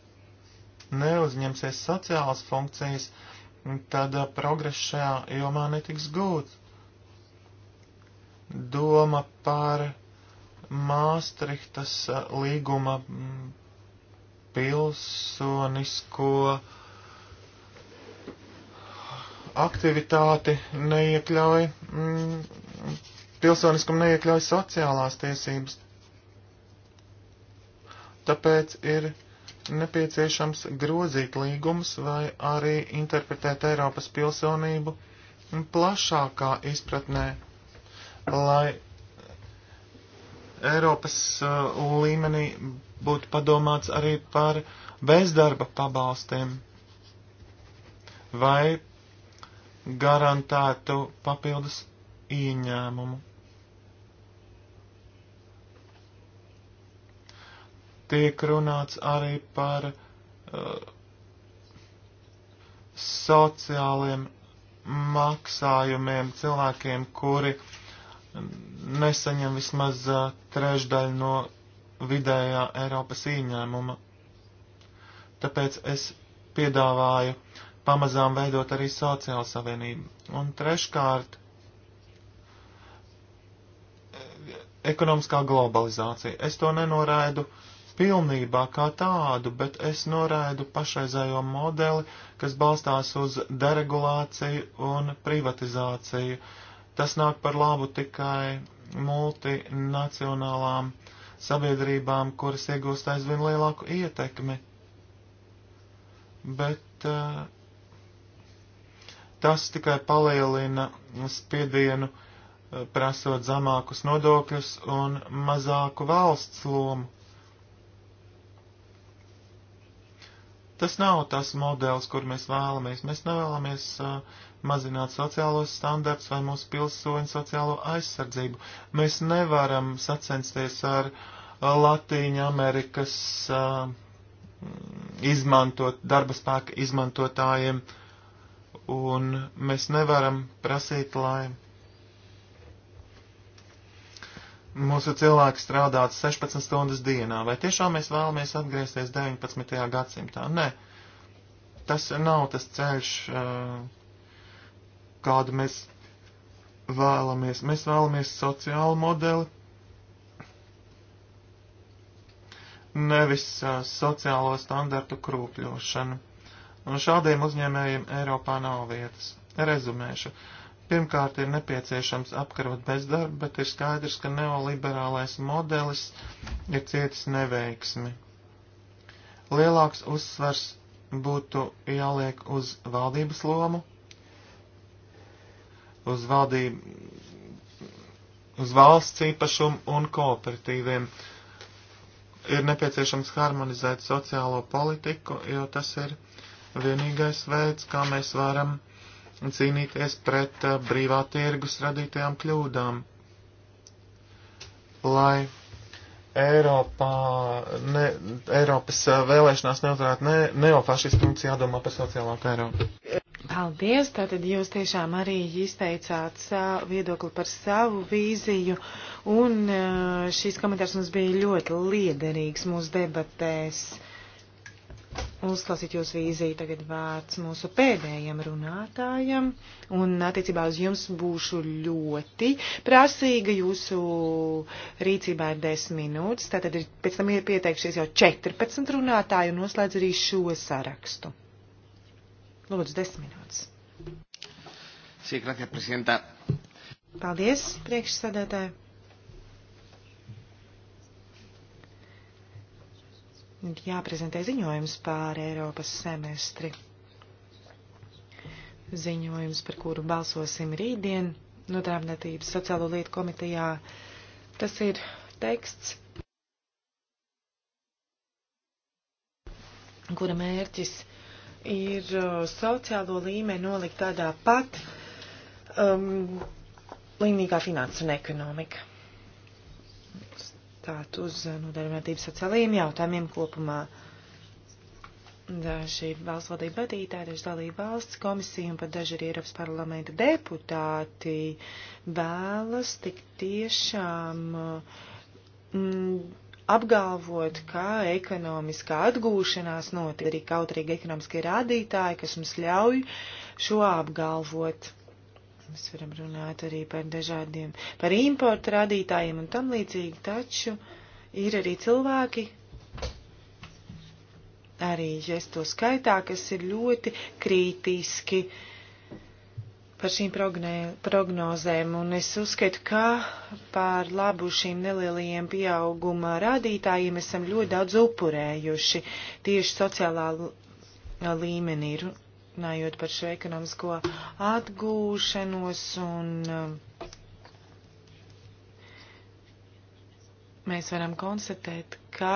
neuzņemsies sociālas funkcijas, tad uh, progress šajā jomā netiks gūts. Doma par Māstrihtas uh, līguma mm, pilsonisko uh, aktivitāti neiekļauj, mm, pilsoniskumu neiekļauj sociālās tiesības. Tāpēc ir nepieciešams grozīt līgumus vai arī interpretēt Eiropas pilsonību plašākā izpratnē, lai Eiropas uh, līmenī būtu padomāts arī par bezdarba pabalstiem vai garantētu papildus ieņēmumu. Tiek runāts arī par uh, sociāliem maksājumiem cilvēkiem, kuri nesaņem vismaz uh, trešdaļu no vidējā Eiropas ieņēmuma. Tāpēc es piedāvāju uh, pamazām veidot arī sociālu savienību. Un treškārt, ekonomiskā globalizācija. Es to nenoraidu pilnībā kā tādu, bet es noraidu pašreizējo modeli, kas balstās uz deregulāciju un privatizāciju. Tas nāk par labu tikai multinacionālām sabiedrībām, kuras iegūst aizvien lielāku ietekmi. Bet uh, Tas tikai palielina spiedienu, eh, prasot zemākus nodokļus un mazāku valsts lomu. Tas nav tas modelis, kur mēs vēlamies. Mēs nevēlamies uh, mazināt sociālos standarts vai mūsu pilsoņu sociālo aizsardzību. Mēs nevaram sacensties ar uh, Latīņu Amerikas uh, izmantot, darba spēka izmantotājiem uh, un mēs nevaram prasīt, lai mūsu cilvēki strādātu 16 stundas dienā. Vai tiešām mēs vēlamies atgriezties 19. gadsimtā? Nē, tas nav tas ceļš, kādu mēs vēlamies. Mēs vēlamies sociālu modeli, nevis sociālo standartu krūpļošanu. Un šādiem uzņēmējiem Eiropā nav vietas. Rezumēšu. Pirmkārt, ir nepieciešams apkarot bezdarbu, bet ir skaidrs, ka neoliberālais modelis ir cietis neveiksmi. Lielāks uzsvers būtu jāliek uz valdības lomu, uz valdību, uz valsts īpašumu un kooperatīviem. Ir nepieciešams harmonizēt sociālo politiku, jo tas ir vienīgais veids, kā mēs varam cīnīties pret uh, brīvā tirgus radītajām kļūdām, lai Eiropā, ne, Eiropas uh, vēlēšanās neutrāt ne, neofašistu, mums jādomā par sociālāku Eiropu. Paldies, tātad jūs tiešām arī izteicāt savu viedokli par savu vīziju, un uh, šīs komentārs mums bija ļoti liederīgs mūsu debatēs uzklausīt jūsu vīziju. Tagad vārds mūsu pēdējiem runātājiem. Un attiecībā uz jums būšu ļoti prasīga. Jūsu rīcībā ir 10 minūtes. Tātad ir pēc tam ir pieteikšies jau 14 runātāji un noslēdz arī šo sarakstu. Lūdzu, 10 minūtes. Sī, gracias, prezidentā. Paldies, priekšsēdētāji. ir jāprezentē ziņojums pār Eiropas semestri. Ziņojums, par kuru balsosim rītdien Nodarbinātības sociālo lietu komitejā. Tas ir teksts, kura mērķis ir uh, sociālo līmeni nolikt tādā pat um, līmenī kā finanses un ekonomika tāt uz eh, nodarbinātības sociālajiem jautājumiem kopumā. Daži valsts valdība vadītāji, daži dalība valsts komisija un pat daži arī Eiropas parlamenta deputāti vēlas tik tiešām mm, apgalvot, ka ekonomiskā atgūšanās notiek arī kautrīgi ekonomiskie rādītāji, kas mums ļauj šo apgalvot. Mēs varam runāt arī par dažādiem, par importu radītājiem un tam līdzīgi, taču ir arī cilvēki, arī es to skaitā, kas ir ļoti kritiski par šīm prognozēm, un es uzskatu, ka par labu šīm nelielajiem pieauguma rādītājiem esam ļoti daudz upurējuši tieši sociālā līmenī runājot par šo ekonomisko atgūšanos un um, mēs varam konstatēt, ka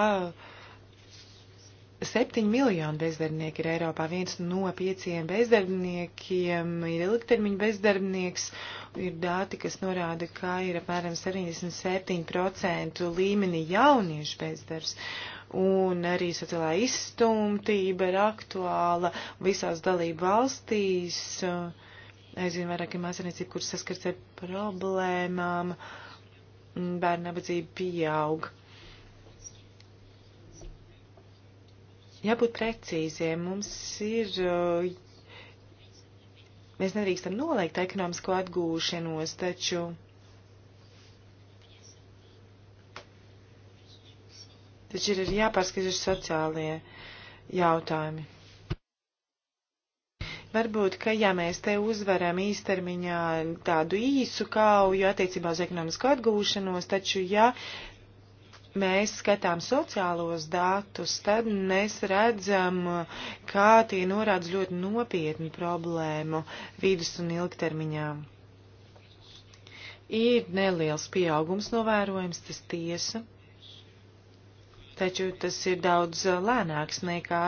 7 miljoni bezdarbnieki ir Eiropā. Viens no pieciem bezdarbniekiem ir ilgtermiņa bezdarbnieks. Ir dati, kas norāda, ka ir apmēram 77% līmenī jauniešu bezdarbs un arī sociālā izstumtība ir aktuāla visās dalību valstīs. Aizvien vairāk ir māsarniecība, kur saskars ar problēmām, bērnu nabadzība pieaug. Jābūt precīziem, mums ir mēs nedrīkstam nolaikt ekonomisko atgūšanos, taču Taču ir jāpārskata sociālie jautājumi. Varbūt, ka ja mēs te uzvaram īstermiņā tādu īsu kauju attiecībā uz ekonomisko atgūšanos, taču ja mēs skatām sociālos datus, tad mēs redzam, kā tie norāda ļoti nopietnu problēmu vidus un ilgtermiņā. Ir neliels pieaugums novērojams, tas tiesa. Taču tas ir daudz eh, lēnāks nekā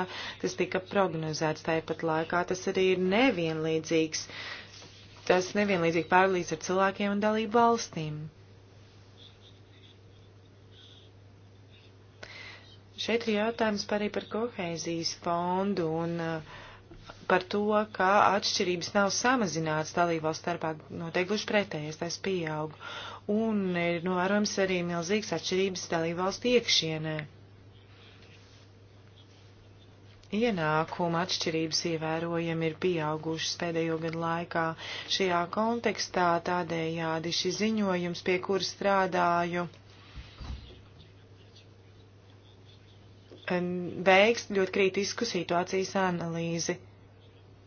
tas tika prognozēts. Tāpat laikā tas arī ir nevienlīdzīgs. Tas nevienlīdzīgi pārlīdz ar cilvēkiem un dalību valstīm. Šeit ir jautājums arī par kohēzijas fondu un eh, par to, ka atšķirības nav samazināts dalībvalsts starpā, noteikti gluži pretējies, tas pieaug. Un ir novērojams arī milzīgs atšķirības dalībvalstu iekšienē. Ienākuma atšķirības ievērojami ir pieaugušas pēdējo gadu laikā. Šajā kontekstā tādējādi šis ziņojums, pie kura strādāju, veiks ļoti kritisku situācijas analīzi.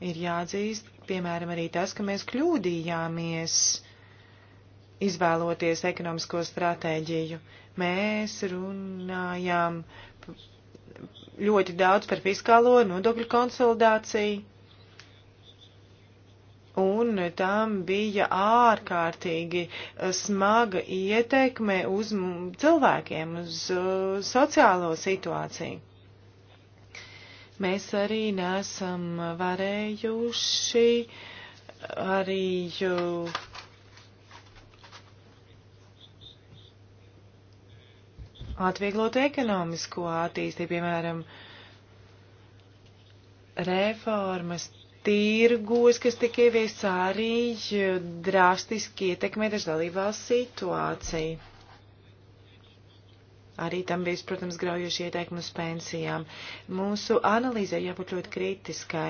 Ir jāatzīst, piemēram, arī tas, ka mēs kļūdījāmies izvēloties ekonomisko stratēģiju. Mēs runājām ļoti daudz par fiskālo nodokļu konsolidāciju. Un tam bija ārkārtīgi smaga ietekme uz cilvēkiem, uz uh, sociālo situāciju. Mēs arī nesam varējuši arī uh, atvieglot ekonomisko attīstību, piemēram, reformas tirgos, kas tika ieviests arī eh, drastiski ietekmē daždalībās situāciju. Arī tam bija, protams, graujoši ieteikumi uz pensijām. Mūsu analīzē jābūt ļoti kritiskai.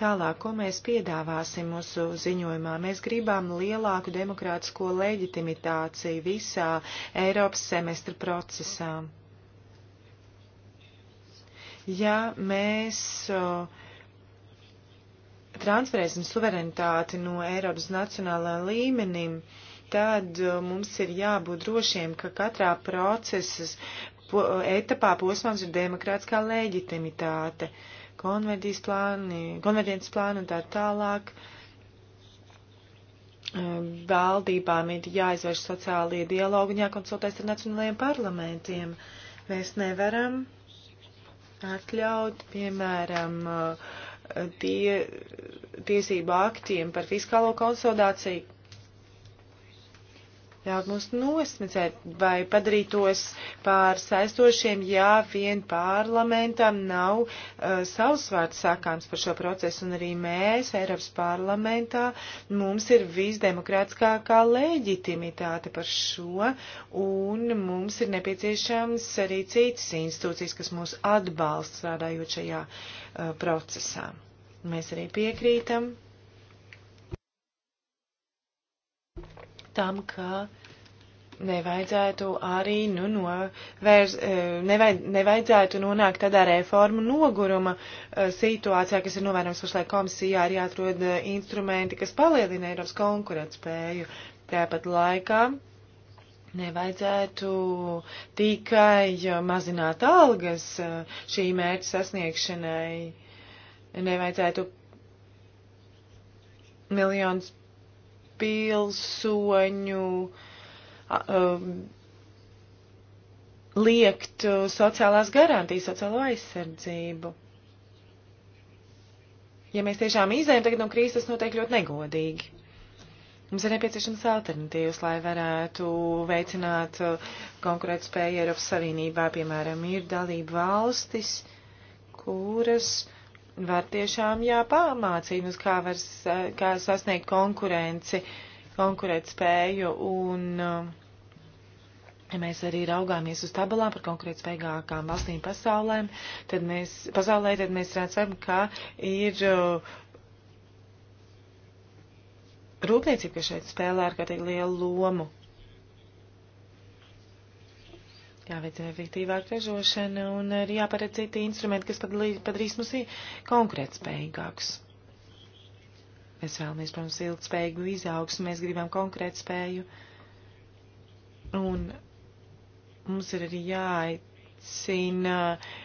Tālāk, ko mēs piedāvāsim mūsu ziņojumā, mēs gribam lielāku demokrātisko leģitimitāciju visā Eiropas semestra procesā. Ja mēs transferēsim suverenitāti no Eiropas nacionālā līmenim, tad mums ir jābūt drošiem, ka katrā procesas etapā posmams ir demokrātiskā leģitimitāte. Uh, konverģijas plāni, konverģences plāni un tā tālāk. Ehm, valdībām ir jāizvērš sociālie dialogi un jākonsultēs ar nacionālajiem parlamentiem. Mēs nevaram atļaut, piemēram, eh, tie, tiesību aktiem par fiskālo konsolidāciju ļaut mums nosmicēt vai padarīt tos pār saistošiem, ja vien parlamentam nav uh, eh, savs vārds sakāms par šo procesu, un arī mēs Eiropas parlamentā mums ir visdemokrātiskākā leģitimitāte par šo, un mums ir nepieciešams arī citas institūcijas, kas mūs atbalsta strādājot šajā uh, procesā. Mēs arī piekrītam tam, ka nevajadzētu arī, nu, no, vērs, e, nevajad, nevajadzētu nonākt tādā reformu noguruma e, situācijā, kas ir novērams pašlaik komisijā, arī atrod e, instrumenti, kas palielina Eiropas konkurētspēju. Tāpat laikā nevajadzētu tikai mazināt algas šī mērķa sasniegšanai, nevajadzētu miljonus pilsoņu um, liekt uh, sociālās garantijas, sociālo aizsardzību. Ja mēs tiešām izējam tagad no krīzes, tas notiek ļoti negodīgi. Mums ir nepieciešams alternatīvas, lai varētu veicināt uh, konkurētspēju Eiropas Savienībā. Piemēram, ir dalība valstis, kuras var tiešām jāpāmācīna uz kā var kā sasniegt konkurenci, konkurēt spēju un uh, ja mēs arī raugāmies uz tabulām par konkurēt spējīgākām valstīm pasaulēm, tad mēs, pasaulē, tad mēs redzam, ka ir uh, rūpniecība, kas šeit spēlē ārkārtīgi lielu lomu jāveic efektīvāka ražošana un arī jāparedz citi instrumenti, kas padarīs mums konkurētspējīgākus. Mēs vēlamies, protams, ilgspējīgu izaugsmu, mēs gribam konkurētspēju. Un mums ir arī jāaicina uh,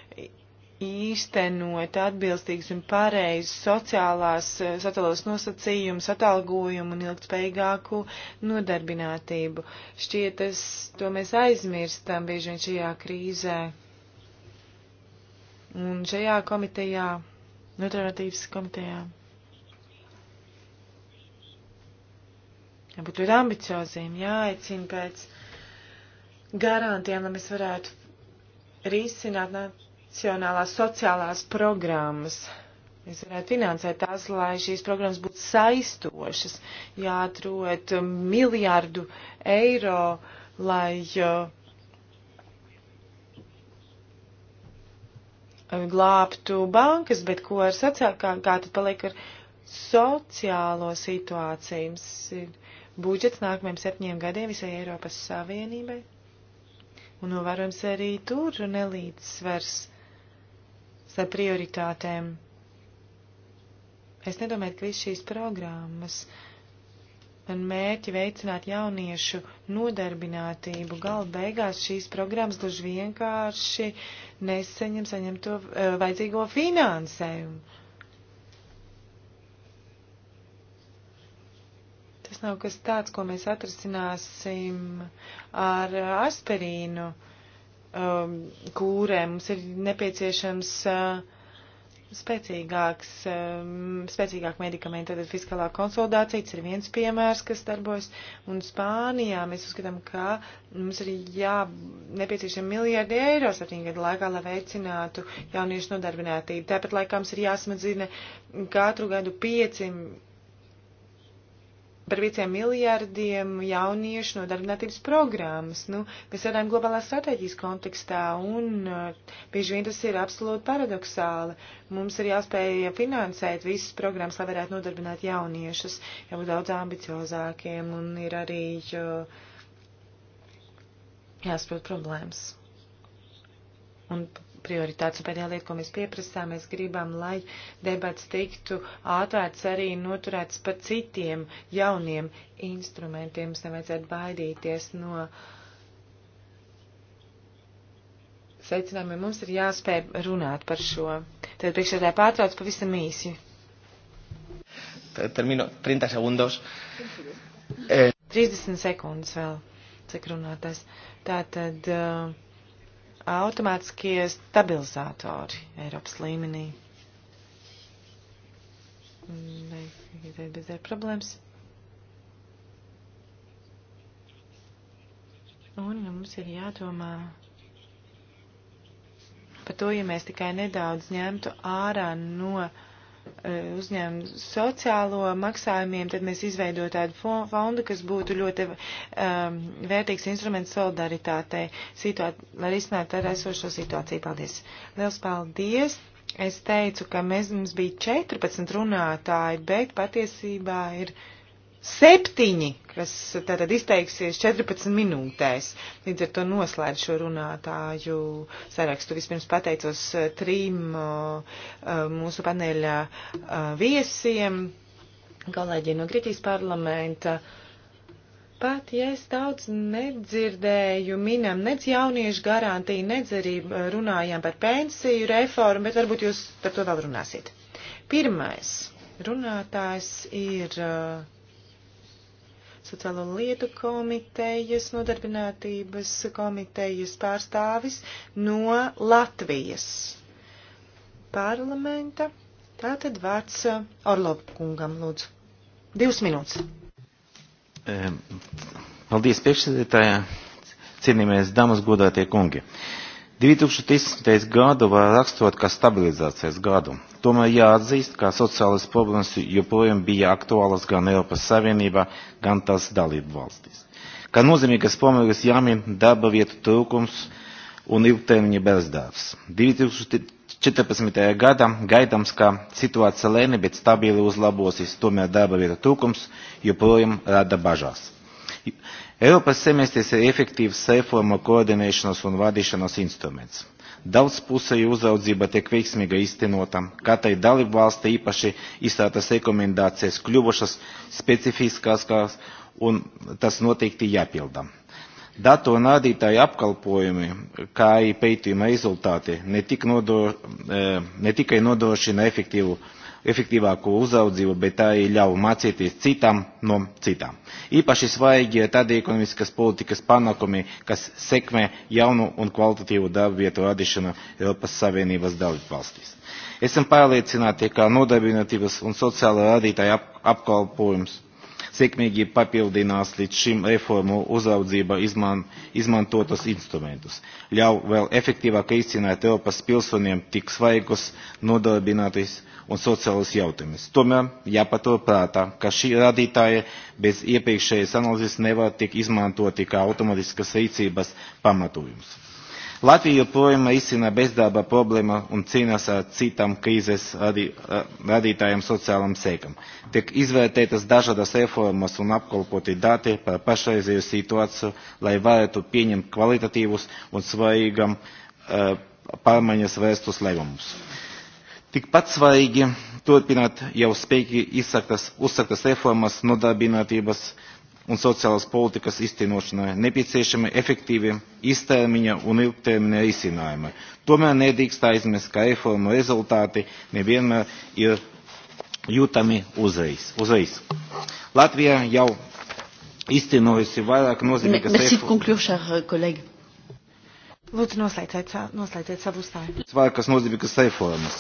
īstenot atbilstīgs un pareizs sociālās, eh, sociālos nosacījumus, atalgojumu un ilgtspējīgāku nodarbinātību. Šķiet, tas, to mēs aizmirstam bieži vien šajā krīzē. Un šajā komitejā, nodarbinātības komitejā. Jābūt ļoti ambicioziem, jāaicina pēc garantijām, lai mēs varētu risināt nacionālās sociālās programmas. Mēs varētu finansēt tās, lai šīs programmas būtu saistošas, jāatrod miljārdu eiro, lai eh, glābtu bankas, bet ko ar sociālo, kā, kā tad paliek ar sociālo situāciju? Mums ir budžets nākamajiem septiņiem gadiem visai Eiropas Savienībai. Un novērojams arī tur nelīdzsvers ar prioritātēm. Es nedomāju, ka viss šīs programmas un mērķi veicināt jauniešu nodarbinātību gala beigās šīs programmas gluži vienkārši nesaņem saņemto uh, vajadzīgo finansējumu. Tas nav kas tāds, ko mēs atrasināsim ar eh, asperīnu. Uh, um, kūrē. Mums ir nepieciešams uh, spēcīgāks, um, spēcīgāk medikamenti. Tad fiskālā konsolidācija, tas ir viens piemērs, kas darbojas. Un Spānijā mēs uzskatām, ka mums ir jā, nepieciešami miljardi eiro septiņu gadu laikā, lai veicinātu jauniešu nodarbinātību. Tāpat laikā mums ir jāsmadzina katru gadu piecim par 5 miljārdiem jauniešu nodarbinātības programmas, nu, mēs strādājam globālās stratēģijas kontekstā, un uh, bieži vien tas ir absolūti paradoxāli. Mums ir jāspēj finansēt visas programmas, lai varētu nodarbināt jauniešus, jābūt daudz ambiciozākiem, un ir arī uh, jāsaprot problēmas. Un prioritātes. Un pēdējā lieta, ko mēs pieprasām, mēs gribam, lai debats tiktu atvērts arī noturēts par citiem jauniem instrumentiem. Mums nevajadzētu baidīties no secinājumiem. Mums ir jāspēj runāt par šo. Tad priekšsēdētāji pārtrauc pavisam īsi. Termino 30 sekundos. 30 sekundes vēl, cik runātājs. Tātad. Uh, automātiskie stabilizatori Eiropas līmenī. Vai ir bez ir problēmas? Un mums ir jādomā par to, ja mēs tikai nedaudz ņemtu ārā no uh, E, uzņēmumu sociālo maksājumiem, tad mēs izveidot tādu fondu, kas būtu ļoti um, vērtīgs instruments solidaritātei, lai risinātu ar esošo situāciju. Paldies! Liels paldies! Es teicu, ka mēs, mums bija 14 runātāji, bet patiesībā ir septiņi, kas tātad izteiksies 14 minūtēs. Līdz ar to noslēdz šo runātāju sarakstu. Vispirms pateicos eh, trim eh, eh, mūsu paneļa viesiem, kolēģiem no Grieķijas parlamenta. Pat, ja es daudz nedzirdēju, minam nec jauniešu garantiju, nec arī runājām par pensiju reformu, bet varbūt jūs par to vēl runāsiet. Pirmais runātājs ir uh, sociālo lietu komitejas, nodarbinātības komitejas pārstāvis no Latvijas parlamenta. Tātad vārds uh, Orlova kungam, lūdzu. Divas minūtes. Paldies priekšsēdētājā, cienījamies damas godātie kungi. 2010. gadu var raksturot kā stabilizācijas gadu Tomēr jāatzīst, ka sociālais problēmas joprojām bija aktuālas gan Eiropas Savienībā, gan tās dalību valstīs. Kā nozīmīgas pamagas jāmin darba vietu trūkums un ilgtermiņa bezdarbs. 2014. gadā gaidāms, ka situācija lēni, bet stabili uzlabosies, tomēr darba vietu trūkums joprojām rada bažās. Eiropas semestris ir efektīvs reforma koordinēšanas un vadīšanas instruments daudzpusēja uzraudzība tiek veiksmīgi īstenota, katrai dalību valstī īpaši izstrātas rekomendācijas kļuvušas specifiskākās un tas noteikti jāpilda. Datu un rādītāju apkalpojumi, kā arī pētījuma rezultāti ne, tik nodo, eh, ne tikai nodrošina efektīvu efektīvāku uzraudzību, bet arī ļauj mācīties citam no citām. Īpaši svaigi ir tādi ekonomiskas politikas panākumi, kas sekmē jaunu un kvalitatīvu darbu vietu radīšanu Eiropas Savienības dalību valstīs. Esam pārliecināti, ka nodarbinātības un sociāla rādītāja ap apkalpojums sekmīgi papildinās līdz šim reformu uzraudzība izman, izmantotos instrumentus, ļauj vēl efektīvāk īstenēt Eiropas pilsoniem tik svaigus nodarbinātības un sociālas jautājumus. Tomēr jāpatur prātā, ka šī rādītāja bez iepriekšējas analīzes nevar tiek izmantoti kā automātiskas rīcības pamatojums. Latvija joprojām izcina bezdarba problēmu un cīnās ar citām krīzes radi, radītājiem sociālam sekam. Tiek izvērtētas dažādas reformas un apkolpoti dati par pašreizēju situāciju, lai varētu pieņemt kvalitatīvus un svarīgam uh, pārmaiņas vērstus lēmumus. Tikpat svaigi turpināt jau spēki izsaktas, uzsaktas reformas nodarbinātības un sociālās politikas iztenošanai nepieciešami efektīvi īstermiņa un ilgtermiņa risinājumi. Tomēr nedrīkst aizmirst, ka reformu rezultāti nevienmēr ir jūtami uzreiz. uzreiz. Latvija jau iztenojusi vairāk nozīmīgas reformas. Euh, Lūdzu, noslēdziet, noslēdziet savu stāju. Vairākas nozīmīgas reformas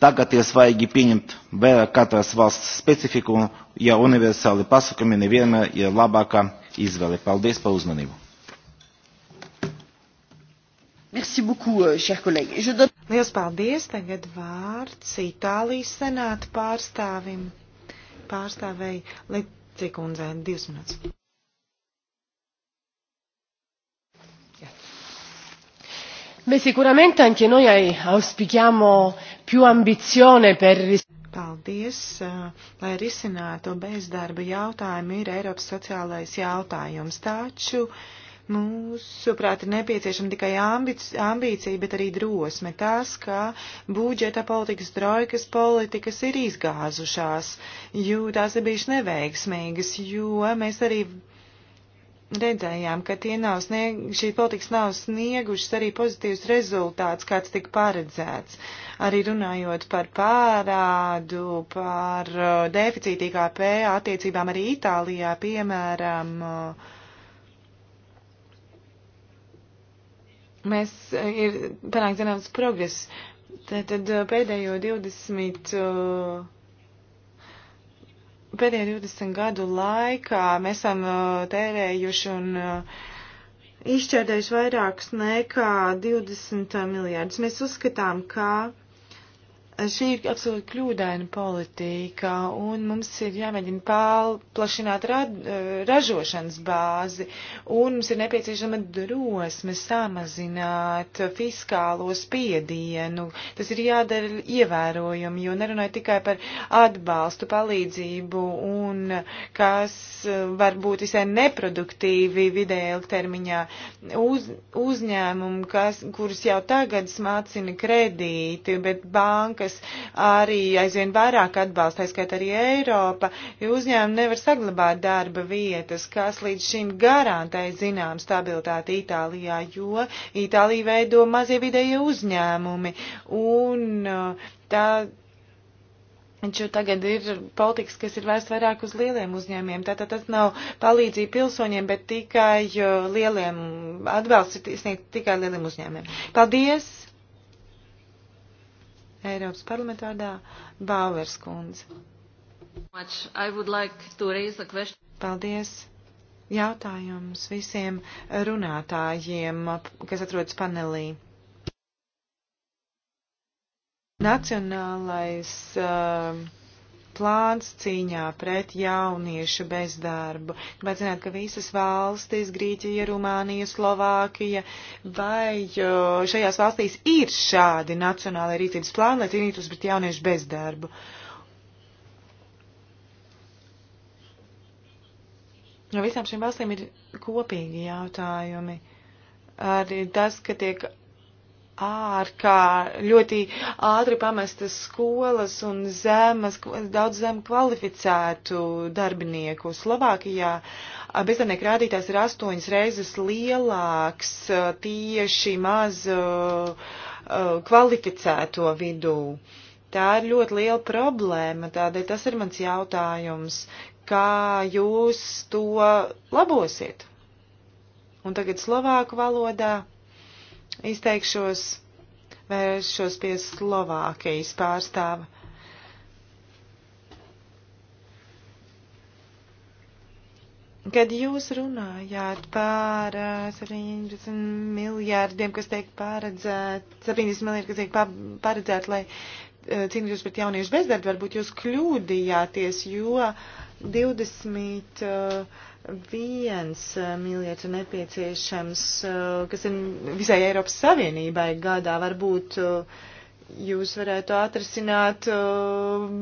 Tagad ir svarīgi pieņemt vērā katras valsts specifiku, ja universāli pasakumi nevienmēr ir labākā izvēle. Paldies par uzmanību! Merci beaucoup, euh, cher collègue. Je donne... Liels paldies! Tagad vārds Itālijas senāta pārstāvim. Pārstāvēja Licikundzē divas minūtes. Beh, sicuramente anche noi eh, auspichiamo più ambizione per. Paldies! Eh, lai risinātu bezdarba jautājumu, ir Eiropas sociālais jautājums. Taču Mūsuprāt, ir nepieciešama tikai ambīcija, bet arī drosme. Tas, ka budžeta politikas, trojkas politikas ir izgāzušās, jo tās ir bijušas neveiksmīgas, jo mēs arī redzējām, ka tie nav snieg, šī politikas nav sniegušas arī pozitīvs rezultāts, kāds tika paredzēts. Arī runājot par pārādu, par uh, deficīti IKP attiecībām arī Itālijā, piemēram, uh, mēs uh, ir panākt zināms progress. Tad, tad uh, pēdējo 20. Uh, Pēdējo 20 gadu laikā mēs esam uh, tērējuši un uh, izšķērdējuši vairākus nekā 20 miljārdus. Mēs uzskatām, ka šī ir absolūti kļūdaina politika, un mums ir jāmēģina pārplašināt e, ražošanas bāzi, un mums ir nepieciešama drosme samazināt fiskālo spiedienu. Tas ir jādara ievērojami, jo nerunāju tikai par atbalstu, palīdzību, un kas var būt visai neproduktīvi vidēja ilgtermiņā uz, uzņēmumu, kas, kurus jau tagad smacina kredīti, bet bankas, kuras arī aizvien vairāk atbalsta, skait arī Eiropa, jo uzņēmumi nevar saglabāt darba vietas, kas līdz šim garantē zinām stabilitāti Itālijā, jo Itālija veido mazie vidējie uzņēmumi. Un uh, tā Taču tagad ir politikas, kas ir vērsts vairāk uz lieliem uzņēmiem. Tātad tas nav palīdzība pilsoņiem, bet tikai uh, lieliem atbalsts ir sniegt tikai lieliem uzņēmiem. Paldies! Eiropas parlamentārdā Bauers kundze. Like Paldies! Jautājums visiem runātājiem, kas atrodas panelī. Nacionālais uh, plāns cīņā pret jauniešu bezdarbu. Gribētu zināt, ka visas valstis, Grīķija, Rumānija, Slovākija, vai šajās valstīs ir šādi nacionālai rīcības plāni, lai cīnītos pret jauniešu bezdarbu. No visām šīm valstīm ir kopīgi jautājumi. Arī tas, ka tiek ārkā, ļoti ātri pamestas skolas un zemes, daudz zem kvalificētu darbinieku. Slovākijā bezdarbnieku rādītājs ir astoņas reizes lielāks tieši maz kvalificēto vidū. Tā ir ļoti liela problēma, tādēļ tas ir mans jautājums, kā jūs to labosiet. Un tagad slovāku valodā izteikšos, vēršos pie Slovākijas pārstāva. Kad jūs runājāt par 17 eh, miljārdiem, kas tiek paredzēti, 70 miljārdi, kas tiek paredzēti, lai eh, cīnītos pret jauniešu bezdarbu, varbūt jūs kļūdījāties, jo uh, 21 eh, milietu nepieciešams, eh, kas ir visai Eiropas Savienībai gadā, varbūt eh, jūs varētu atrasināt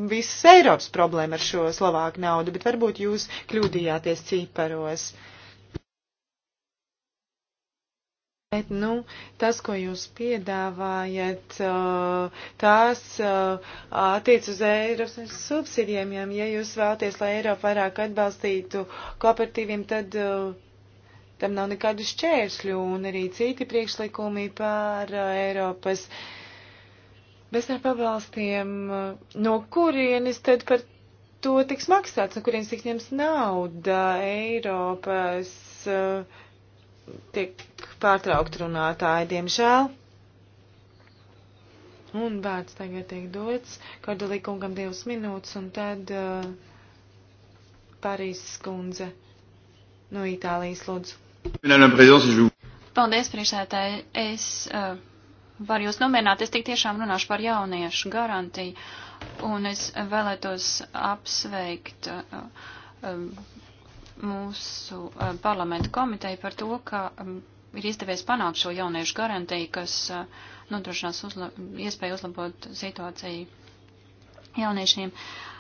visas Eiropas problēmu ar šo Slovāku naudu, bet varbūt jūs kļūdījāties ciparos. Uh, Bet, nu, tas, ko jūs piedāvājat, uh, tās uh, attiec uz Eiropas subsidijiem. Ja jūs vēlaties, lai Eiropa vairāk atbalstītu kooperatīviem, tad uh, tam nav nekādu šķēršļu un arī citi priekšlikumi par Eiropas bezdarba pabalstiem. No kurienes tad par to tiks maksāts, no kurienes tiks ņemts nauda Eiropas? Uh, tiek pārtraukt runātāji, diemžēl. Un vārds tagad tiek dots Kardulīkungam divas minūtes, un tad uh, Parīzes kundze no Itālijas lūdzu. Paldies, priekšsētāji. Es uh, varu jūs nomierināt, es tik tiešām runāšu par jauniešu garantiju, un es vēlētos apsveikt. Uh, um, mūsu eh, parlamenta komiteju par to, ka mm, ir izdevies panākt šo jauniešu garantiju, kas eh, nodrošinās uzla iespēju uzlabot situāciju jauniešiem. Uh,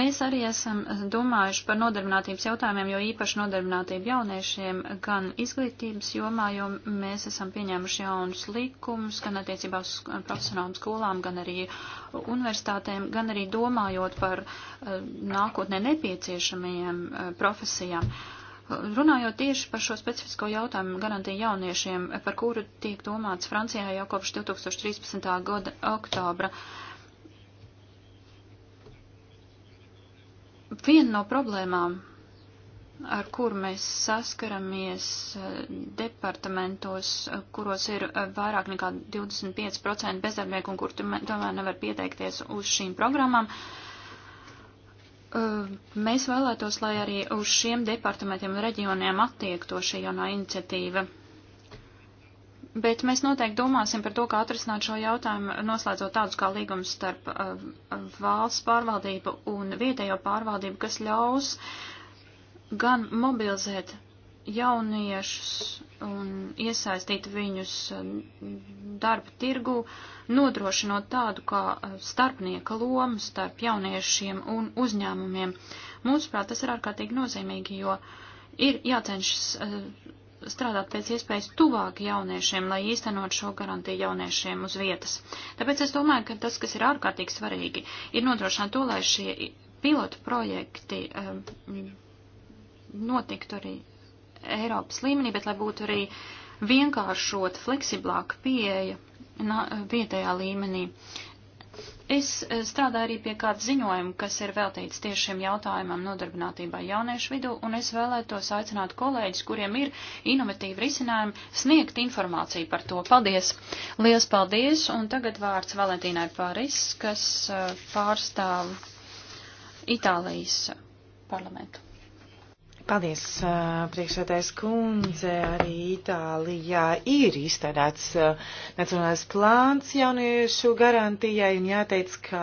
Mēs arī esam domājuši par nodarbinātības jautājumiem, jo īpaši nodarbinātību jauniešiem gan izglītības jomā, jo mēs esam pieņēmuši jaunus likumus, gan attiecībā uz profesionālām skolām, gan arī universitātēm, gan arī domājot par eh, nākotnē nepieciešamajiem eh, profesijām. Runājot tieši par šo specifisko jautājumu garantiju jauniešiem, par kuru tiek domāts Francijā jau kopš 2013. gada oktobra. Viena no problēmām, ar kur mēs saskaramies eh, departamentos, eh, kuros ir eh, vairāk nekā 25% bezdarbnieku un kur tomēr nevar pieteikties uz šīm programmām, mēs vēlētos, lai arī uz šiem departamentiem un reģioniem attiekto šī jaunā iniciatīva. Bet mēs noteikti domāsim par to, kā atrisināt šo jautājumu, noslēdzot tādus kā līgums starp uh, valsts pārvaldību un vietējo pārvaldību, kas ļaus gan mobilizēt jauniešus un iesaistīt viņus uh, darba tirgu, nodrošinot tādu kā uh, starpnieka lomu starp jauniešiem un uzņēmumiem. Mūsuprāt, tas ir ārkārtīgi nozīmīgi, jo ir jācenšas uh, strādāt pēc iespējas tuvāk jauniešiem, lai īstenot šo garantiju jauniešiem uz vietas. Tāpēc es domāju, ka tas, kas ir ārkārtīgi svarīgi, ir nodrošināt to, lai šie pilotu projekti um, notiktu arī Eiropas līmenī, bet lai būtu arī vienkāršot, fleksiblāka pieeja vietējā līmenī. Es eh, strādāju arī pie kāda ziņojuma, kas ir veltīts tieši šiem jautājumam nodarbinātībai jauniešu vidū, un es vēlētos aicināt kolēģis, kuriem ir inovatīvi risinājumi, sniegt informāciju par to. Paldies! Lielas paldies! Un tagad vārds Valentīnai Pāris, kas eh, pārstāv Itālijas parlamentu. Paldies, priekšsēdājs kundze. Arī Itālijā ir izstrādāts nacionālais plāns jauniešu garantijai, un jāteic, ka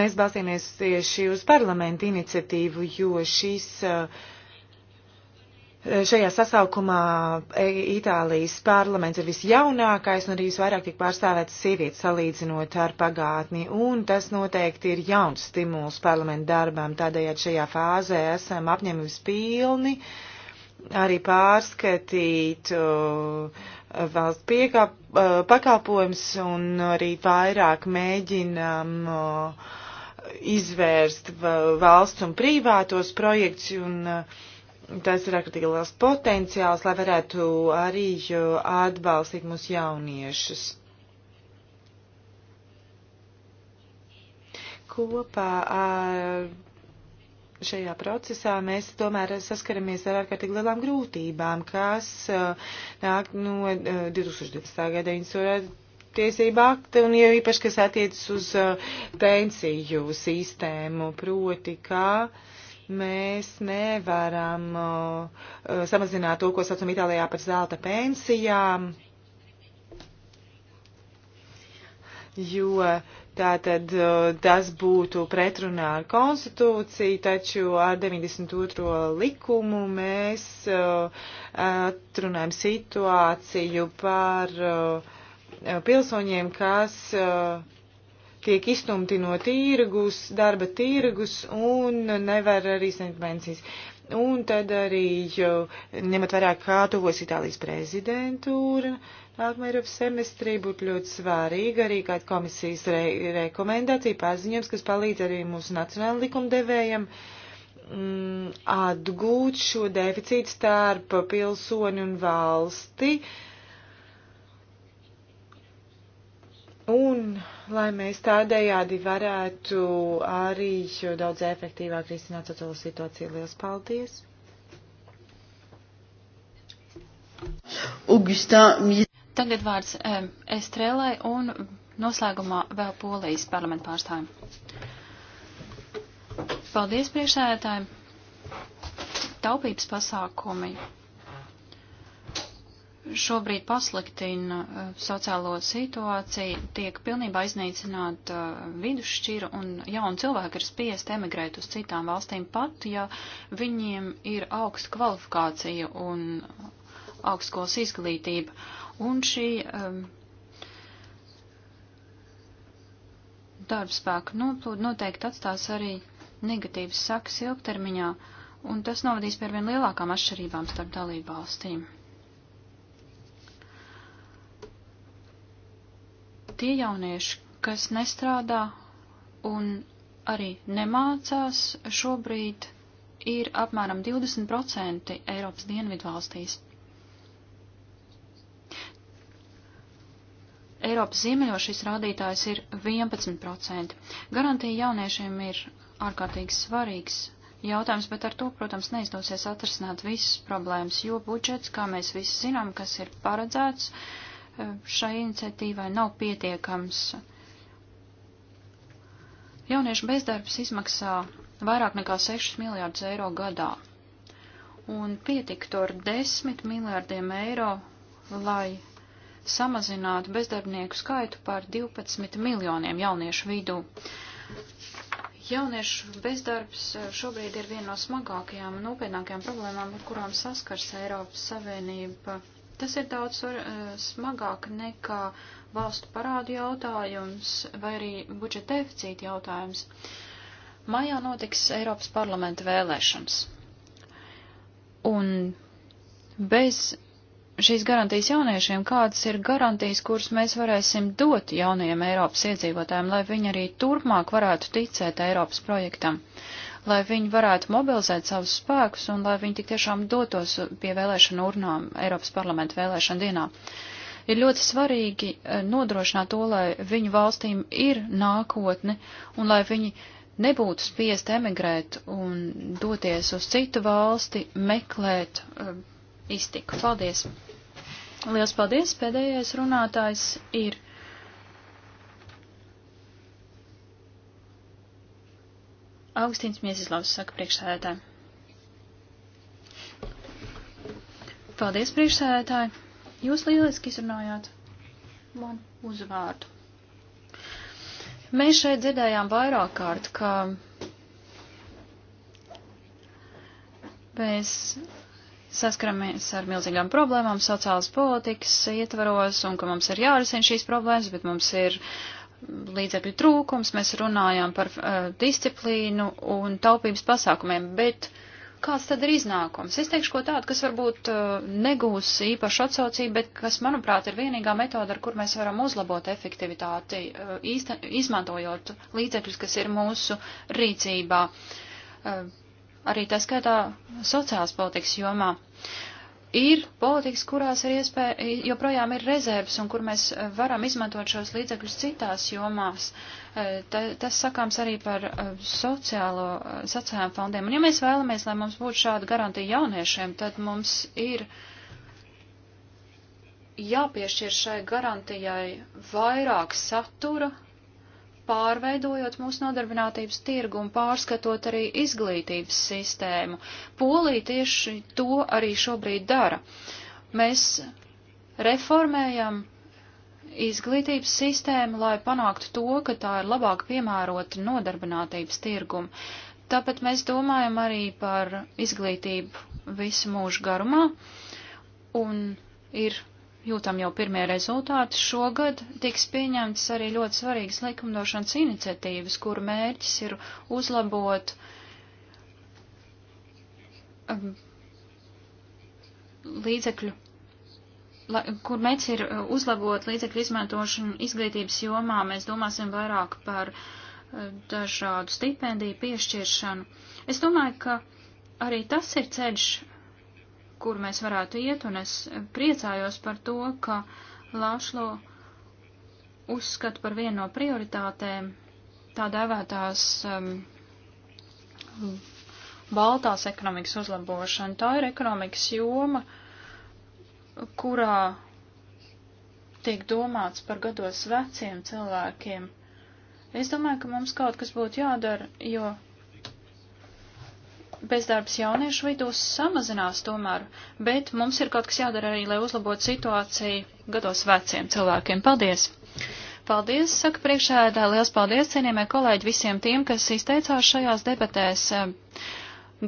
mēs balstāmies tieši uz parlamentu iniciatīvu, jo šis uh, Eh, šajā sasaukumā eh, Itālijas parlaments ir visjaunākais un arī visvairāk tiek pārstāvētas sievietes salīdzinot ar pagātni, un tas noteikti ir jauns stimuls parlamentu darbām. Tādējādi šajā fāzē esam apņemības pilni arī pārskatīt uh, valsts piekāp, uh, pakalpojums un arī vairāk mēģinam. Uh, izvērst valsts un privātos projekts un uh, Tas ir ārkārtīgi liels potenciāls, lai varētu arī atbalstīt mūsu jauniešus. Kopā ar šajā procesā mēs tomēr saskaramies ar ārkārtīgi lielām grūtībām, kas uh, nāk no 2020. Uh, gada tiesība akta un jau īpaši, kas attiecas uz uh, pensiju sistēmu, proti, kā ka mēs nevaram uh, samazināt to, ko saucam Itālijā par zelta pensijām, jo tātad uh, tas būtu pretrunā ar konstitūciju, taču ar 92. likumu mēs uh, atrunājam situāciju par uh, pilsoņiem, kas uh, tiek izstumti no tirgus, darba tirgus un nevar arī saņemt pensijas. Un tad arī, ņemot vairāk kā tuvos Itālijas prezidentūra, nākamajā Eiropas semestrī būtu ļoti svarīga arī kāda komisijas re rekomendācija, paziņojums, kas palīdz arī mūsu nacionālajiem likumdevējiem mm, atgūt šo deficītu starp pilsoni un valsti. Uh, Un lai mēs tādējādi varētu arī daudz efektīvāk risināt sociālo situāciju. Lielas paldies! Augustin. Tagad vārds Estrēlai un noslēgumā vēl Polijas parlamentu pārstāvjiem. Paldies priekšsēdētājiem! Taupības pasākumi šobrīd pasliktina e, sociālo situāciju, tiek pilnībā iznīcināta e, vidusšķira un jauni cilvēki ir spiest emigrēt uz citām valstīm pat, ja viņiem ir augsta kvalifikācija un augstskolas izglītība. Un šī um, darbspēka noplūda noteikti atstās arī negatīvas sakas ilgtermiņā, un tas novadīs pie vien lielākām atšķirībām starp dalību valstīm. tie jaunieši, kas nestrādā un arī nemācās, šobrīd ir apmēram 20% Eiropas dienvidu valstīs. Eiropas ziemeļos šis rādītājs ir 11%. Garantija jauniešiem ir ārkārtīgi svarīgs jautājums, bet ar to, protams, neizdosies atrasināt visas problēmas, jo budžets, kā mēs visi zinām, kas ir paredzēts, uh, šai iniciatīvai nav pietiekams. Jauniešu bezdarbs izmaksā vairāk nekā 6 miljārdus eiro gadā, un pietiktu ar 10 miljārdiem eiro, lai samazinātu bezdarbnieku skaitu par 12 miljoniem jauniešu vidū. Jauniešu bezdarbs šobrīd ir viena no smagākajām un nopietnākajām problēmām, ar kurām saskars Eiropas Savienība Tas ir daudz var, uh, smagāk nekā valstu parādu jautājums vai arī budžeta deficīta jautājums. Maijā notiks Eiropas parlamenta vēlēšanas. Un bez šīs garantijas jauniešiem, kādas ir garantijas, kuras mēs varēsim dot jaunajiem Eiropas iedzīvotājiem, lai viņi arī turpmāk varētu ticēt Eiropas projektam lai viņi varētu mobilizēt savus spēkus un lai viņi tik tiešām dotos pie vēlēšanu urnām Eiropas parlamenta vēlēšanu dienā. Ir ļoti svarīgi eh, nodrošināt to, lai viņu valstīm ir nākotne un lai viņi nebūtu spiest emigrēt un doties uz citu valsti, meklēt um, iztiku. Paldies! Liels paldies! Pēdējais runātājs ir Augustīns Miesislavs saka priekšsēdētāji. Paldies, priekšsēdētāji. Jūs lieliski izrunājāt man uzvārdu. Mēs šeit dzirdējām vairāk kārt, ka mēs saskaramies ar milzīgām problēmām sociālas politikas ietvaros un ka mums ir jārisina šīs problēmas, bet mums ir līdzekļu trūkums, mēs runājām par uh, disciplīnu un taupības pasākumiem, bet kāds tad ir iznākums? Es teikšu ko tādu, kas varbūt uh, negūs īpašu atsaucību, bet kas, manuprāt, ir vienīgā metoda, ar kur mēs varam uzlabot efektivitāti, uh, īsta, izmantojot līdzekļus, kas ir mūsu rīcībā, uh, arī tā skaitā sociālas politikas jomā. Uh, ir politikas, kurās ir iespēja, joprojām ir rezerves un kur mēs varam izmantot šos līdzekļus citās jomās. E, ta, tas sakāms arī par e, sociālo, e, sociālajiem fondiem. Un ja mēs vēlamies, lai mums būtu šāda garantija jauniešiem, tad mums ir jāpiešķir šai garantijai vairāk satura pārveidojot mūsu nodarbinātības tirgu un pārskatot arī izglītības sistēmu. Polija tieši to arī šobrīd dara. Mēs reformējam izglītības sistēmu, lai panāktu to, ka tā ir labāk piemērota nodarbinātības tirgumu. Tāpēc mēs domājam arī par izglītību visu mūžu garumā, un ir jūtam jau pirmie rezultāti. Šogad tiks pieņemts arī ļoti svarīgas likumdošanas iniciatīvas, kuru mērķis ir uzlabot um, līdzekļu, la, kur mērķis ir uh, uzlabot līdzekļu izmantošanu izglītības jomā. Mēs domāsim vairāk par uh, dažādu stipendiju piešķiršanu. Es domāju, ka arī tas ir ceļš kur mēs varētu iet, un es priecājos par to, ka Lāšlo uzskata par vienu no prioritātēm tā dēvētās um, baltās ekonomikas uzlabošana. Tā ir ekonomikas joma, kurā tiek domāts par gados veciem cilvēkiem. Es domāju, ka mums kaut kas būtu jādara, jo bezdarbs jauniešu vidū samazinās tomēr, bet mums ir kaut kas jādara arī, lai uzlabotu situāciju gados veciem cilvēkiem. Paldies! Paldies, saka priekšēdā, liels paldies, cienījamie kolēģi, visiem tiem, kas izteicās šajās debatēs eh,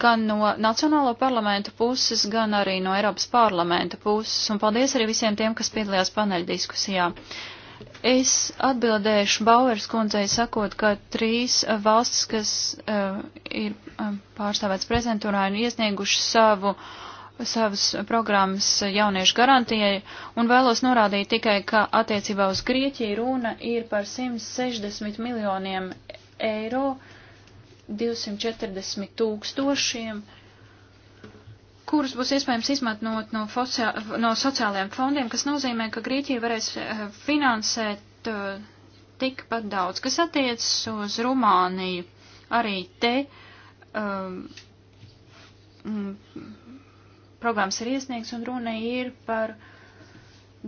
gan no Nacionālo parlamentu puses, gan arī no Eiropas parlamenta puses, un paldies arī visiem tiem, kas piedalījās paneļdiskusijā. diskusijā. Es atbildēšu Bauers kundzei sakot, ka trīs valstis, kas uh, ir eh, pārstāvēts prezentūrā, ir iesnieguši savu, savas programmas jauniešu garantijai, un vēlos norādīt tikai, ka attiecībā uz Grieķiju runa ir par 160 miljoniem eiro, 240 tūkstošiem uh, kurus būs iespējams izmantot no, fosā, no sociālajiem fondiem, kas nozīmē, ka Grieķija varēs eh, finansēt eh, tikpat daudz. Kas attiecas uz Rumāniju, arī te um, programmas ir iesniegts un runa ir par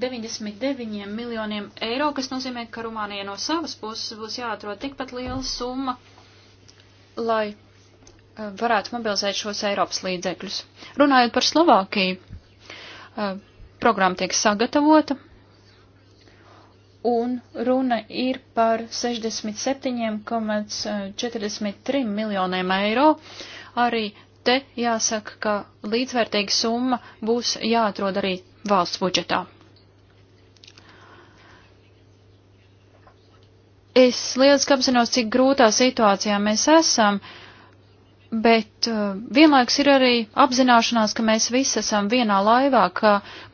99 miljoniem eiro, kas nozīmē, ka Rumānijai no savas puses būs jāatrod tikpat liela summa, lai varētu mobilizēt šos Eiropas līdzekļus. Runājot par Slovākiju, programma tiek sagatavota, un runa ir par 67,43 miljoniem eiro. Arī te jāsaka, ka līdzvērtīga summa būs jāatrod arī valsts budžetā. Es lieliski apzinos, cik grūtā situācijā mēs esam. Uh, Bet uh, vienlaiks ir arī apzināšanās, ka mēs visi esam vienā laivā, ka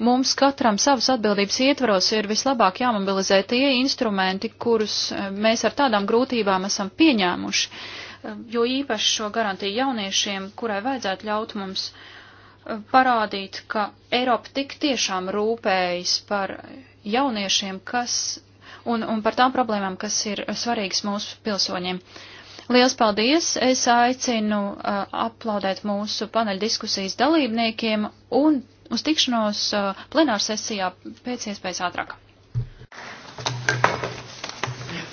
mums katram savas atbildības ietvaros ir vislabāk jāmobilizē tie instrumenti, kurus uh, mēs ar tādām grūtībām esam pieņēmuši, uh, jo īpaši šo garantiju jauniešiem, kurai vajadzētu ļaut mums uh, parādīt, ka Eiropa tik tiešām rūpējas par jauniešiem, kas un, un par tām problēmām, kas ir svarīgas mūsu pilsoņiem. Uh, Liels paldies! Es aicinu uh, aplaudēt mūsu paneļa diskusijas dalībniekiem un uz tikšanos uh, plenārsesijā pēc iespējas ātrāk.